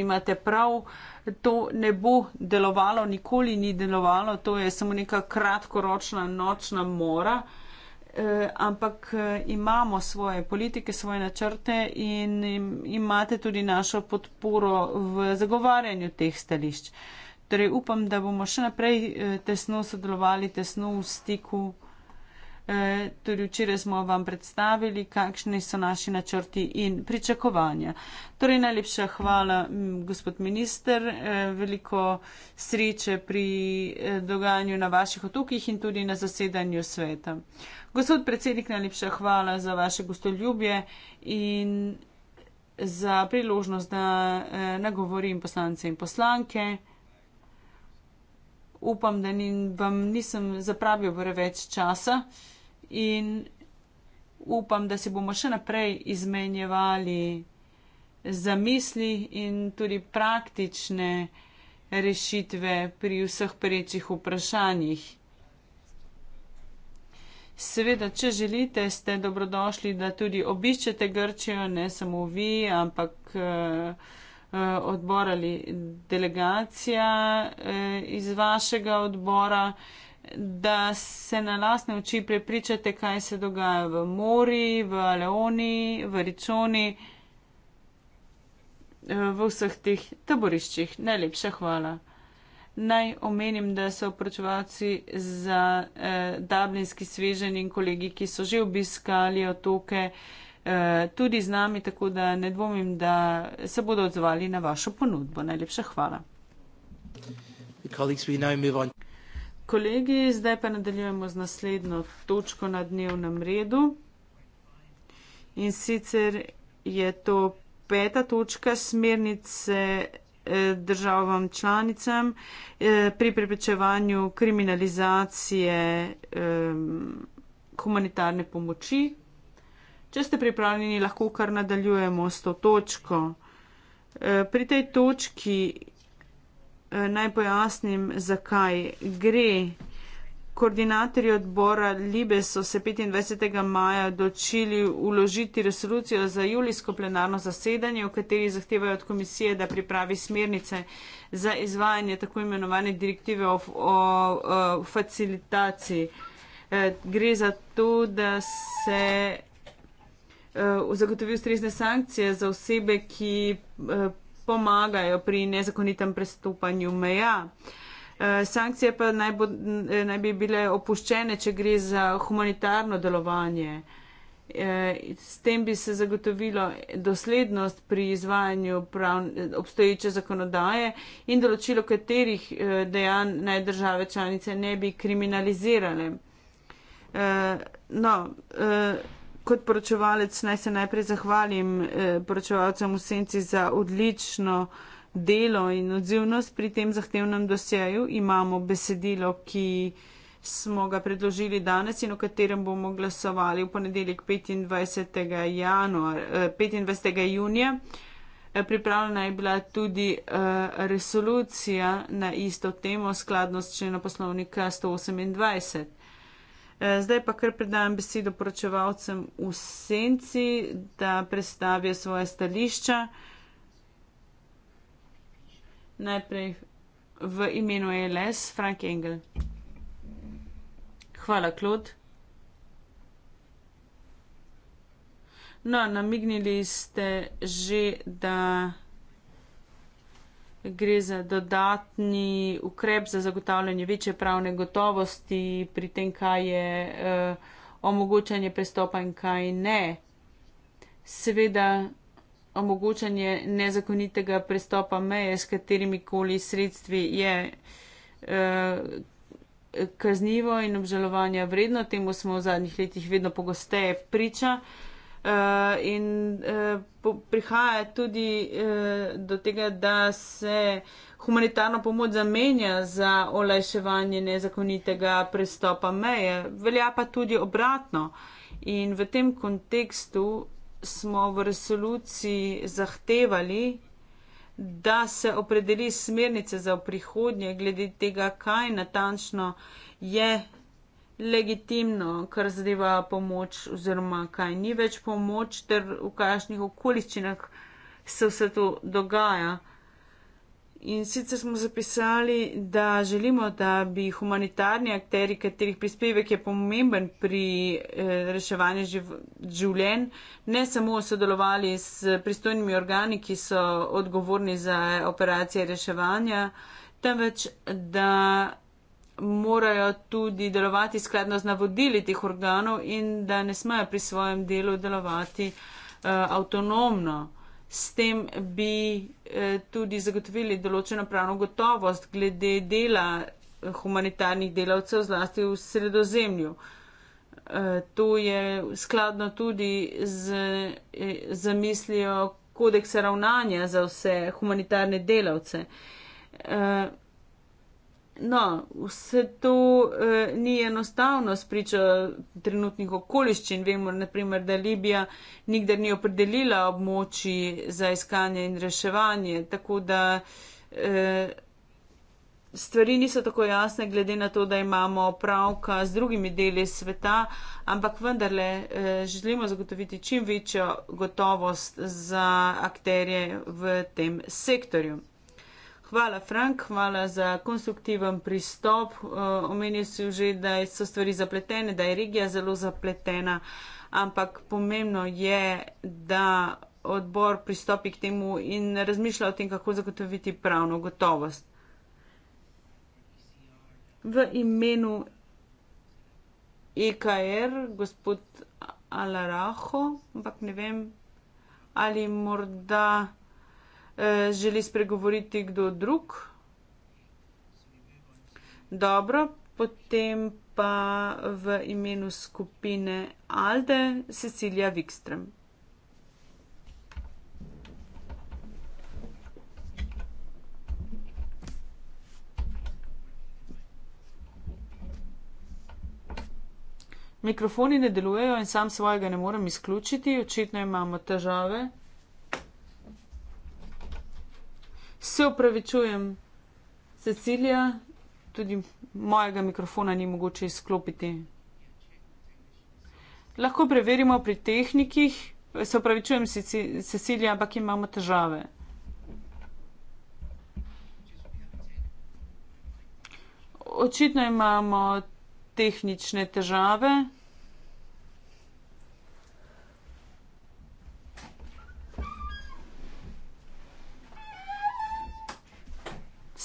imate prav. Eh, to ne bo delovalo, nikoli ni delovalo, to je samo neka kratkoročna nočna mora, eh, ampak eh, imamo svoje politike, svoje načrte in imate tudi našo podporo v zagovarjanju teh stališč. Torej upam, da bomo še naprej eh, tesno sodelovali, tesno v stiku. Eh, torej, včeraj smo vam predstavili, kakšni so naši načrti in pričakovanja. Torej, najlepša hvala, gospod minister, eh, veliko sreče pri eh, dogajanju na vaših otokih in tudi na zasedanju sveta. Gospod predsednik, najlepša hvala za vaše gostoljubje in za priložnost, da nagovorim poslance in poslanke. Upam, da ni, vam nisem zapravil preveč časa in upam, da si bomo še naprej izmenjevali zamisli in tudi praktične rešitve pri vseh prejčih vprašanjih. Seveda, če želite, ste dobrodošli, da tudi obiščete Grčijo, ne samo vi, ampak eh, odbor ali delegacija eh, iz vašega odbora. Eh, da se na lasne oči prepričate, kaj se dogaja v Mori, v Leoni, v Ričoni, eh, v vseh teh taboriščih. Najlepša hvala. Naj omenim, da so opračevalci za eh, dablinski svežen in kolegi, ki so že obiskali otoke, eh, tudi z nami, tako da ne dvomim, da se bodo odzvali na vašo ponudbo. Najlepša hvala. Colleagues, we now move on kolegi, zdaj pa nadaljujemo z naslednjo točko na dnevnem redu. In sicer je to peta točka smernice eh, državam članicam eh, pri preprečevanju kriminalizacije ehm, humanitarne pomoči. Če ste pripravljeni, lahko kar nadaljujemo s to točko. Eh, pri tej točki Eh, naj pojasnim, zakaj gre. Koordinatorji odbora Libe so se 25. maja odločili uložiti resolucijo za julijsko plenarno zasedanje, v kateri zahtevajo od komisije, da pripravi smernice za izvajanje tako imenovane direktive o, o, o facilitaciji. Eh, gre za to, da se eh, zagotovi ustrezne sankcije za osebe, ki pomagajo pri nezakonitem prestopanju meja. Eh, sankcije pa naj, bo, eh, naj bi bile opuščene, če gre za humanitarno delovanje. Eh, s tem bi se zagotovilo doslednost pri izvajanju obstoječe zakonodaje in določilo, katerih dejanj naj države članice ne bi kriminalizirale. No, kot poročevalec naj se najprej zahvalim eh, poročevalcem v senci za odlično delo in odzivnost pri tem zahtevnem dosjeju. Imamo besedilo, ki smo ga predložili danes in o katerem bomo glasovali v ponedeljek 25. Januar, eh, 25. junija. Eh, pripravljena je bila tudi uh, resolucija na isto temo skladnost členoposlovnika 128. Eh, zdaj pa kar predajam besedo poročevalcem v senci, da predstavijo svoje stališča. Najprej v imenu e LS Frank Engel. Hvala, Klod. No, namignili ste že, da gre za dodatni ukrep za zagotavljanje večje pravne gotovosti pri tem, kaj je eh, omogočanje prestopa in kaj ne. Seveda omogočanje nezakonitega prestopa meje s katerimi koli sredstvi je eh, kaznivo in obžalovanja vredno. Temu smo v zadnjih letih vedno pogosteje priča. Eh, in uh, po, prihaja tudi uh, do tega, da se humanitarno pomoč zamenja za olajševanje nezakonitega prestopa meje. Velja pa tudi obratno. In v tem kontekstu smo v resoluciji zahtevali, da se opredeli smernice za prihodnje glede tega, kaj natančno je legitimno, kar zadeva pomoč, oziroma kaj ni več pomoč, ter v kakšnih okoliščinah se vse to dogaja. In sicer smo zapisali, da želimo, da bi humanitarni akteri, katerih prispevek je pomemben pri eh, reševanju živ življenj, ne samo sodelovali s pristojnimi organi, ki so odgovorni za operacije reševanja, temveč da morajo tudi delovati skladno z navodili teh organov in da ne smejo pri svojem delu delovati uh, avtonomno. S tem bi eh, tudi zagotovili določeno pravno gotovost glede dela eh, humanitarnih delavcev, zlasti v sredozemlju. Eh, to je skladno tudi z, eh, z mislijo kodeksa ravnanja za vse humanitarne delavce. Eh, No, vse to eh, ni enostavno spričo trenutnih okoliščin. Vemo, naprimer, da Libija nikdar ni opredelila območji za iskanje in reševanje, tako da eh, stvari niso tako jasne, glede na to, da imamo opravka z drugimi deli sveta, ampak vendarle eh, želimo zagotoviti čim večjo gotovost za akterje v tem sektorju. Hvala, Frank, hvala za konstruktiven pristop. Eh, omenil si že, da so stvari zapletene, da je regija zelo zapletena, ampak pomembno je, da odbor pristopi k temu in razmišlja o tem, kako zagotoviti pravno gotovost. V imenu EKR, gospod Alaraho, ampak ne vem, ali morda. Eh, želi spregovoriti kdo drug? Dobro, potem pa v imenu skupine Alde Cecilija Wikström. Mikrofoni ne delujejo in sam svojega ne morem izključiti, očitno imamo težave. Se upravičujem, Cecilija, tudi mojega mikrofona ni mogoče izklopiti. Lahko preverimo pri tehnikih. Se upravičujem, Cecilija, ampak imamo težave. Očitno imamo tehnične težave.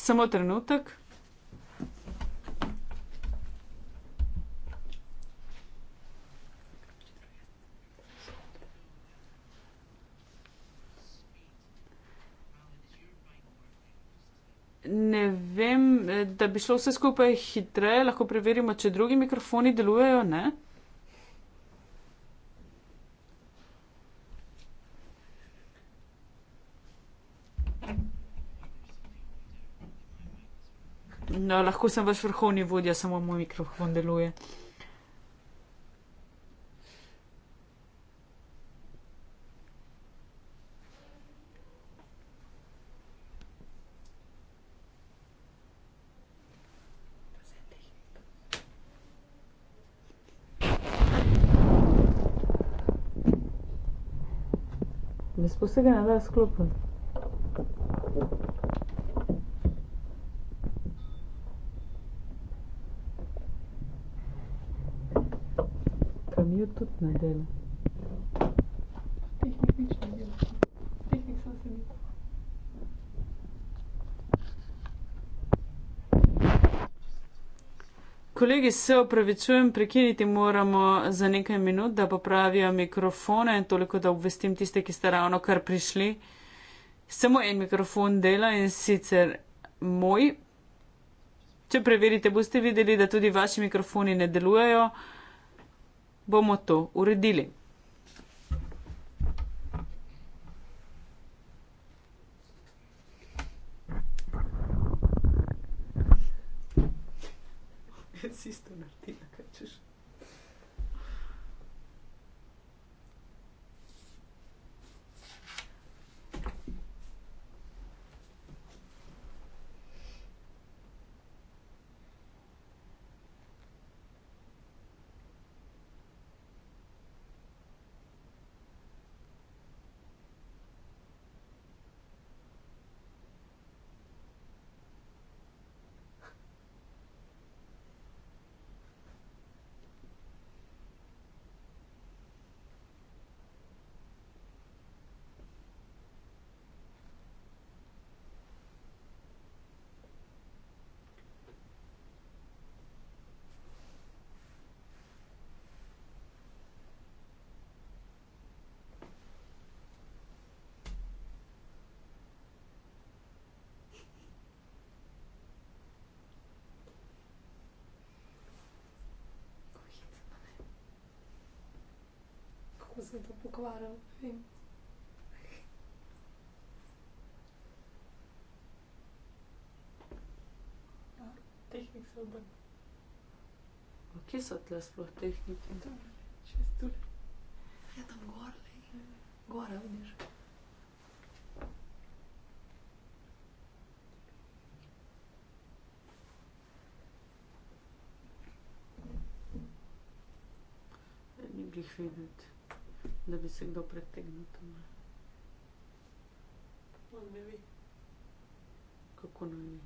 samo trenutek. Ne vem, eh, da bi šlo vse skupaj hitreje, lahko preverimo, če drugi mikrofoni delujejo, ne? No, lahko sem vaš vrhovni vodja, samo moj mikrofon deluje. Gospod se ga ne da sklopiti. je tudi nedelja. Kolegi, se opravičujem, prekiniti moramo za nekaj minut, da popravijo mikrofone, toliko da obvestim tiste, ki ste ravno kar prišli. Samo en mikrofon dela in sicer moj. Če preverite, boste videli, da tudi vaši mikrofoni ne delujejo bomo to uredili. se to pokvaril. Ja, Tehnik se obrne. Kje so tle sploh tehniki? Tam, čez tu. Ja, tam gor, lej. Gora, vidiš. Ich finde da bi se kdo pretegnil tam. On ne ve. Kako ne ve?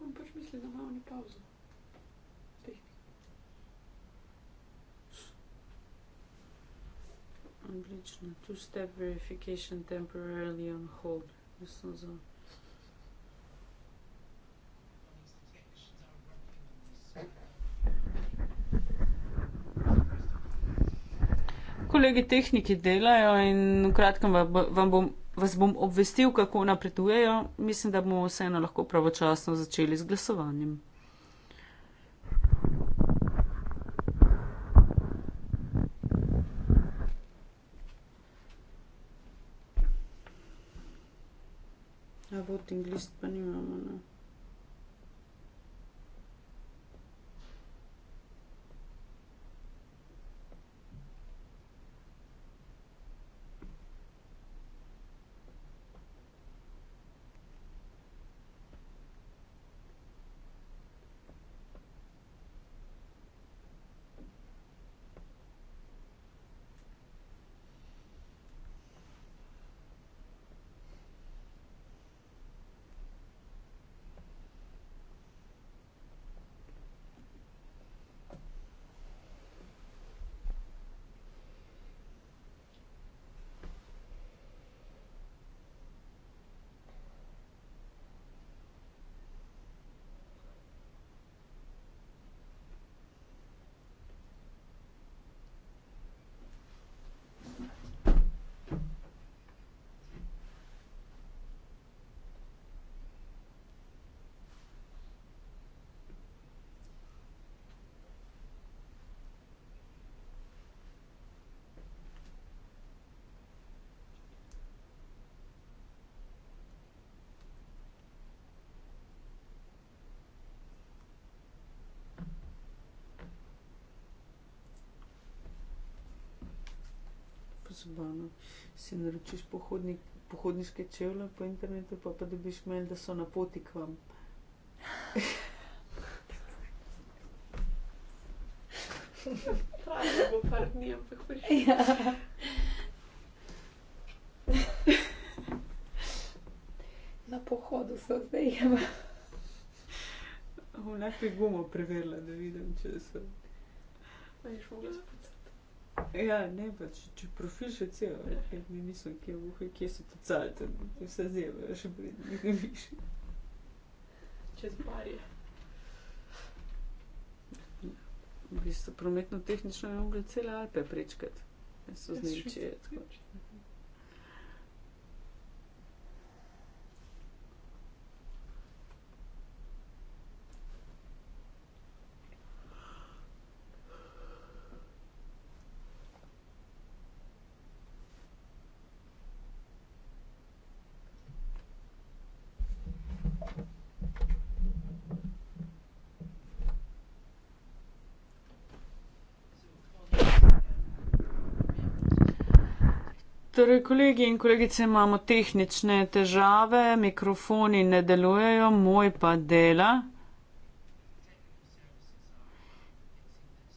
On pač misli, da ima oni pauzo. Unbridge, two-step verification temporarily on hold. This one's on. kolegi tehniki delajo in v kratkem vam bom. Vas bom obvestil, kako napredujejo. Mislim, da bomo vseeno lahko pravočasno začeli z glasovanjem. Na ja, voting list pa nimamo. Ne? zabavno. Si naročiš pohodnik, pohodniške čevlje po internetu, pa, pa dobiš mail, da so na poti k vam. Pravi, da bo par dni, ampak prišel. Ja. Na pohodu so zdaj. Vnaprej ja. gumo preverila, da vidim, če so. Ali si mogla spati? Ja, ne, pa če, če profil še cel, ne ja, mislim, kje, vuhe, kje so te celice, da se zjevajo še pred nekaj više. Čez barje. V bistvu prometno-tehnično je mogla cele Alpe prečkati. So z Nemčije. Torej, kolegi in kolegice, imamo tehnične težave, mikrofoni ne delujejo, moj pa dela.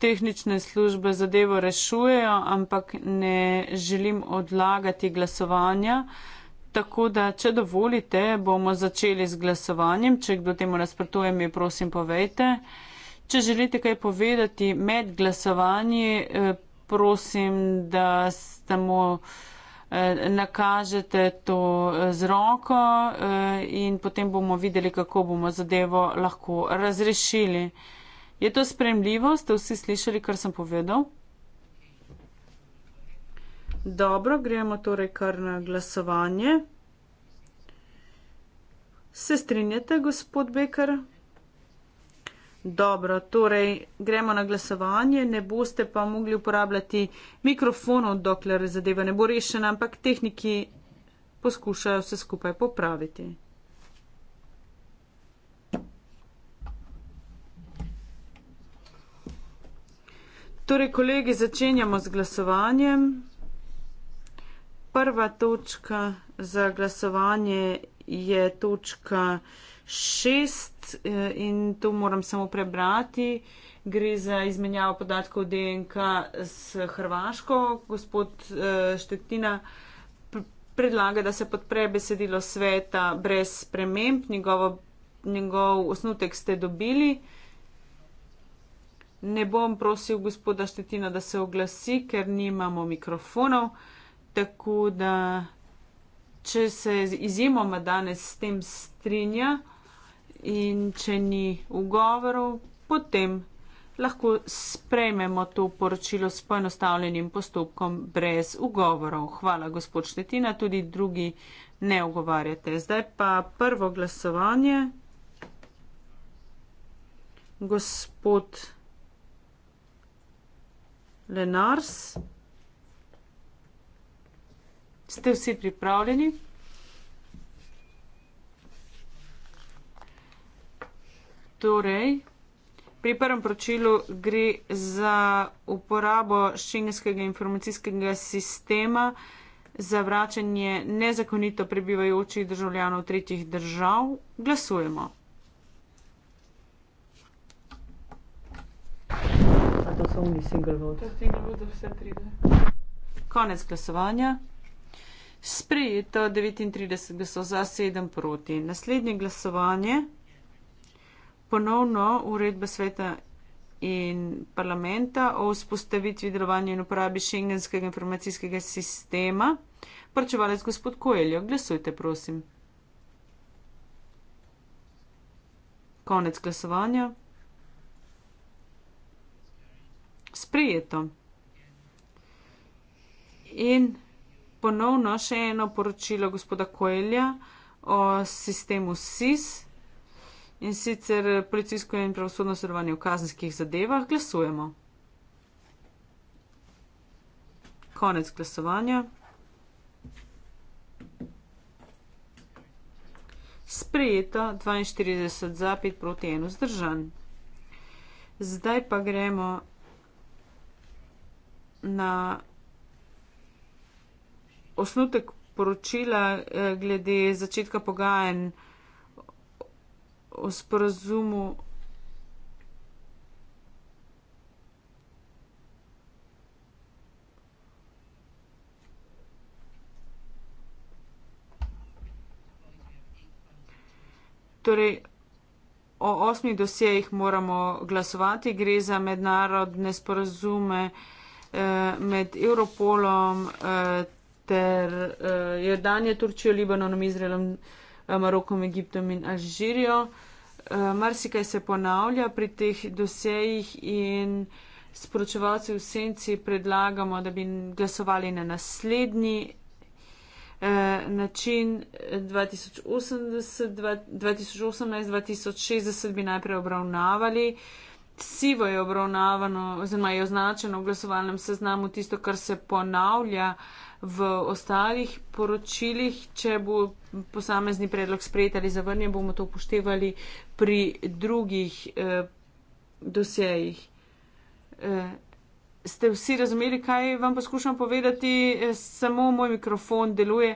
Tehnične službe zadevo rešujejo, ampak ne želim odlagati glasovanja. Tako da, če dovolite, bomo začeli z glasovanjem. Če kdo temu nasprotuje, mi prosim povejte. Če želite kaj povedati med glasovanji, eh, prosim, da samo. Tamo... Eh, nakažete to eh, z roko eh, in potem bomo videli, kako bomo zadevo lahko razrešili. Je to spremljivo? Ste vsi slišali, kar sem povedal? Dobro, gremo torej kar na glasovanje. Se strinjate, gospod Bekar? Dobro, torej gremo na glasovanje, ne boste pa mogli uporabljati mikrofonov, dokler zadeva ne bo rešena, ampak tehniki poskušajo vse skupaj popraviti. Torej, kolegi, začenjamo z glasovanjem. Prva točka za glasovanje je točka šest eh, in to moram samo prebrati. Gre za izmenjavo podatkov DNK s Hrvaško. Gospod eh, Štetina predlaga, da se podpre besedilo sveta brez sprememb. Njegov, njegov osnutek ste dobili. Ne bom prosil gospoda Štetina, da se oglasi, ker nimamo mikrofonov. Tako da, če se izjemoma danes s tem strinja, in če ni ugovorov, potem lahko sprejmemo to poročilo s poenostavljenim postopkom brez ugovorov. Hvala, gospod Štetina, tudi drugi ne ogovarjate. Zdaj pa prvo glasovanje. Gospod Lenars, ste vsi pripravljeni? Torej, pri prvem poročilu gre za uporabo šengenskega informacijskega sistema za vračanje nezakonito prebivajočih državljanov tretjih držav. Glasujemo. Konec glasovanja. Sprejeto 39 glasov za, 7 proti. Naslednje glasovanje ponovno uredbe sveta in parlamenta o vzpostavitvi delovanja in uporabi šengenskega informacijskega sistema. Prčevalec gospod Koeljo, glasujte, prosim. Konec glasovanja. Sprijeto. In ponovno še eno poročilo gospoda Koelja o sistemu SIS in sicer eh, policijsko in pravosodno sodelovanje v kazenskih zadevah, glasujemo. Konec glasovanja. Sprejeto 42 za, 5 proti 1 zdržan. Zdaj pa gremo na osnutek poročila eh, glede začetka pogajanj o sporazumu. Torej, o osmih dosjejih moramo glasovati. Gre za mednarodne sporazume eh, med Europolom eh, ter eh, Jordanijo, Turčijo, Libanonom, Izraelom, eh, Marokom, Egiptom in Alžirijo. Eh, Eh, marsikaj se ponavlja pri teh dosejih in sporočevalci v senci predlagamo, da bi glasovali na naslednji eh, način 2018-2060 bi najprej obravnavali. Sivo je obravnavano oziroma je označeno v glasovalnem seznamu tisto, kar se ponavlja. Eh, v ostalih poročilih, če bo posamezni predlog sprejet ali zavrnjen, bomo to upoštevali pri drugih eh, dosejih. Eh, ste vsi razumeli, kaj vam poskušam povedati, eh, samo moj mikrofon deluje.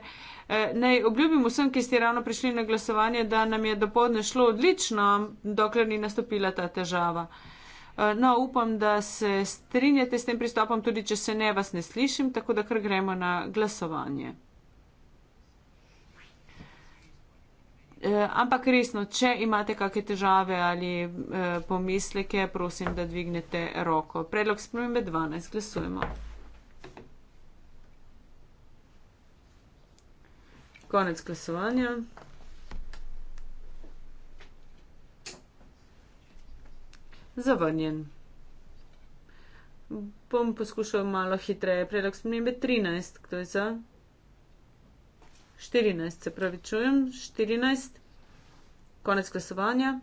Eh, naj obljubim vsem, ki ste ravno prišli na glasovanje, da nam je dopoledne šlo odlično, dokler ni nastopila ta težava. Uh, Eh, no, upam, da se strinjate s tem pristopom, tudi če se ne vas ne slišim, tako da kar gremo na glasovanje. Eh, ampak resno, če imate kakšne težave ali eh, pomisleke, prosim, da dvignete roko. Predlog spremembe 12. Glasujemo. Konec glasovanja. zavrnjen. Bom poskušal malo hitreje, predlog spremembe 13, kdo je za? 14, se pravi, čujem, 14, konec glasovanja.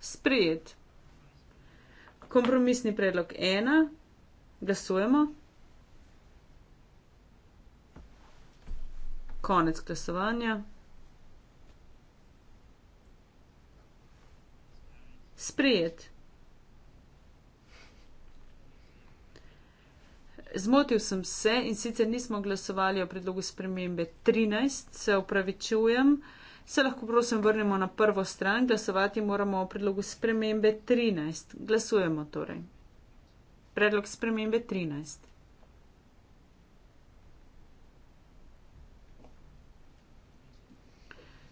Sprejet. Kompromisni predlog 1, glasujemo. konec glasovanja. Sprijet. Zmotil sem se in sicer nismo glasovali o predlogu spremembe 13, se upravičujem. Se lahko prosim vrnemo na prvo stran, glasovati moramo o predlogu spremembe 13. Glasujemo torej. Predlog spremembe 13.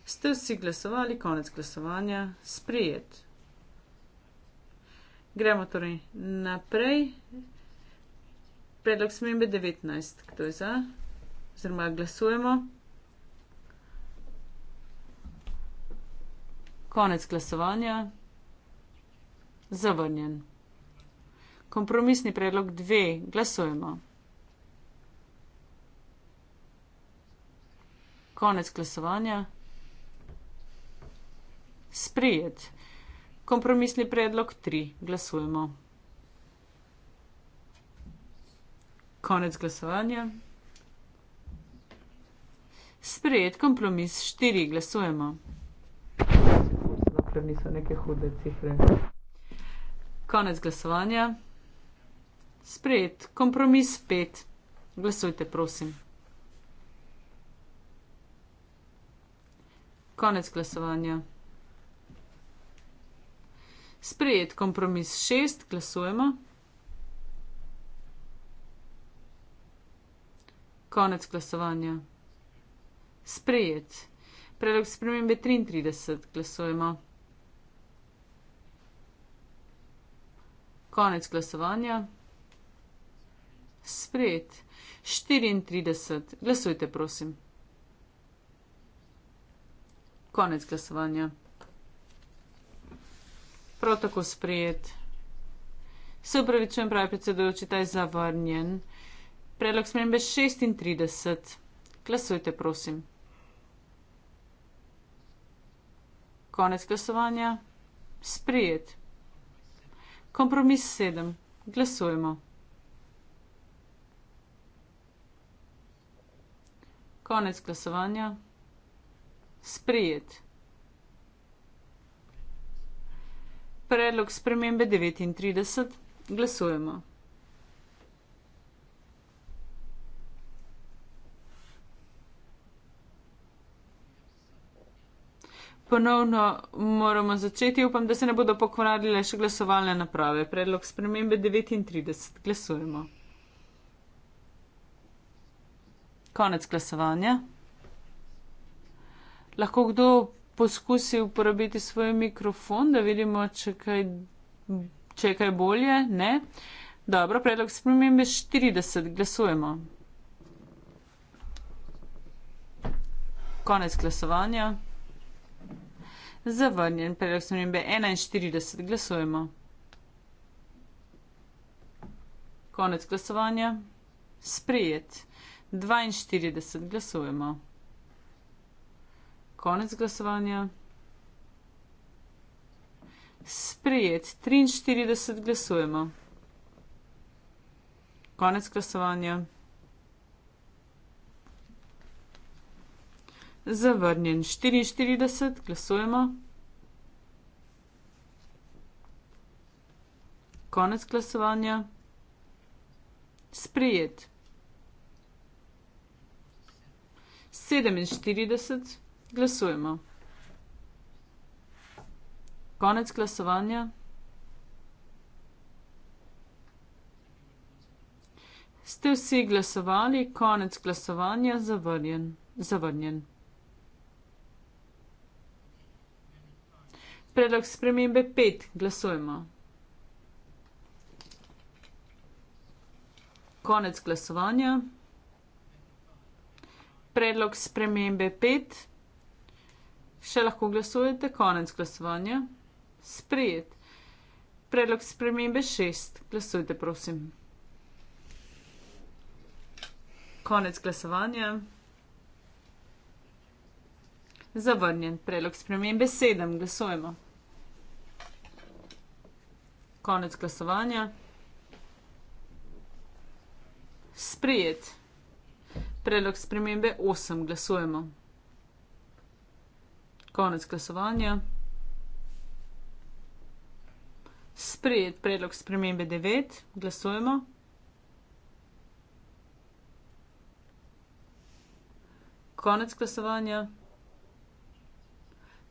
ste vsi glasovali, konec glasovanja, sprijet. Gremo torej naprej. Predlog smembe 19. Kdo je za? Oziroma glasujemo. Konec glasovanja. Zavrnjen. Kompromisni predlog 2. Glasujemo. Konec glasovanja. Sprijet. Kompromisni predlog 3. Glasujemo. Konec glasovanja. Sprijet kompromis 4. Glasujemo. Ker niso neke hude cifre. Konec glasovanja. Sprijet kompromis 5. Glasujte, prosim. Konec glasovanja. Sprejet kompromis šest, glasujemo. Konec glasovanja. Sprejet. Predlog spremembe 33, glasujemo. Konec glasovanja. Sprejet. 34, glasujte, prosim. Konec glasovanja prav tako sprejet. Se upravičujem, pravi predsedujoči, ta je zavrnjen. Predlog smembe 36. Glasujte, prosim. Konec glasovanja. Sprijet. Kompromis 7. Glasujemo. Konec glasovanja. Sprijet. predlog spremembe 39. Glasujemo. Ponovno moramo začeti. Upam, da se ne bodo pokvarile še glasovalne naprave. Predlog spremembe 39. Glasujemo. Konec glasovanja. Lahko kdo poskusi uporabiti svoj mikrofon, da vidimo, če kaj, če kaj bolje. Ne. Dobro, predlog spremembe 40, glasujemo. Konec glasovanja. Zavrnjen predlog spremembe 41, glasujemo. Konec glasovanja. Sprijet. 42 glasujemo konec glasovanja. Sprijet 43 glasujemo. Konec glasovanja. Zavrnjen 44 glasujemo. Konec glasovanja. Sprijet 47 glasujemo. Glasujemo. Konec glasovanja. Ste vsi glasovali, konec glasovanja zavrnjen. zavrnjen. Predlog spremembe 5. Glasujemo. Konec glasovanja. Predlog spremembe 5 še lahko glasujete konec glasovanja. Sprejet. Predlog spremembe 6. Glasujte, prosim. Konec glasovanja. Zavrnjen. Predlog spremembe 7. Glasujemo. Konec glasovanja. Sprejet. Predlog spremembe 8. Glasujemo. Konec glasovanja. Sprejet predlog spremembe 9, glasujemo. Konec glasovanja.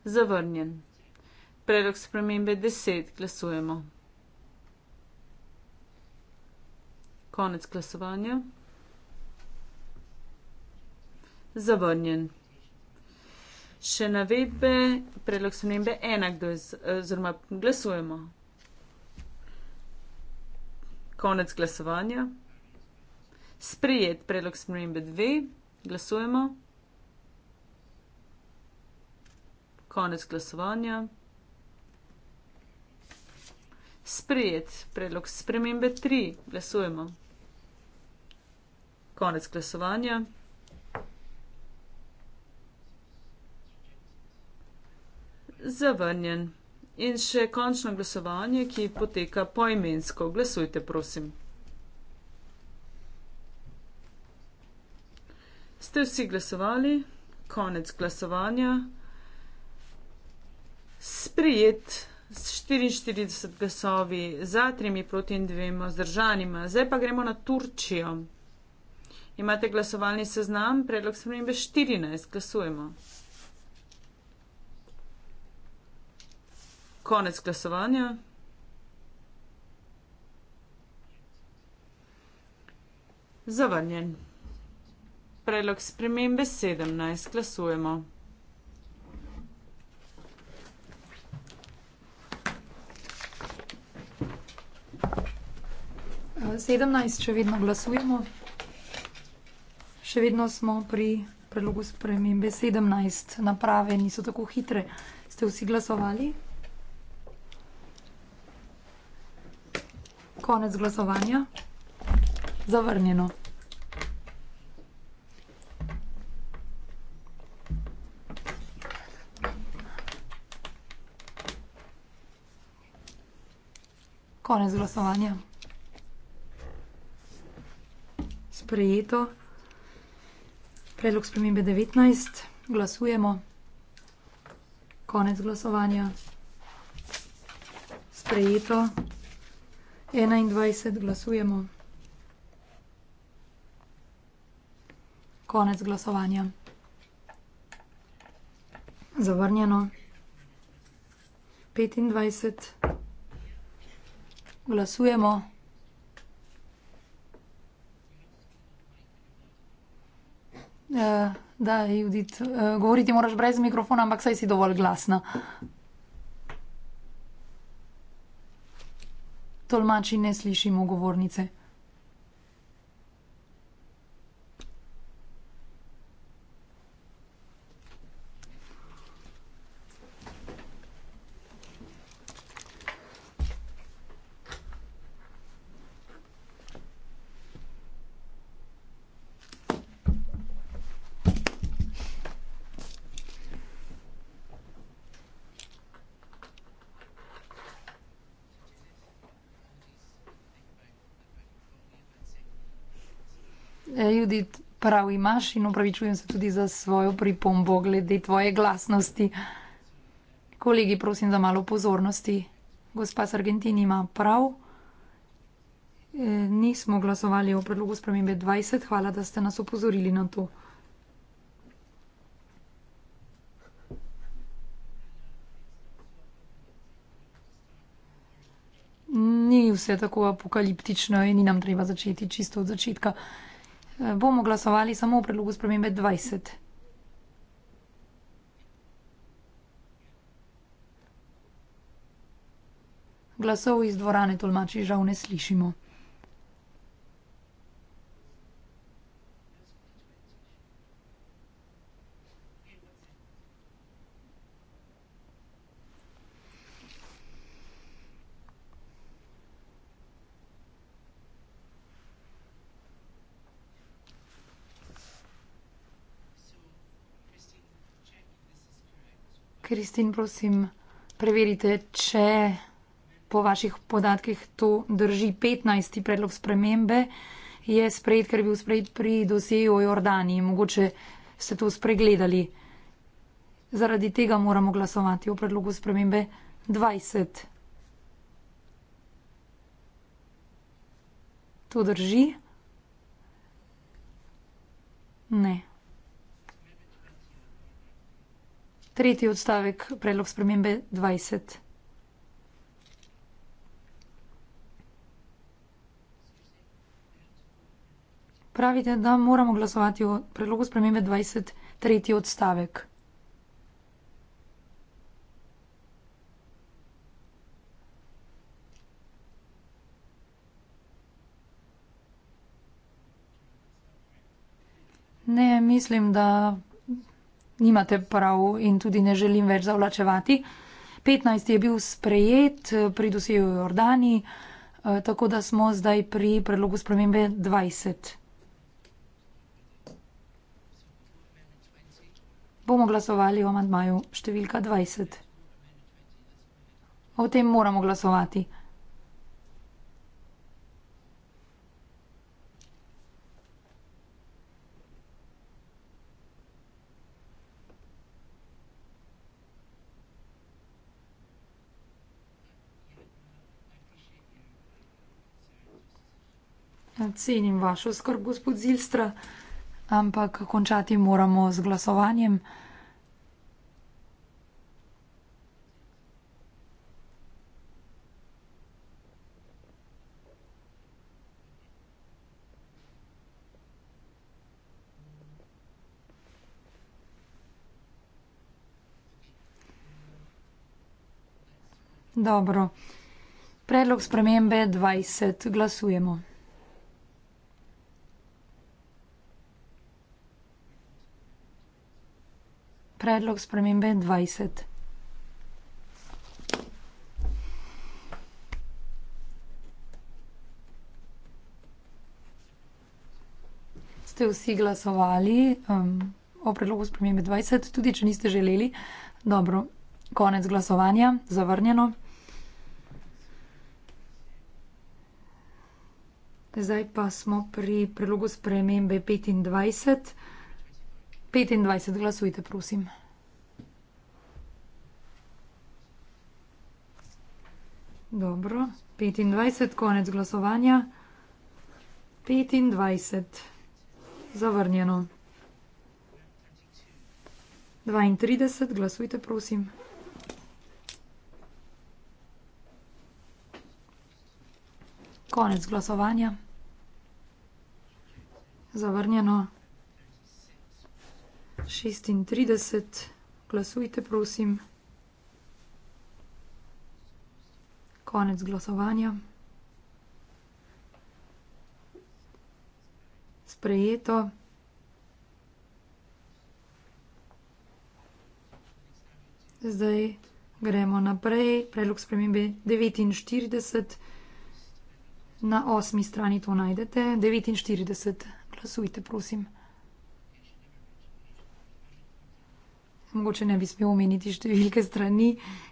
Zavrnjen. Predlog spremembe 10, glasujemo. Konec glasovanja. Zavrnjen. Še navedbe, predlog spremembe ena, kdo je, oziroma glasujemo. Konec glasovanja. Sprijet predlog spremembe dve, glasujemo. Konec glasovanja. Sprijet predlog spremembe tri, glasujemo. Konec glasovanja. zavrnjen. In še končno glasovanje, ki poteka poimensko. Glasujte, prosim. Ste vsi glasovali? Konec glasovanja. Sprijet s 44 glasovi za, trimi proti in dvema zdržanima. Zdaj pa gremo na Turčijo. Imate glasovalni seznam, predlog smo imeli 14, glasujemo. konec glasovanja. Zavrnjen. Predlog spremembe 17. Glasujemo. Sedemnajst, še vedno glasujemo. Še vedno smo pri predlogu spremembe. Sedemnajst naprave niso tako hitre. Ste vsi glasovali? konec glasovanja. Zavrnjeno. Konec glasovanja. Sprejeto. Predlog spremembe devetnajst. Glasujemo. Konec glasovanja. Sprejeto. 21 glasujemo. Konec glasovanja. Zavrnjeno. 25 glasujemo. Uh, da, Judit, uh, govoriti moraš brez mikrofona, ampak saj si dovolj glasna. tolmači ne slišimo govornice. tudi prav imaš in upravičujem se tudi za svojo pripombo glede tvoje glasnosti. Kolegi, prosim za malo pozornosti. Gospa s Argentini ima prav. E, nismo glasovali o predlogu spremembe 20. Hvala, da ste nas opozorili na to. Ni vse tako apokaliptično in ni nam treba začeti čisto od začetka bomo glasovali samo v predlogu spremembe 20. Glasov iz dvorane tolmači žal ne slišimo. Kristin, prosim, preverite, če po vaših podatkih to drži 15. predlog spremembe, je sprejet, ker je bil sprejet pri doseju o Jordaniji. Mogoče ste to spregledali. Zaradi tega moramo glasovati o predlogu spremembe 20. To drži? Ne. tretji odstavek predlog spremembe dvajset. Pravite, da moramo glasovati o predlogu spremembe dvajset, tretji odstavek. Ne, mislim, da nimate prav in tudi ne želim več zavlačevati. 15 je bil sprejet eh, pri dosegu v Jordaniji, eh, tako da smo zdaj pri predlogu spremembe 20. Bomo glasovali o amantmaju številka 20. O tem moramo glasovati. cenim vašo skrb, gospod Zilstra, ampak končati moramo z glasovanjem. Dobro. Predlog spremembe 20. Glasujemo. predlog spremembe 20. Ste vsi glasovali um, o predlogu spremembe 20, tudi če niste želeli. Dobro, konec glasovanja, zavrnjeno. Zdaj pa smo pri predlogu spremembe 25. 25, glasujte, prosim. Dobro, 25, konec glasovanja. 25, zavrnjeno. 32, glasujte, prosim šestintrideset. Glasujte, prosim. Konec glasovanja. Sprejeto. Zdaj gremo naprej. Predlog spremembe 49. Na osmi strani to najdete. 49. Glasujte, prosim. mogoče ne bi smel omeniti številke strani,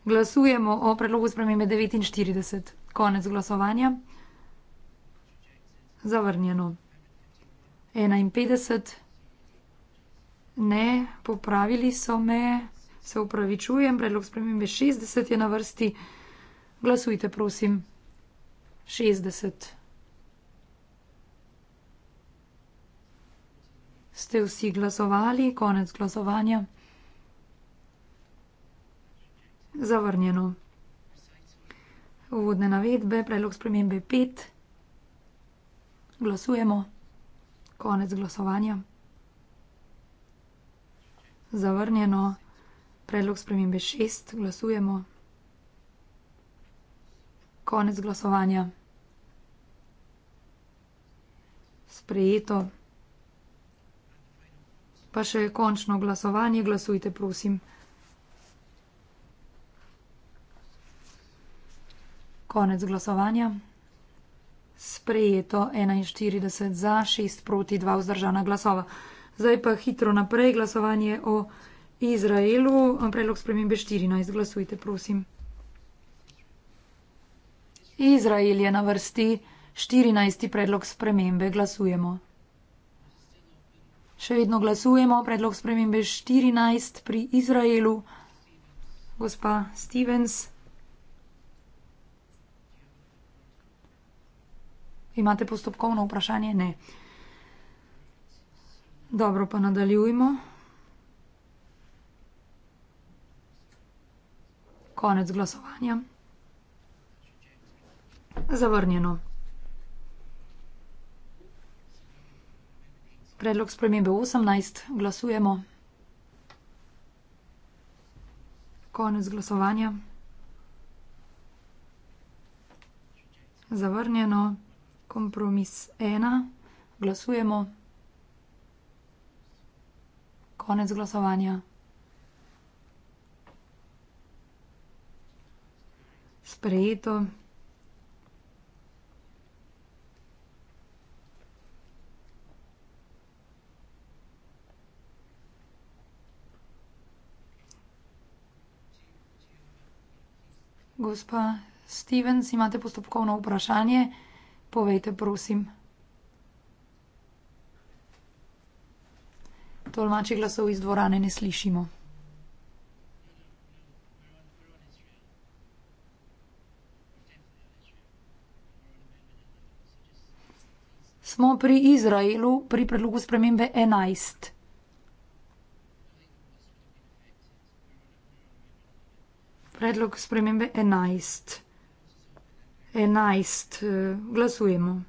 glasujemo o predlogu spremembe 49. Konec glasovanja. Zavrnjeno. 51. Ne, popravili so me, se upravičujem, predlog spremembe 60 je na vrsti. Glasujte, prosim. 60. Ste vsi glasovali? Konec glasovanja zavrnjeno. Uvodne navedbe, predlog spremembe 5. Glasujemo. Konec glasovanja. Zavrnjeno. Predlog spremembe 6. Glasujemo. Konec glasovanja. Sprejeto. Pa še končno glasovanje. Glasujte, prosim. Konec glasovanja. Sprejeto 41 za, 6 proti 2 vzdržana glasova. Zdaj pa hitro naprej glasovanje o Izraelu. Predlog spremembe 14. Glasujte, prosim. Izrael je na vrsti 14. predlog spremembe. Glasujemo. Še vedno glasujemo. Predlog spremembe 14 pri Izraelu. Gospa Stevens. Imate postopkovno vprašanje? Ne. Dobro, pa nadaljujmo. Konec glasovanja. Zavrnjeno. Predlog spremembe 18. Glasujemo. Konec glasovanja. Zavrnjeno kompromis ena, glasujemo. Konec glasovanja. Sprejeto. Gospa Stevens, imate postopkovno vprašanje? Povejte, prosim. Tolmači glasov iz dvorane ne slišimo. Smo pri Izraelu, pri predlogu spremembe 11. Predlog spremembe 11 enajst. Eh, glasujemo.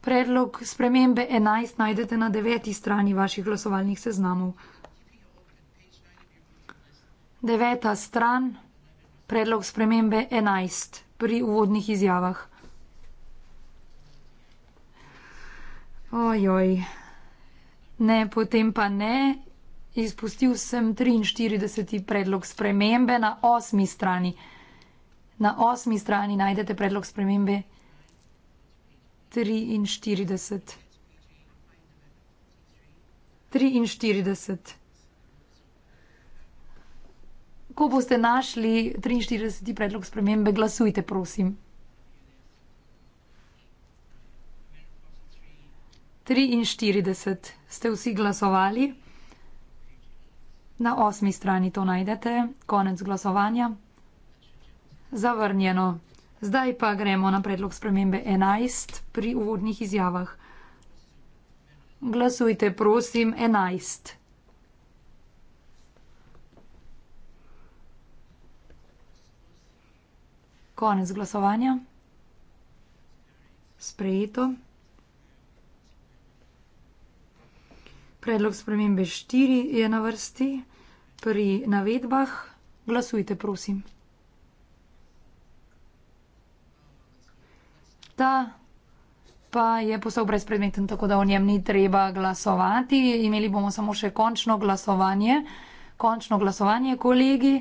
Predlog spremembe enajst najdete na deveti strani vaših glasovalnih seznamov. Deveta stran, predlog spremembe enajst pri uvodnih izjavah. Ojoj. Ne, potem pa ne. Izpustil sem 43. predlog spremembe na osmi strani. Na osmi strani najdete predlog spremembe 43. 43. Ko boste našli 43. predlog spremembe, glasujte, prosim. 43. Ste vsi glasovali? Na osmi strani to najdete, konec glasovanja. Zavrnjeno. Zdaj pa gremo na predlog spremembe 11 pri uvodnih izjavah. Glasujte, prosim, 11. Konec glasovanja. Sprejeto. Predlog spremembe 4 je na vrsti pri navedbah. Glasujte, prosim. Ta pa je postal brezpredmeten, tako da o njem ni treba glasovati. Imeli bomo samo še končno glasovanje. Končno glasovanje, kolegi.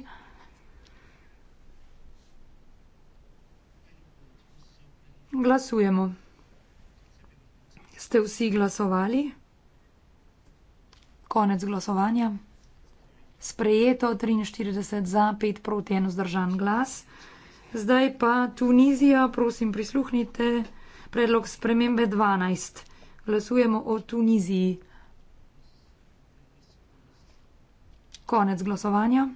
Glasujemo. Ste vsi glasovali? Konec glasovanja sprejeto, 43 za, 5 proti, 1 zdržan glas. Zdaj pa Tunizija, prosim, prisluhnite. Predlog spremembe 12. Glasujemo o Tuniziji. Konec glasovanja.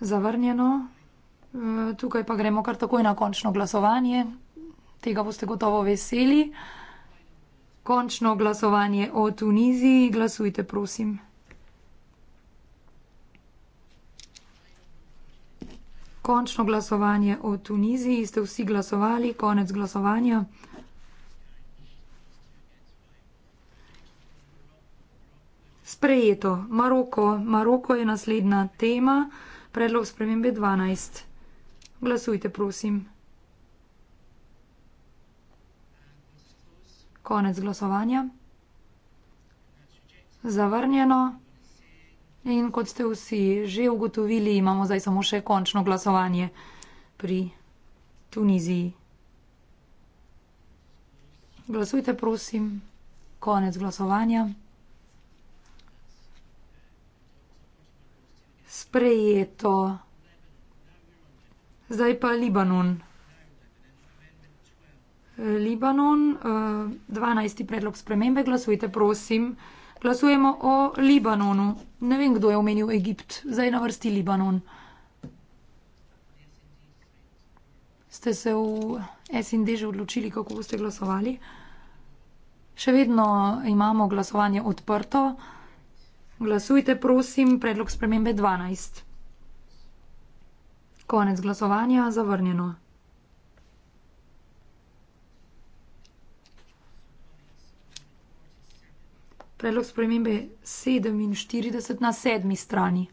Zavrnjeno. Tukaj pa gremo kar takoj na končno glasovanje tega boste gotovo veseli. Končno glasovanje o Tuniziji, glasujte, prosim. Končno glasovanje o Tuniziji, ste vsi glasovali, konec glasovanja. Sprejeto. Maroko. Maroko je naslednja tema. Predlog spremembe 12. Glasujte, prosim. Konec glasovanja. Zavrnjeno. In kot ste vsi že ugotovili, imamo zdaj samo še končno glasovanje pri Tuniziji. Glasujte, prosim. Konec glasovanja. Sprejeto. Zdaj pa Libanon. Libanon, 12. Eh, predlog spremembe, glasujte, prosim. Glasujemo o Libanonu. Ne vem, kdo je omenil Egipt, zdaj na vrsti Libanon. Ste se v SND že odločili, kako boste glasovali? Še vedno imamo glasovanje odprto. Glasujte, prosim, predlog spremembe 12. Konec glasovanja, zavrnjeno. predlog spremembe 47 na sedmi strani.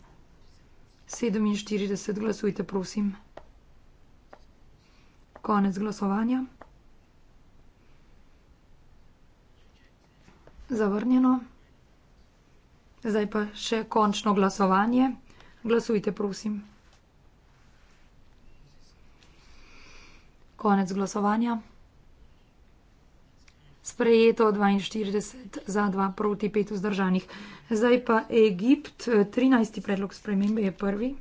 47 glasujte, prosim. Konec glasovanja. Zavrnjeno. Zdaj pa še končno glasovanje. Glasujte, prosim. Konec glasovanja sprejeto 42 za 2 proti 5 vzdržanih. Zdaj pa Egipt, 13. Eh, predlog spremembe je prvi.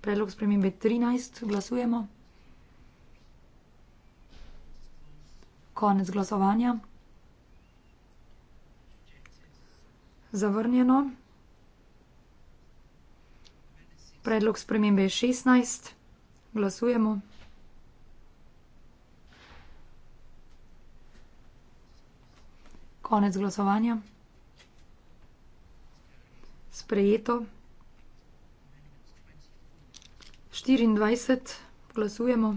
Predlog spremembe 13, glasujemo. Konec glasovanja. Zavrnjeno. Predlog spremembe 16, glasujemo. Konec glasovanja. Sprejeto. 24 glasujemo.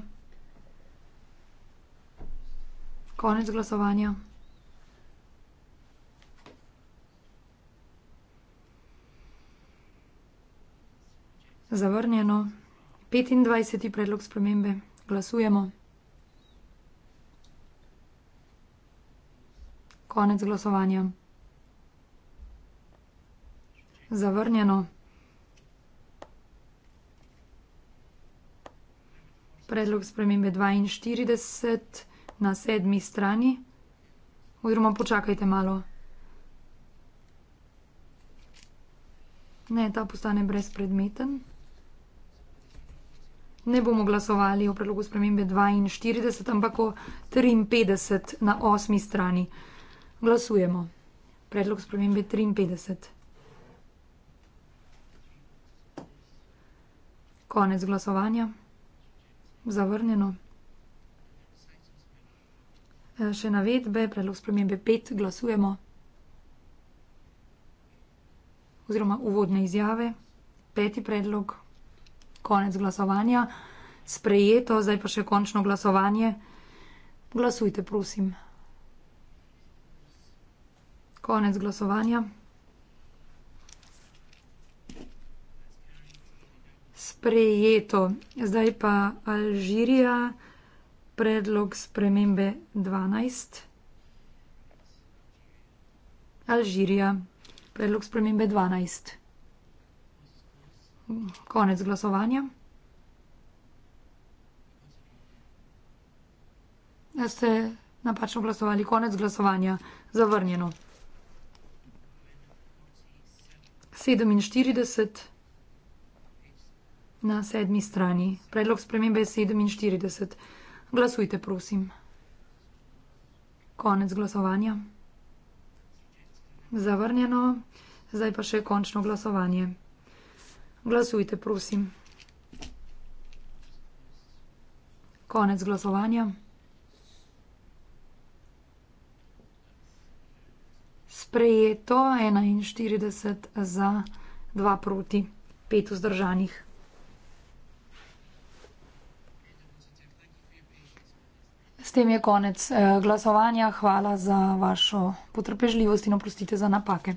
Konec glasovanja. Zavrnjeno. 25. predlog spremembe. Glasujemo. Konec glasovanja. Zavrnjeno. Predlog spremembe 42 na sedmi strani. Oziroma, počakajte malo. Ne, ta postane brezpredmeten. Ne bomo glasovali o predlogu spremembe 42, ampak o 53 na osmi strani. Glasujemo. Predlog spremembe 53. Konec glasovanja. Zavrnjeno. E, še navedbe, predlog spremembe 5, glasujemo. Oziroma uvodne izjave, peti predlog, konec glasovanja, sprejeto, zdaj pa še končno glasovanje. Glasujte, prosim. Konec glasovanja. Sprejeto. Zdaj pa Alžirija, predlog spremembe 12. Alžirija, predlog spremembe 12. Konec glasovanja. Da ste napačno glasovali, konec glasovanja, zavrnjeno. sedeminštirideset na sedmi strani. Predlog spremembe je sedeminštirideset. Glasujte, prosim. Konec glasovanja. Zavrnjeno. Zdaj pa še končno glasovanje. Glasujte, prosim. Konec glasovanja. sprejeto, 41 za, 2 proti, 5 vzdržanih. S tem je konec eh, glasovanja. Hvala za vašo potrpežljivost in oprostite za napake.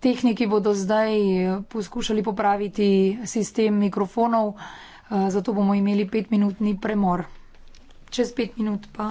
Tehniki bodo zdaj eh, poskušali popraviti sistem mikrofonov zato bomo imeli petminutni premor. Čez pet minut pa.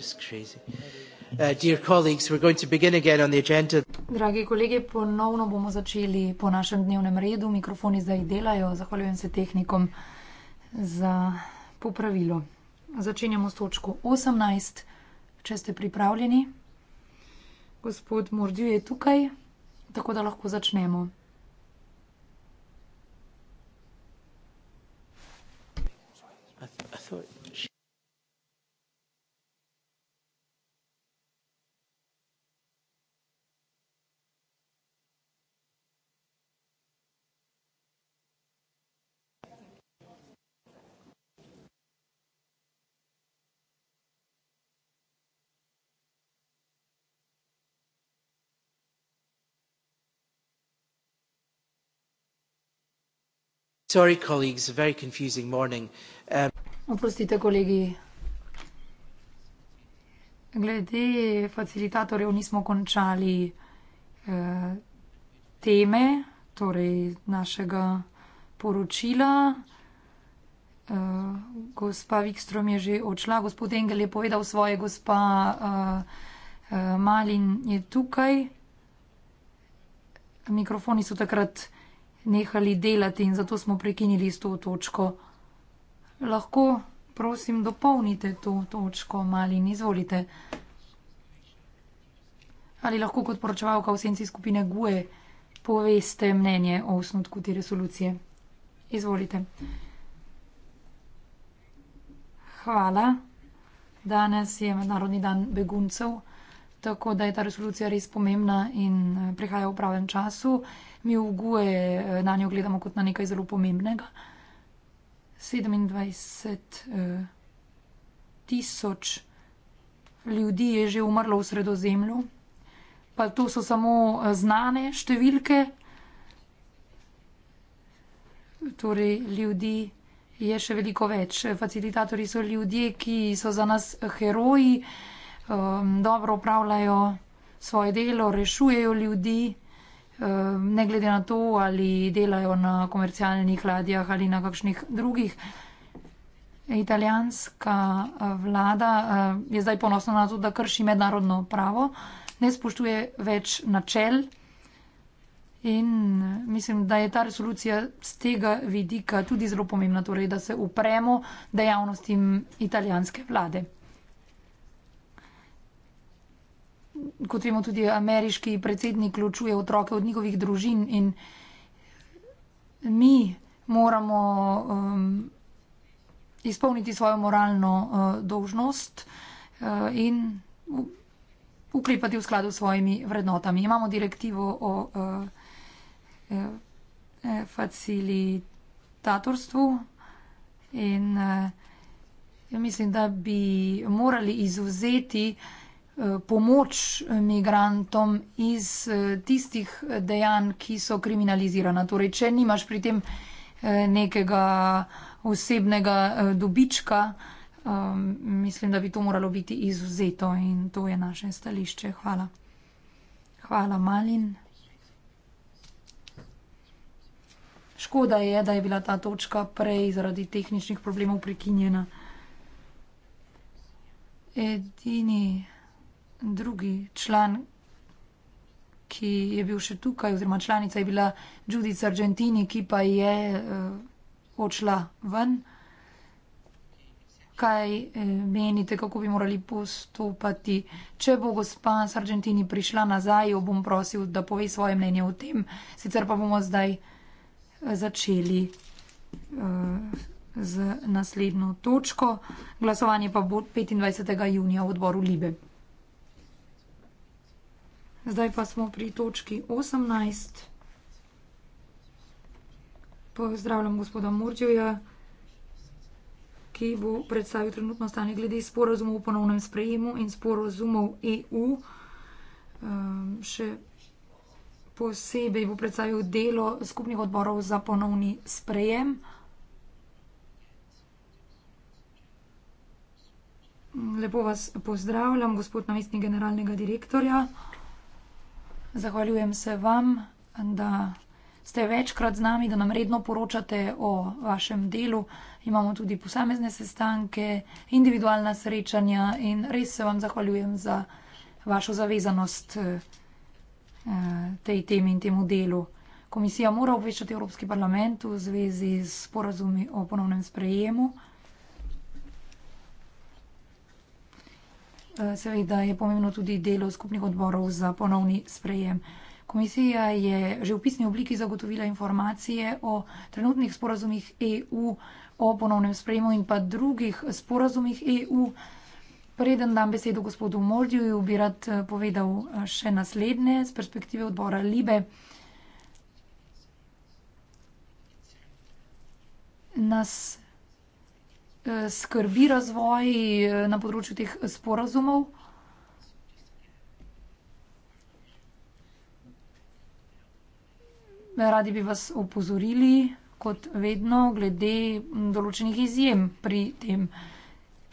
just crazy. Uh, dear colleagues, we're going to begin again on the agenda. Dragi kolegi, ponovno bomo začeli po našem dnevnem redu. Mikrofoni zdaj delajo. Zahvaljujem se tehnikom za popravilo. Začenjamo s točko 18, če ste pripravljeni. Gospod Mordiu je tukaj, tako da lahko začnemo. Sorry, colleagues, a very confusing morning. Um... Oprostite, colegi. Glede facilitatorja nismo končali eh, teme, torej našega poročila. Eh, gospa Vikstrom je že odšla, gospod Engel je povedal svoje, gospa eh, eh Malin je tukaj. Mikrofoni so takrat nehali delati in zato smo prekinili s to točko. Lahko, prosim, dopolnite to točko, mali, izvolite. Ali lahko kot poročevalka v senci skupine GUE poveste mnenje o osnutku te resolucije? Izvolite. Hvala. Danes je Mednarodni dan beguncev, tako da je ta resolucija res pomembna in eh, prihaja v pravem času mi uguje, eh, na njo gledamo kot na nekaj zelo pomembnega. 27 eh, tisoč ljudi je že umrlo v sredozemlju, pa to so samo eh, znane številke. Torej, ljudi je še veliko več. Facilitatori so ljudje, ki so za nas eh, heroji, eh, dobro upravljajo svoje delo, rešujejo ljudi. Ehm, ne glede na to, ali delajo na komercialnih ladjah ali na kakšnih drugih. Italijanska eh, vlada eh, je zdaj ponosna na to, da krši mednarodno pravo, ne spoštuje več načel in eh, mislim, da je ta resolucija z tega vidika tudi zelo pomembna, torej da se upremo dejavnostim italijanske vlade. kot vemo, tudi ameriški predsednik ločuje otroke od njihovih družin in mi moramo um, izpolniti svojo moralno uh, dolžnost uh, in ukrepati v skladu s svojimi vrednotami. Imamo direktivo o uh, uh, facilitatorstvu in uh, mislim, da bi morali izuzeti uh, Eh, pomoč migrantom iz eh, tistih dejanj, ki so kriminalizirana. Torej, če nimaš pri tem eh, nekega osebnega dobička, ehm, mislim, da bi to moralo biti izuzeto in to je naše stališče. Hvala. Hvala, Malin. Škoda je, da je bila ta točka prej zaradi tehničnih problemov prekinjena. Edini drugi član, ki je bil še tukaj, oziroma članica je bila Judica Argentini, ki pa je uh, odšla ven. Kaj uh, menite, kako bi morali postopati? Če bo gospa s Argentini prišla nazaj, jo bom prosil, da pove svoje mnenje o tem. Sicer pa bomo zdaj eh, začeli. Uh, z naslednjo točko. Glasovanje pa bo 25. junija v odboru Libe. Zdaj pa smo pri točki 18. Pozdravljam gospoda Murđevja, ki bo predstavil trenutno stanje glede sporazumov o ponovnem sprejemu in sporazumov EU. Ehm, še posebej bo predstavil delo skupnih odborov za ponovni sprejem. Lepo vas pozdravljam, gospod namestnik generalnega direktorja. Zahvaljujem se vam, da ste večkrat z nami, da nam redno poročate o vašem delu. Imamo tudi posamezne sestanke, individualna srečanja in res se vam zahvaljujem za vašo zavezanost eh, tej temi in temu delu. Komisija mora obveščati Evropski parlament v zvezi s porazumi o ponovnem sprejemu. seveda je pomembno tudi delo skupnih odborov za ponovni sprejem. Komisija je že v pisni obliki zagotovila informacije o trenutnih sporazumih EU o ponovnem sprejemu in pa drugih sporazumih EU. Preden dam besedo gospodu Mordiju, bi rad eh, povedal eh, še naslednje z perspektive odbora Libe. Nas skrbi razvoj eh, na področju teh sporazumov? Radi bi vas opozorili, kot vedno, glede določenih izjem pri tem,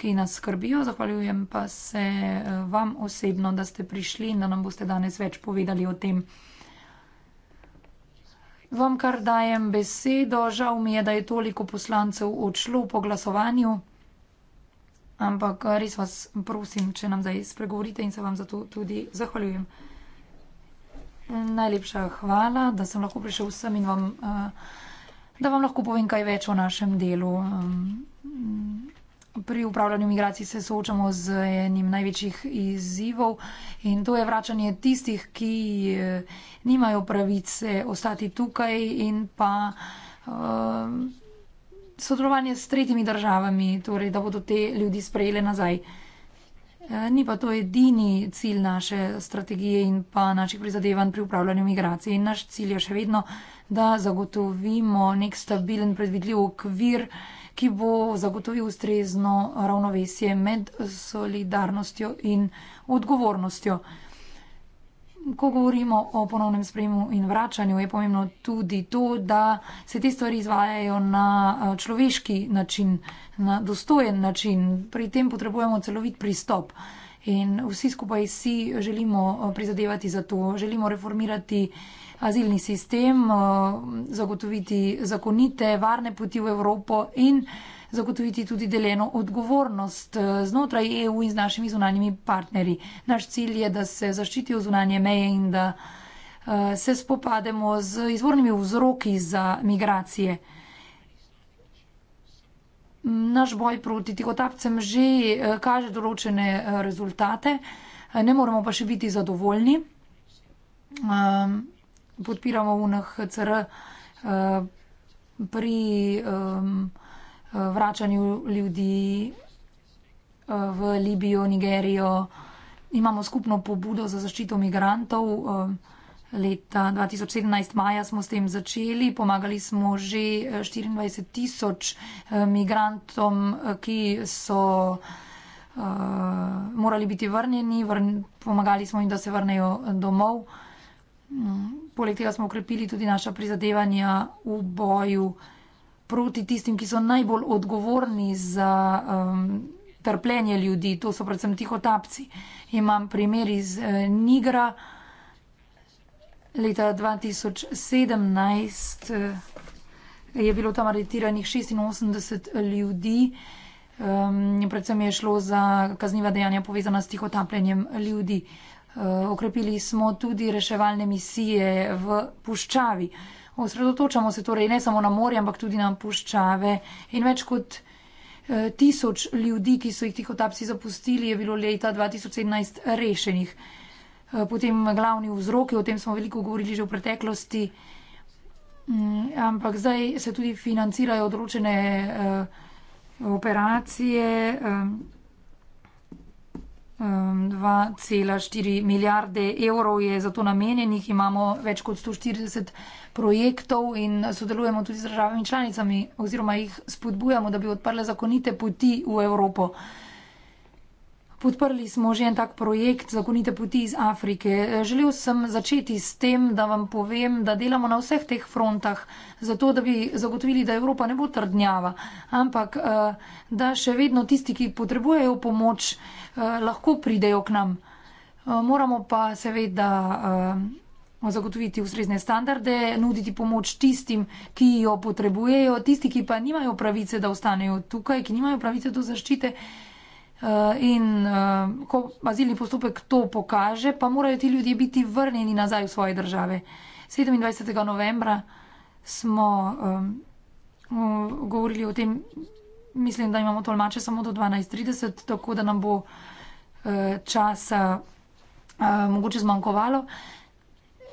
ki nas skrbijo. Zahvaljujem pa se eh, vam osebno, da ste prišli in da nam boste danes več povedali o tem. Vam kar dajem besedo, žal mi je, da je toliko poslancev odšlo po glasovanju, ampak res vas prosim, če nam zdaj spregovorite in se vam zato tudi zahvaljujem. Najlepša hvala, da sem lahko prišel vsem in vam, eh, da vam lahko povem kaj več o našem delu pri upravljanju migracij se soočamo z enim največjih izzivov in to je vračanje tistih, ki eh, nimajo pravice ostati tukaj in pa uh, sodelovanje s tretjimi državami, torej da bodo te ljudi sprejele nazaj. Eh, ni pa to edini cilj naše strategije in pa naših prizadevanj pri upravljanju migracij. In naš cilj je še vedno, da zagotovimo nek stabilen, predvidljiv okvir ki bo zagotovil ustrezno ravnovesje med solidarnostjo in odgovornostjo. Ko govorimo o ponovnem sprejemu in vračanju, je pomembno tudi to, da se te stvari izvajajo na eh, človeški način, na dostojen način. Pri tem potrebujemo celovit pristop in vsi skupaj si želimo eh, prizadevati za to, želimo reformirati azilni sistem, eh, zagotoviti zakonite, varne poti v Evropo in zagotoviti tudi deljeno odgovornost eh, znotraj EU in z našimi zunanjimi partnerji. Naš cilj je, da se zaščitijo zunanje meje in da eh, se spopademo z izvornimi vzroki za migracije. Naš boj proti tihotapcem že kaže določene rezultate, ne moramo pa še biti zadovoljni. Ehm, podpiramo v NHCR eh, pri eh, vračanju ljudi eh, v Libijo, Nigerijo. Imamo skupno pobudo za zaščito migrantov. Leta 2017 maja smo s tem začeli, pomagali smo že 24 tisoč migrantom, ki so uh, morali biti vrnjeni, vrn, pomagali smo jim, da se vrnejo domov. Uh, Poleg tega smo ukrepili tudi naša prizadevanja v boju proti tistim, ki so najbolj odgovorni za um, trpljenje ljudi, to so predvsem tihotapci. Imam primer iz eh, Nigra leta 2017. Eh, je bilo tam aretiranih 86 ljudi. Um, predvsem je šlo za kazniva dejanja povezana s tihotapljenjem ljudi. Eh, okrepili smo tudi reševalne misije v puščavi. Osredotočamo se torej ne samo na morje, ampak tudi na puščave. In več kot eh, tisoč ljudi, ki so jih tiho tapsi zapustili, je bilo leta 2017 rešenih. Eh, potem glavni vzroki, o tem smo veliko govorili že v preteklosti, mm, ampak zdaj se tudi financirajo odročene operacije, 2,4 um, milijarde evrov je za to namenjenih, imamo več kot 140 projektov in sodelujemo tudi z državami članicami oziroma jih spodbujamo, da bi odprle zakonite poti v Evropo. Podprli smo že en tak projekt Zakonite poti iz Afrike. Želel sem začeti s tem, da vam povem, da delamo na vseh teh frontah, zato da bi zagotovili, da Evropa ne bo trdnjava, ampak eh, da še vedno tisti, ki potrebujejo pomoč, eh, lahko pridejo k nam. Eh, moramo pa seveda zagotoviti ustrezne standarde, nuditi pomoč tistim, ki jo potrebujejo, tisti, ki pa nimajo pravice, da ostanejo tukaj, ki nimajo pravice do zaščite, Eh, in uh, ko azilni postopek to pokaže, pa morajo ti ljudje biti vrnjeni nazaj v svoje države. 27. novembra smo um, govorili o tem, mislim, da imamo tolmače samo do 12.30, tako da nam bo uh, časa uh, mogoče zmanjkovalo.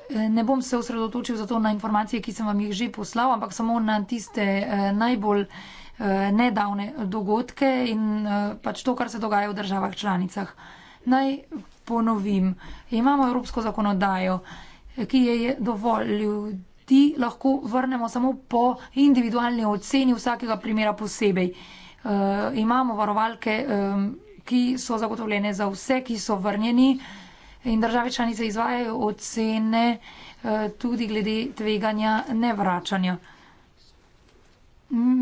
Ne bom se osredotočil zato na informacije, ki sem vam jih že poslal, ampak samo na tiste uh, najbolj. Uh, Eh, nedavne dogodke in eh, pač to, kar se dogaja v državah članicah. Naj ponovim, imamo evropsko zakonodajo, ki je dovolj ljudi, lahko vrnemo samo po individualni oceni vsakega primera posebej. E, imamo varovalke, ki so zagotovljene za vse, ki so vrnjeni in države članice izvajajo ocene tudi glede tveganja nevračanja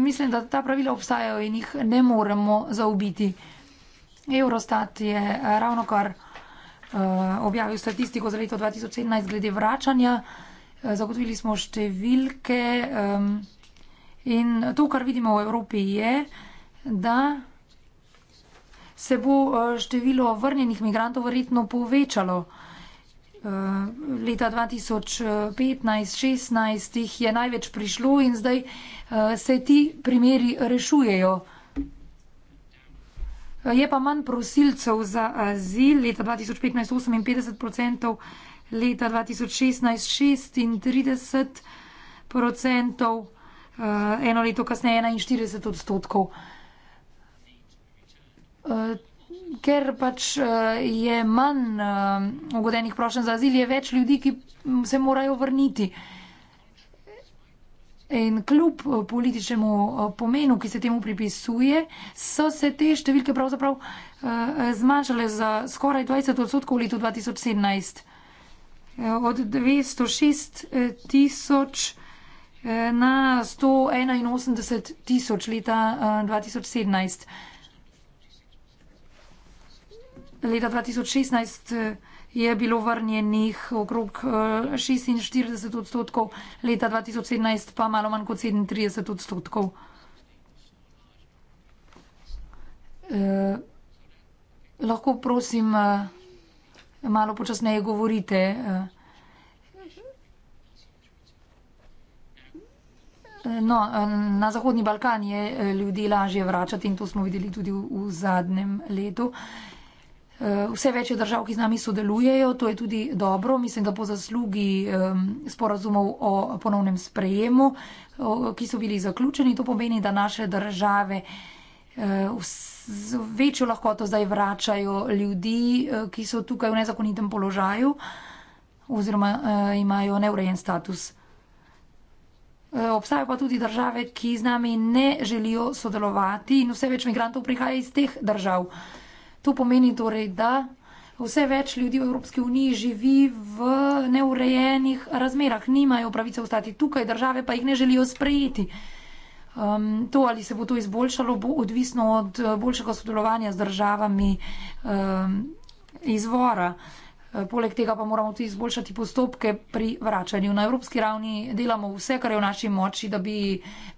mislim, da ta pravila obstajajo in jih ne moremo zaubiti. Eurostat je ravno kar uh, objavil statistiko za leto 2017 glede vračanja. Eh, zagotovili smo številke um, in to, kar vidimo v Evropi, je, da se bo eh, število vrnjenih migrantov verjetno povečalo. Uh, Eh, leta 2015-16 jih je največ prišlo in zdaj eh, se ti primeri rešujejo. Eh, je pa manj prosilcev za azil, leta 2015 58%, leta 2016 36%, eno leto kasneje 41% ker pač eh, je manj eh, ugodenih prošen za azil, je več ljudi, ki se morajo vrniti. In kljub eh, političnemu pomenu, ki se temu pripisuje, so se te številke pravzaprav zmanjšale za skoraj 20 odstotkov v letu 2017. Od 206 tisoč na 181 tisoč leta 2017. Leta 2016 eh, je bilo vrnjenih okrog 46 eh, odstotkov, leta 2017 pa malo manj kot 37 odstotkov. Eh, lahko prosim, eh, malo počasneje govorite. Eh. eh, no, eh, na Zahodni Balkan je eh, ljudi lažje vračati in to smo videli tudi v, v zadnjem letu. Eh, Eh, vse več je držav, ki z nami sodelujejo, to je tudi dobro. Mislim, da po zaslugi sporazumov o ponovnem sprejemu, ki so bili zaključeni, to pomeni, da naše države eh, z večjo lahkoto zdaj vračajo ljudi, eh, ki so tukaj v nezakonitem položaju oziroma imajo neurejen status. Obstajajo pa tudi države, ki z nami ne želijo sodelovati in vse več migrantov prihaja iz teh držav. To pomeni torej, da vse več ljudi v Evropski uniji živi v neurejenih razmerah, nimajo pravice ostati tukaj, države pa jih ne želijo sprejeti. Um, to, ali se bo to izboljšalo, bo odvisno od eh, boljšega sodelovanja z državami um, izvora. Eh, poleg tega pa moramo tudi izboljšati postopke pri vračanju. Na evropski ravni delamo vse, kar je v naši moči, da bi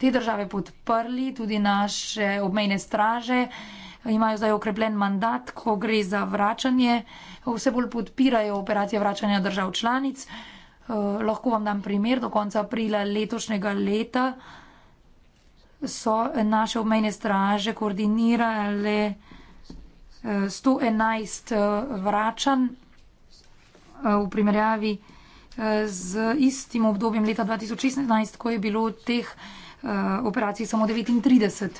te države podprli, tudi naše obmejne straže. Uh, imajo zdaj okrepljen mandat, ko gre za vračanje, vse bolj podpirajo operacije vračanja držav članic. Eh, lahko vam dam primer, do konca aprila letošnjega leta so naše obmejne straže koordinirale 111 eh, eh, vračanj v primerjavi z istim obdobjem leta 2016, ko je bilo teh operacij samo 39.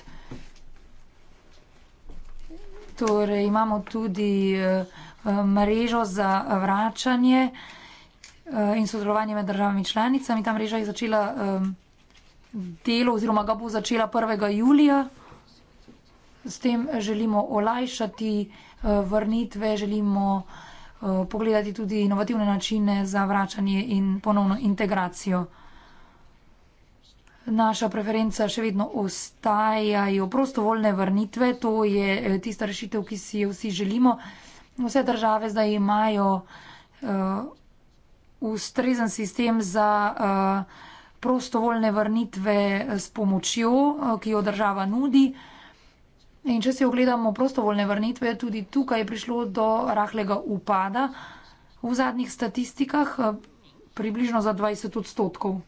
Torej, imamo tudi eh, mrežo za vračanje eh, in sodelovanje med državami članicami. Ta mreža je začela eh, delo oziroma ga bo začela 1. julija. S tem želimo olajšati vrnitve, želimo pogledati tudi inovativne načine za vračanje in ponovno integracijo. Naša preferenca še vedno ostajajo prostovoljne vrnitve, to je eh, tista rešitev, ki si jo vsi želimo. Vse države zdaj imajo uh, ustrezen sistem za uh, prostovoljne vrnitve s pomočjo, uh, ki jo država nudi. In če si ogledamo prostovoljne vrnitve, tudi tukaj je prišlo do rahlega upada v zadnjih statistikah, približno za 20 odstotkov.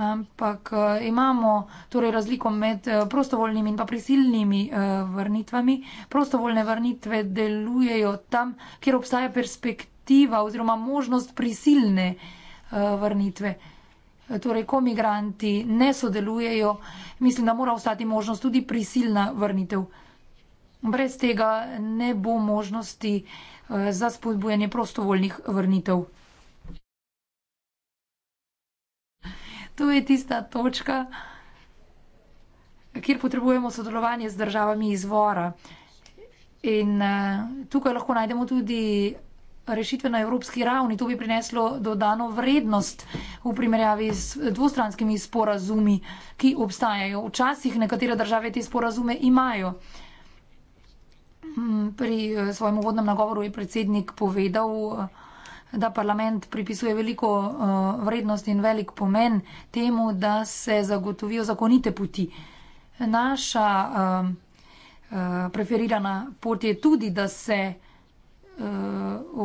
Ampak uh, imamo torej razliko med uh, prostovoljnimi in pa prisilnimi uh, vrnitvami. Prostovoljne vrnitve delujejo tam, kjer obstaja perspektiva oziroma možnost prisilne uh, vrnitve. Torej, ko migranti ne sodelujejo, mislim, da mora ostati možnost tudi prisilna vrnitev. Brez tega ne bo možnosti uh, za spodbujanje prostovoljnih vrnitev. To je tista točka, kjer potrebujemo sodelovanje z državami izvora. In eh, tukaj lahko najdemo tudi rešitve na evropski ravni. To bi prineslo dodano vrednost v primerjavi s dvostranskimi sporazumi, ki obstajajo. Včasih nekatere države te sporazume imajo. Hm, pri eh, svojem uvodnem nagovoru je predsednik povedal, da parlament pripisuje veliko uh, vrednost in velik pomen temu, da se zagotovijo zakonite poti. Naša uh, uh, preferirana pot je tudi, da se uh,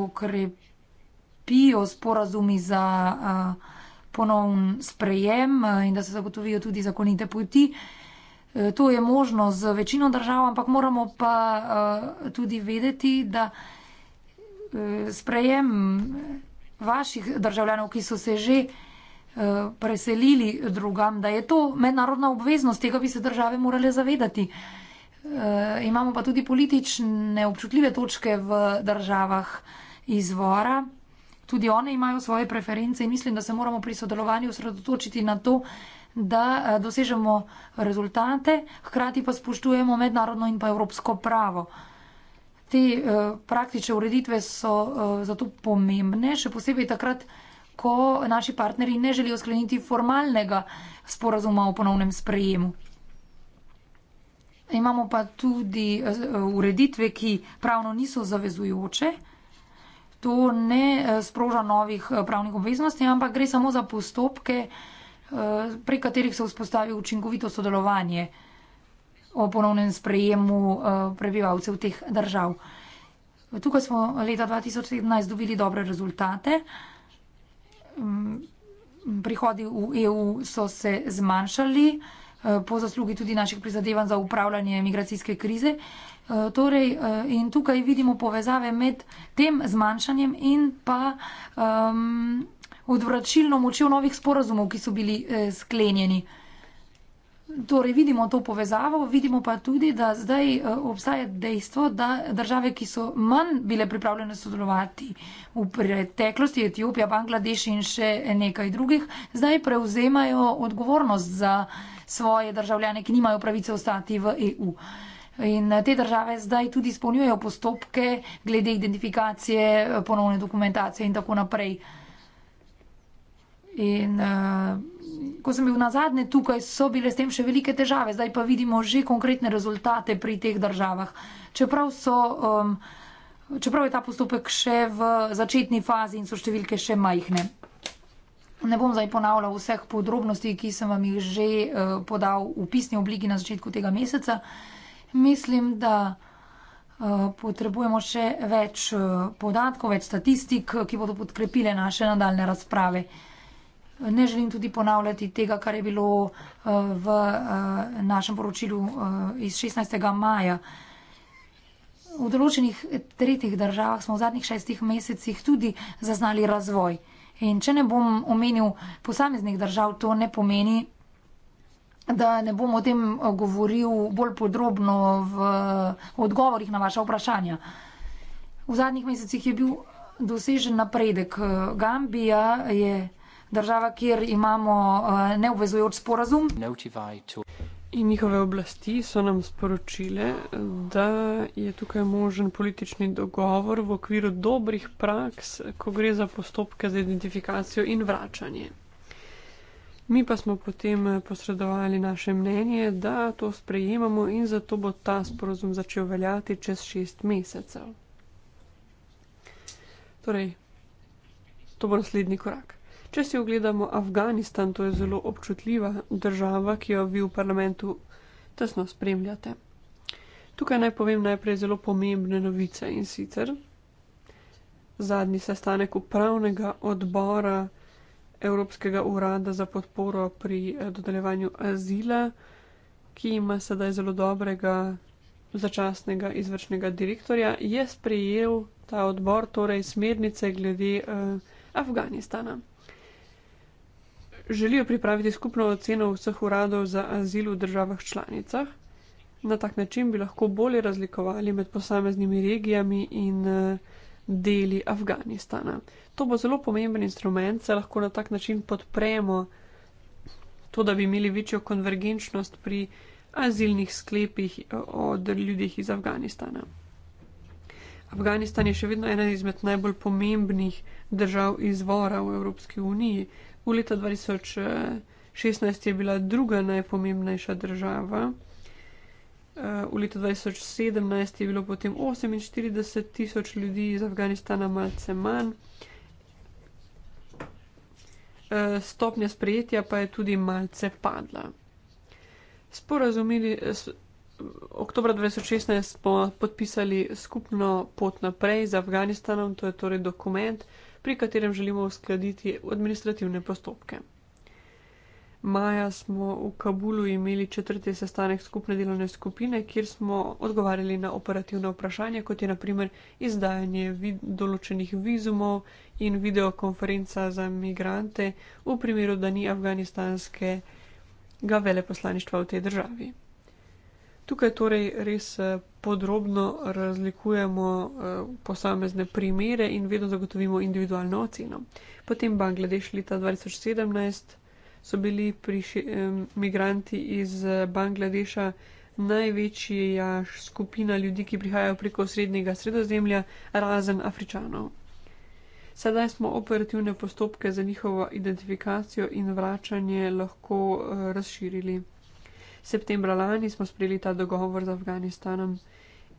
okrepijo sporazumi za uh, ponovn sprejem in da se zagotovijo tudi zakonite poti. To je možno z večino držav, ampak moramo pa uh, tudi vedeti, da uh, Eh, sprejem vaših državljanov, ki so se že eh, preselili drugam, da je to mednarodna obveznost, tega bi se države morale zavedati. Eh, imamo pa tudi politične občutljive točke v državah izvora. Tudi one imajo svoje preference in mislim, da se moramo pri sodelovanju osredotočiti na to, da dosežemo rezultate, hkrati pa spoštujemo mednarodno in pa evropsko pravo. Te eh, praktične ureditve so eh, zato pomembne, še posebej takrat, ko naši partnerji ne želijo skleniti formalnega sporazuma o ponovnem sprejemu. Imamo pa tudi eh, ureditve, ki pravno niso zavezujoče. To ne sproža novih pravnih obveznosti, ampak gre samo za postopke, prek katerih se vzpostavi učinkovito sodelovanje o ponovnem sprejemu eh, prebivalcev teh držav. Tukaj smo leta 2017 dobili dobre rezultate. Mm, prihodi v EU so se zmanjšali eh, po zaslugi tudi naših prizadevanj za upravljanje migracijske krize. Eh, torej, in tukaj vidimo povezave med tem zmanjšanjem in pa um, odvračilno močjo novih sporazumov, ki so bili sklenjeni. Torej, vidimo to povezavo, vidimo pa tudi, da zdaj eh, obstaja dejstvo, da države, ki so manj bile pripravljene sodelovati v preteklosti, Etiopija, Bangladeš in še nekaj drugih, zdaj prevzemajo odgovornost za svoje državljane, ki nimajo pravice ostati v EU. In eh, te države zdaj tudi izpolnjujejo postopke glede identifikacije, eh, ponovne dokumentacije in tako naprej. In uh, ko sem bil na zadnje tukaj, so bile s tem še velike težave. Zdaj pa vidimo že konkretne rezultate pri teh državah. Čeprav, so, um, čeprav je ta postopek še v začetni fazi in so številke še majhne. Ne bom zdaj ponavljal vseh podrobnosti, ki sem vam jih že uh, podal v pisni obliki na začetku tega meseca. Mislim, da uh, potrebujemo še več uh, podatkov, več statistik, ki bodo podkrepile naše nadaljne razprave. Uh, Ne želim tudi ponavljati tega, kar je bilo eh, v eh, našem poročilu eh, iz 16. maja. V določenih tretjih državah smo v zadnjih šestih mesecih tudi zaznali razvoj. In če ne bom omenil posameznih držav, to ne pomeni, da ne bom o tem govoril bolj podrobno v odgovorih na vaše vprašanja. V zadnjih mesecih je bil dosežen napredek. Gambija je država, kjer imamo eh, neobvezujoč sporazum. In njihove oblasti so nam sporočile, da je tukaj možen politični dogovor v okviru dobrih praks, ko gre za postopke za identifikacijo in vračanje. Mi pa smo potem eh, posredovali naše mnenje, da to sprejemamo in zato bo ta sporozum začel veljati čez šest mesecev. Torej, to bo naslednji korak. Če si ogledamo Afganistan, to je zelo občutljiva država, ki jo vi v parlamentu tesno spremljate. Tukaj naj povem najprej zelo pomembne novice in sicer zadnji sestanek upravnega odbora Evropskega urada za podporo pri eh, dodeljevanju azila, ki ima sedaj zelo dobrega začasnega izvršnega direktorja, je sprejel ta odbor, torej smernice glede uh, Afganistana želijo pripraviti skupno oceno vseh uradov za azil v državah članicah. Na tak način bi lahko bolje razlikovali med posameznimi regijami in eh, deli Afganistana. To bo zelo pomemben instrument, saj lahko na tak način podpremo to, da bi imeli večjo konvergenčnost pri azilnih sklepih eh, od ljudih iz Afganistana. Afganistan je še vedno ena izmed najbolj pomembnih držav izvora v Evropski uniji. V letu 2016 je bila druga najpomembnejša država, eh, v letu 2017 je bilo potem 48 tisoč ljudi iz Afganistana, malce manj. Eh, stopnja sprejetja pa je tudi malce padla. Sporazumili, oktober 2016 smo podpisali skupno pot naprej z Afganistanom, to je torej dokument, pri katerem želimo uskladiti administrativne postopke. Maja smo v Kabulu imeli četrti sestanek skupne delovne skupine, kjer smo odgovarjali na operativne vprašanja, kot je naprimer izdajanje vid določenih vizumov in videokonferenca za migrante v primeru, da ni afganistanskega veleposlaništva v tej državi. Tukaj torej res eh, podrobno razlikujemo eh, posamezne primere in vedno zagotovimo individualno oceno. Potem Bangladeš leta 2017 so bili priši, migranti iz eh, Bangladeša največja ja, skupina ljudi, ki prihajajo preko srednjega sredozemlja, razen Afričanov. Sedaj smo operativne postopke za njihovo identifikacijo in vračanje lahko razširili. Septembra lani smo sprejeli ta dogovor z Afganistanom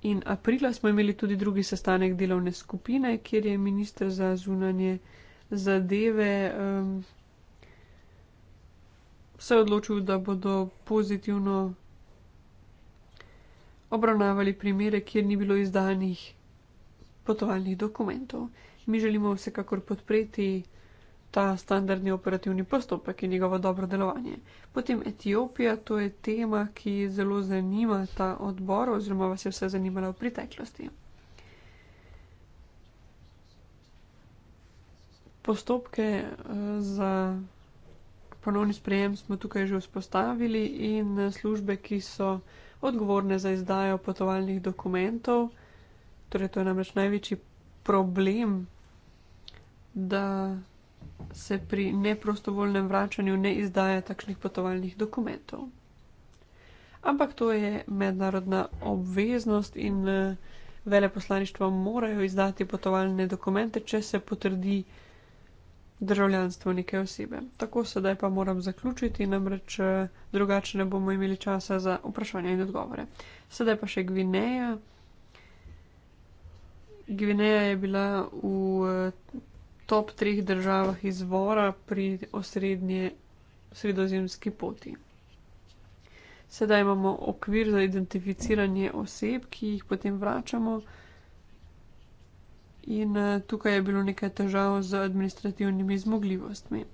in aprila smo imeli tudi drugi sestanek delovne skupine, kjer je ministr za zunanje zadeve um, se odločil, da bodo pozitivno obravnavali primere, kjer ni bilo izdanih potovalnih dokumentov. Mi želimo vsekakor podpreti ta standardni operativni postopek in njegovo dobro delovanje. Potem Etiopija, to je tema, ki zelo zanima ta odbor oziroma vas je vse zanimala v preteklosti. Postopke eh, za ponovni sprejem smo tukaj že vzpostavili in službe, ki so odgovorne za izdajo potovalnih dokumentov, torej to je namreč največji problem, da se pri neprostovoljnem vračanju ne izdaja takšnih potovalnih dokumentov. Ampak to je mednarodna obveznost in eh, veleposlaništva morajo izdati potovalne dokumente, če se potrdi državljanstvo neke osebe. Tako sedaj pa moram zaključiti, namreč eh, drugače ne bomo imeli časa za vprašanja in odgovore. Sedaj pa še Gvineja. Gvineja je bila v eh, top treh državah izvora pri osrednje sredozemski poti. Sedaj imamo okvir za identificiranje oseb, ki jih potem vračamo. In eh, tukaj je bilo nekaj težav z administrativnimi zmogljivostmi.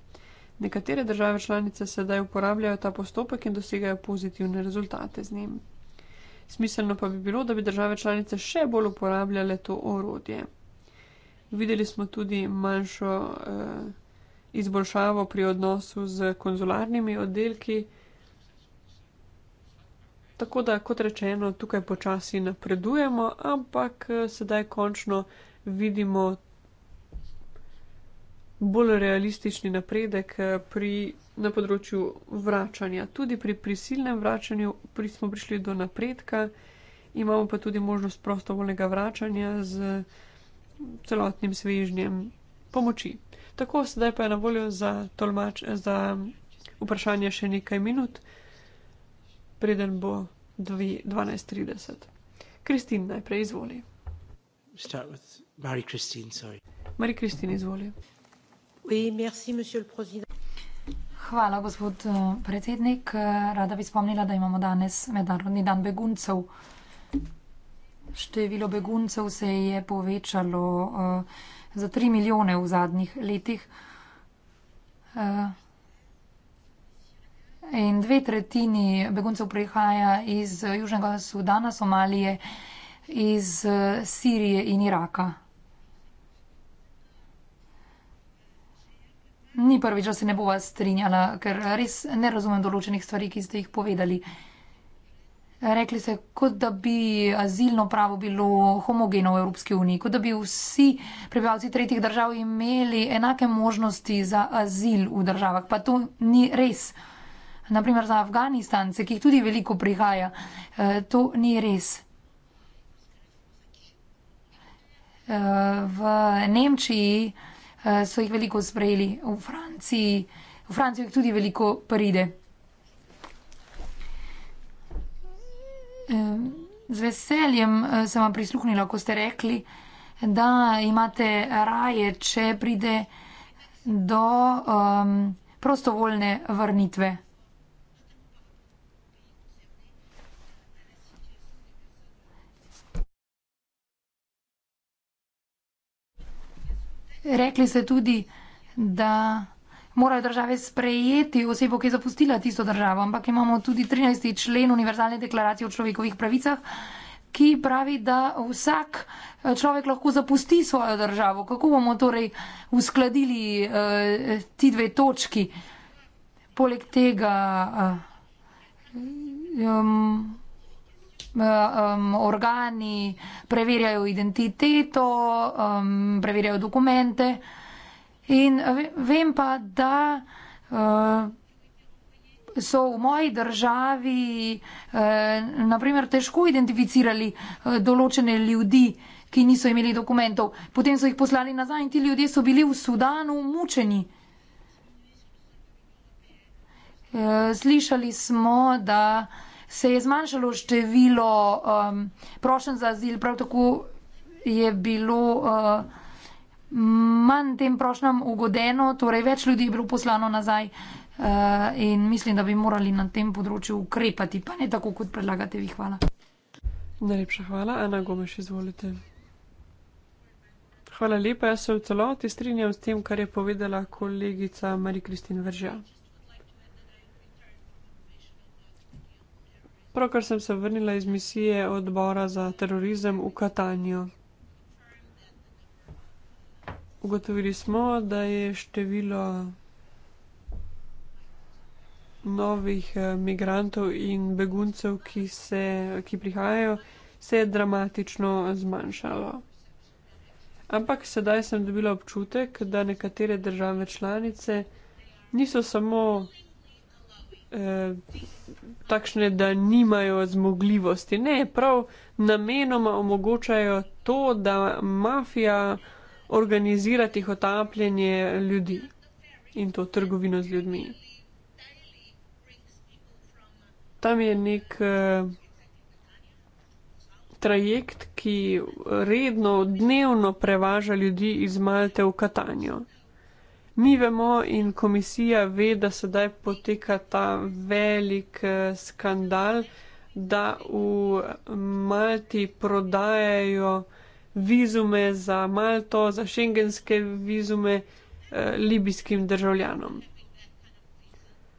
Nekatere države članice sedaj uporabljajo ta postopek in dosegajo pozitivne rezultate z njim. Smiselno pa bi bilo, da bi države članice še bolj uporabljale to orodje. Videli smo tudi manjšo eh, izboljšavo pri odnosu z konzularnimi oddelki. Tako da, kot rečeno, tukaj počasi napredujemo, ampak eh, sedaj končno vidimo bolj realistični napredek eh, pri, na področju vračanja. Tudi pri prisilnem vračanju pri smo prišli do napredka, imamo pa tudi možnost prostovoljnega vračanja z celotnim svežnjem pomoči. Tako, sedaj pa je na voljo za, tolmač, za vprašanje še nekaj minut, preden bo 12.30. Kristin najprej izvoli. Mari Kristin, izvoli. Hvala, gospod eh, predsednik. Eh, rada bi spomnila, da imamo danes mednarodni dan beguncev. Število beguncev se je povečalo uh, za 3 milijone v zadnjih letih. Uh, in dve tretjini beguncev prihaja iz eh, Južnega Sudana, Somalije, iz uh, Sirije in Iraka. Ni prvič, da se ne bova strinjala, ker res ne razumem določenih stvari, ki ste jih povedali. Uh, Rekli ste, kot da bi azilno pravo bilo homogeno v Evropski uniji, kot da bi vsi prebivalci tretjih držav imeli enake možnosti za azil v državah. Pa to ni res. Naprimer za Afganistance, ki jih tudi veliko prihaja, eh, to ni res. Eh, v Nemčiji eh, so jih veliko sprejeli, v Franciji, v Francijo jih tudi veliko pride. z veseljem eh, sem vam prisluhnila, ko ste rekli, da imate raje, če pride do um, prostovoljne vrnitve. Rekli ste tudi, da morajo države sprejeti osebo, ki je zapustila tisto državo, ampak imamo tudi 13. člen Univerzalne deklaracije o človekovih pravicah, ki pravi, da vsak eh, človek lahko zapusti svojo državo. Kako bomo torej uskladili uh, ti dve točki? Poleg tega. Uh, um, Um, organi preverjajo identiteto, um, preverjajo dokumente. In vem pa, da uh, so v moji državi uh, eh, naprimer težko identificirali uh, določene ljudi, ki niso imeli dokumentov. Potem so jih poslali nazaj in ti ljudje so bili v Sudanu mučeni. Slišali smo, da se je zmanjšalo število um, prošen za azil, prav tako je bilo uh, manj tem prošnjam ugodeno, torej več ljudi je bilo poslano nazaj eh, in mislim, da bi morali na tem področju ukrepati, pa ne tako, kot predlagate vi. Hvala. Najlepša hvala, Ana Gomeš, izvolite. Hvala lepa, jaz se v celoti strinjam s tem, kar je povedala kolegica Marie-Kristin Vržja. Pravkar sem se vrnila iz misije odbora za terorizem v Katanjo. Ugotovili smo, da je število novih eh, migrantov in beguncev, ki, se, ki prihajajo, se je dramatično zmanjšalo. Ampak sedaj sem dobila občutek, da nekatere države članice niso samo eh, takšne, da nimajo zmogljivosti. Ne, prav namenoma omogočajo to, da mafija organizirati hotapljenje ljudi in to trgovino z ljudmi. Tam je nek uh, trajekt, ki redno, dnevno prevaža ljudi iz Malte v Katanjo. Mi vemo in komisija ve, da sedaj poteka ta velik uh, skandal, da v Malti prodajajo uh, vizume za Malto, za šengenske vizume eh, libijskim državljanom.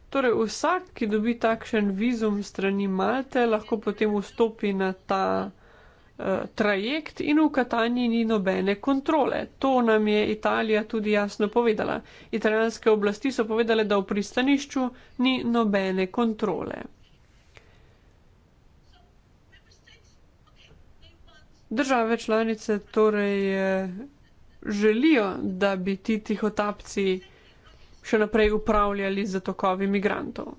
Torej, vsak, ki dobi takšen vizum strani Malte, lahko potem vstopi na ta eh, trajekt in v Katanji ni nobene kontrole. To nam je Italija tudi jasno povedala. Italijanske oblasti so povedale, da v pristanišču ni nobene kontrole. Države članice torej eh, želijo, da bi ti tihotapci še naprej upravljali z tokovi migrantov.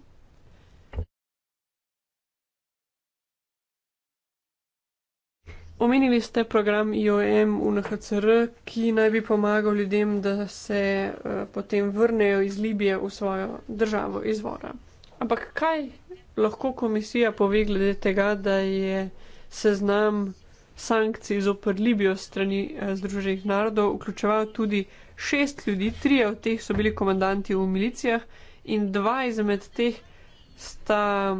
Omenili ste program IOM v NHCR, ki naj bi pomagal ljudem, da se uh, potem vrnejo iz Libije v svojo državo izvora. Ampak kaj lahko komisija pove glede tega, da je seznam sankcij zoper Libijo strani eh, Združenih narodov vključeval tudi šest ljudi, trije od teh so bili komandanti v milicijah in dva izmed teh sta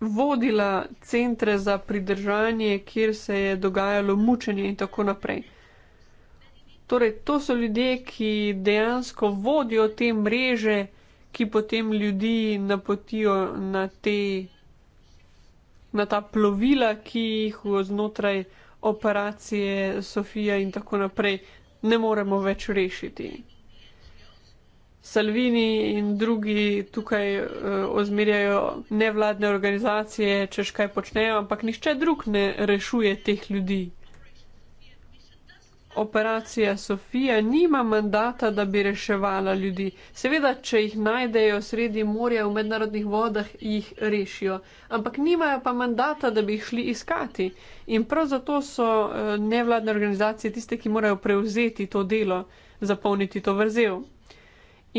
vodila centre za pridržanje, kjer se je dogajalo mučenje in tako naprej. Torej, to so ljudje, ki dejansko vodijo te mreže, ki potem ljudi napotijo na te na ta plovila, ki jih znotraj operacije Sofija in tako naprej ne moremo več rešiti. Salvini in drugi tukaj uh, ozmerjajo nevladne organizacije, češ kaj počnejo, ampak nihče drug ne rešuje teh ljudi operacija Sofija nima mandata, da bi reševala ljudi. Seveda, če jih najdejo sredi morja v mednarodnih vodah, jih rešijo, ampak nimajo pa mandata, da bi jih šli iskati. In prav zato so eh, nevladne organizacije tiste, ki morajo prevzeti to delo, zapolniti to vrzel.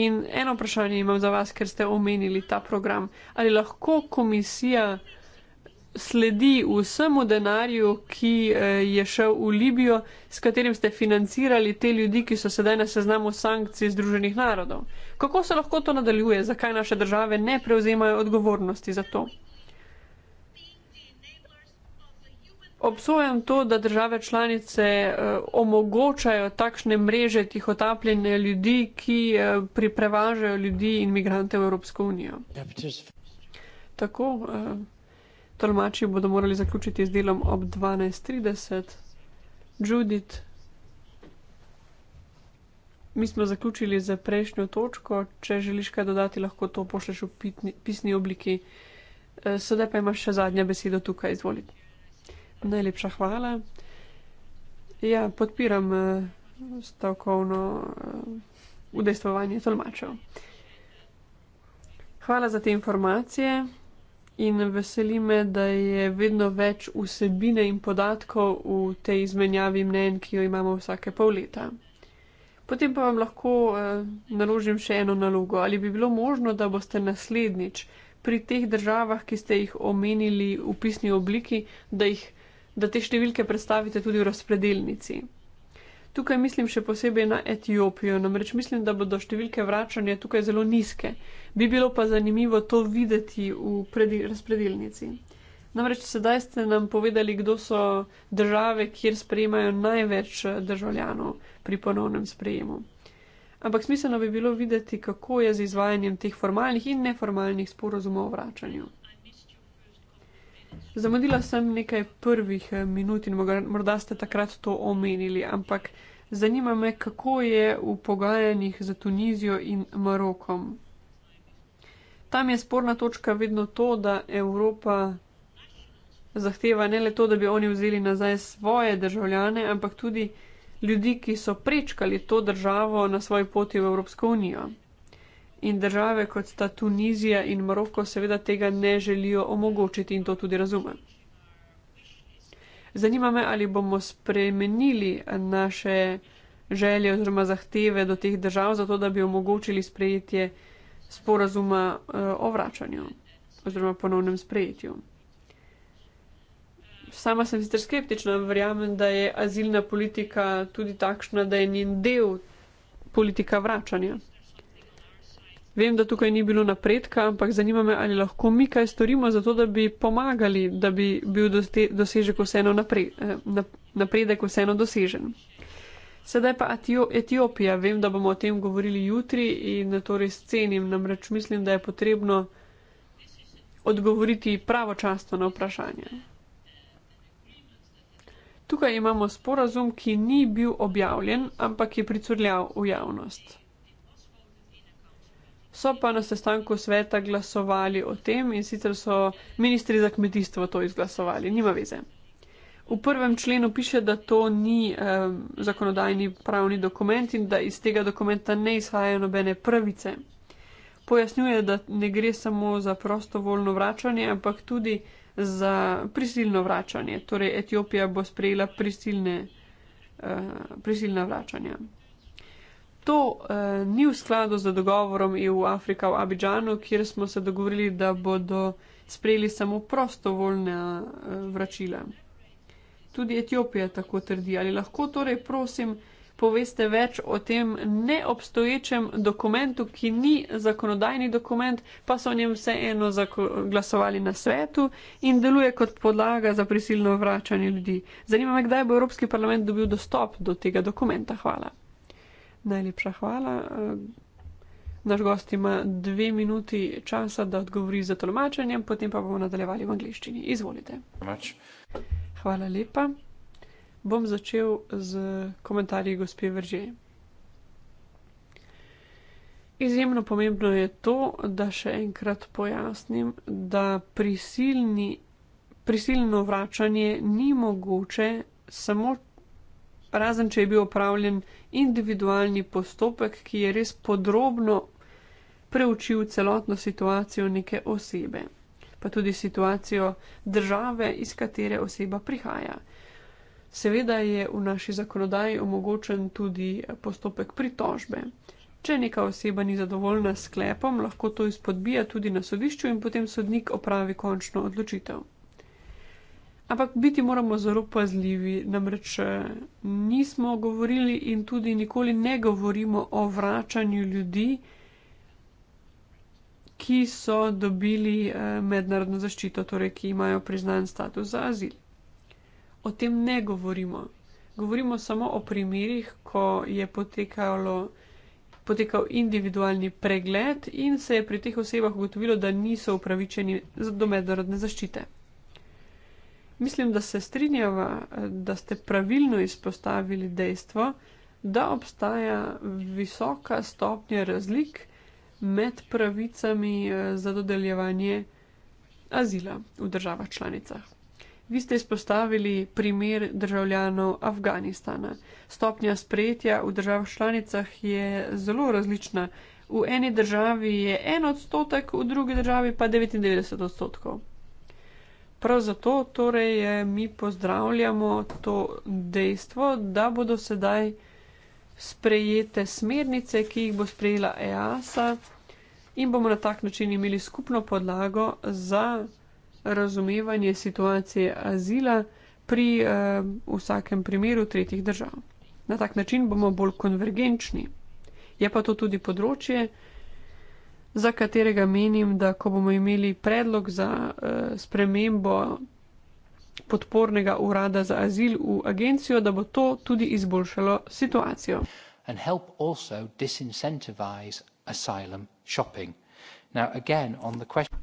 In eno vprašanje imam za vas, ker ste omenili ta program. Ali lahko komisija sledi vsemu denarju, ki eh, je šel v Libijo, s katerim ste financirali te ljudi, ki so sedaj na seznamu sankcij Združenih narodov. Kako se lahko to nadaljuje? Zakaj naše države ne prevzemajo odgovornosti za to? Obsojam to, da države članice eh, omogočajo takšne mreže tih otapljene ljudi, ki eh, priprevažajo ljudi in migrante v Evropsko unijo. Tako. Uh, Tolmači bodo morali zaključiti z delom ob 12.30. Judith, mi smo zaključili za prejšnjo točko. Če želiš kaj dodati, lahko to pošleš v pitni, pisni obliki. E, sedaj pa imaš še zadnja beseda tukaj, izvolite. Najlepša hvala. Ja, podpiram e, stavkovno e, udejstvovanje tolmačev. Hvala za te informacije. In veseli me, da je vedno več vsebine in podatkov v tej izmenjavi mnen, ki jo imamo vsake pol leta. Potem pa vam lahko eh, naložim še eno nalogo. Ali bi bilo možno, da boste naslednjič pri teh državah, ki ste jih omenili v pisni obliki, da, jih, da te številke predstavite tudi v razpredelnici? Tukaj mislim še posebej na Etiopijo, namreč mislim, da bodo številke vračanja tukaj zelo nizke. Bi bilo pa zanimivo to videti v razpredelnici. Namreč sedaj ste nam povedali, kdo so države, kjer sprejemajo največ državljanov pri ponovnem sprejemu. Ampak smiselno bi bilo videti, kako je z izvajanjem teh formalnih in neformalnih sporozumov o vračanju. Zamudila sem nekaj prvih eh, minut in morda ste takrat to omenili, ampak Zanima me, kako je v pogajanjih za Tunizijo in Marokom. Tam je sporna točka vedno to, da Evropa zahteva ne le to, da bi oni vzeli nazaj svoje državljane, ampak tudi ljudi, ki so prečkali to državo na svoji poti v Evropsko unijo. In države kot sta Tunizija in Maroko seveda tega ne želijo omogočiti in to tudi razumem. Zanima me, ali bomo spremenili naše želje oziroma zahteve do teh držav, zato da bi omogočili sprejetje sporazuma eh, o vračanju oziroma ponovnem sprejetju. Sama sem sicer skeptična, verjamem, da je azilna politika tudi takšna, da je njen del politika vračanja. Vem, da tukaj ni bilo napredka, ampak zanima me, ali lahko mi kaj storimo za to, da bi pomagali, da bi bil dosežek vseeno napre, eh, napredek vseeno dosežen. Sedaj pa Etiopija. Vem, da bomo o tem govorili jutri in to res cenim. Namreč mislim, da je potrebno odgovoriti pravočasno na vprašanje. Tukaj imamo sporazum, ki ni bil objavljen, ampak je pricurljal v javnost. So pa na sestanku sveta glasovali o tem in sicer so ministri za kmetijstvo to izglasovali, nima veze. V prvem členu piše, da to ni um, zakonodajni pravni dokument in da iz tega dokumenta ne izhajajo nobene pravice. Pojasnjuje, da ne gre samo za prostovoljno vračanje, ampak tudi za prisilno vračanje. Torej, Etiopija bo sprejela prisilne, uh, prisilna vračanja to eh, ni v skladu z dogovorom EU-Afrika v Abidžanu, kjer smo se dogovorili, da bodo sprejeli samo prostovoljne eh, vračile. Tudi Etiopija tako trdi. Ali lahko torej, prosim, poveste več o tem neobstoječem dokumentu, ki ni zakonodajni dokument, pa so o njem vseeno glasovali na svetu in deluje kot podlaga za prisilno vračanje ljudi. Zanima me, kdaj bo Evropski parlament dobil dostop do tega dokumenta. Hvala. Najlepša hvala. Eh, naš gost ima dve minuti časa, da odgovori za tolmačenje, potem pa bomo nadaljevali v angliščini. Izvolite. Hvala lepa. Bom začel z komentarji gospe Vrže. Izjemno pomembno je to, da še enkrat pojasnim, da prisilni, prisilno vračanje ni mogoče, samo razen če je bil opravljen individualni postopek, ki je res podrobno preučil celotno situacijo neke osebe, pa tudi situacijo države, iz katere oseba prihaja. Seveda je v naši zakonodaji omogočen tudi postopek pritožbe. Če neka oseba ni zadovoljna s sklepom, lahko to izpodbija tudi na sodišču in potem sodnik opravi končno odločitev. Ampak biti moramo zelo pazljivi, namreč eh, nismo govorili in tudi nikoli ne govorimo o vračanju ljudi, ki so dobili eh, mednarodno zaščito, torej ki imajo priznan status za azil. O tem ne govorimo. Govorimo samo o primerih, ko je potekalo, potekal individualni pregled in se je pri teh osebah ugotovilo, da niso upravičeni do mednarodne zaščite. Mislim, da se strinjava, da ste pravilno izpostavili dejstvo, da obstaja visoka stopnja razlik med pravicami eh, za dodeljevanje azila v državah članicah. Vi ste izpostavili primer državljanov Afganistana. Stopnja sprejetja v državah članicah je zelo različna. V eni državi je en odstotek, v drugi državi pa 99 odstotkov. Prav zato torej mi pozdravljamo to dejstvo, da bodo sedaj sprejete smernice, ki jih bo sprejela EASA in bomo na tak način imeli skupno podlago za razumevanje situacije azila pri eh, vsakem primeru tretjih držav. Na tak način bomo bolj konvergenčni. Je pa to tudi področje, za katerega menim, da ko bomo imeli predlog za uh, spremembo podpornega urada za azil v agencijo, da bo to tudi izboljšalo situacijo. And help also disincentivize asylum shopping. Now, again, on the question.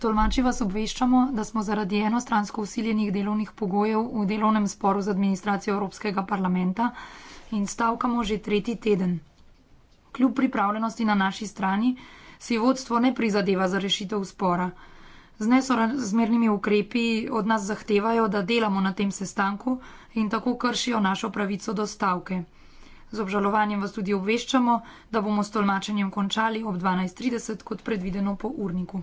Tolmači vas obveščamo, da smo zaradi enostransko usiljenih delovnih pogojev v delovnem sporu z administracijo Evropskega parlamenta in stavkamo že tretji teden. Kljub pripravljenosti na naši strani si vodstvo ne prizadeva za rešitev spora. Z nesorazmernimi ukrepi od nas zahtevajo, da delamo na tem sestanku in tako kršijo našo pravico do stavke. Z obžalovanjem vas tudi obveščamo, da bomo s tolmačenjem končali ob 12.30, kot predvideno po urniku.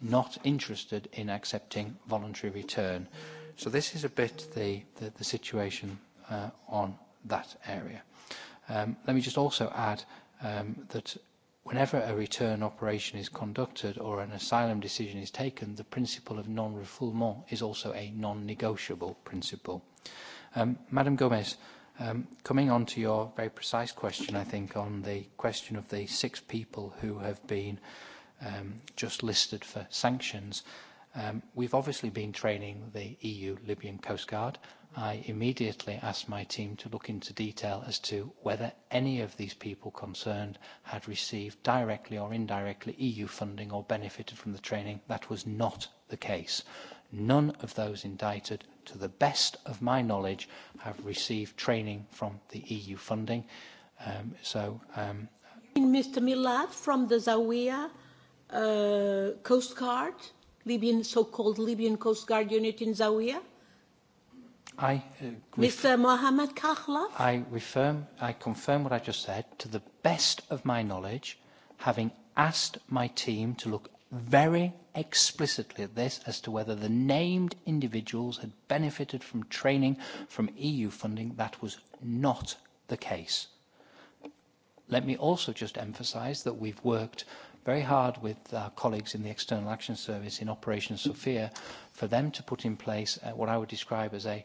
Not interested in accepting voluntary return. So, this is a bit the, the, the situation uh, on that area. Um, let me just also add um, that whenever a return operation is conducted or an asylum decision is taken, the principle of non-refoulement is also a non-negotiable principle. Um, Madam Gomez, coming on to your very precise question, I think, on the question of the six people who have been just listed for sanctions, we've obviously been training the EU Libyan Coast Guard. I immediately asked my team to look into detail as to whether any of these people concerned had received directly or indirectly EU funding or benefited from the training. That was not the case. None of those indicted, to the best of my knowledge, have received training from the EU funding. Um, so, um, In Mr. Milad from the Zawiya uh, Coast Guard, Libyan, so-called Libyan Coast Guard unit in Zawiya? I, uh, Mr Mohamed Kakhlov? I, refirm, I confirm what I just said. To the best of my knowledge, having asked my team to look very explicitly at this as to whether the named individuals had benefited from training from EU funding, that was not the case. Let me also just emphasise that we've worked very hard with our colleagues in the External Action Service in Operation Sophia for them to put in place uh, what I would describe as a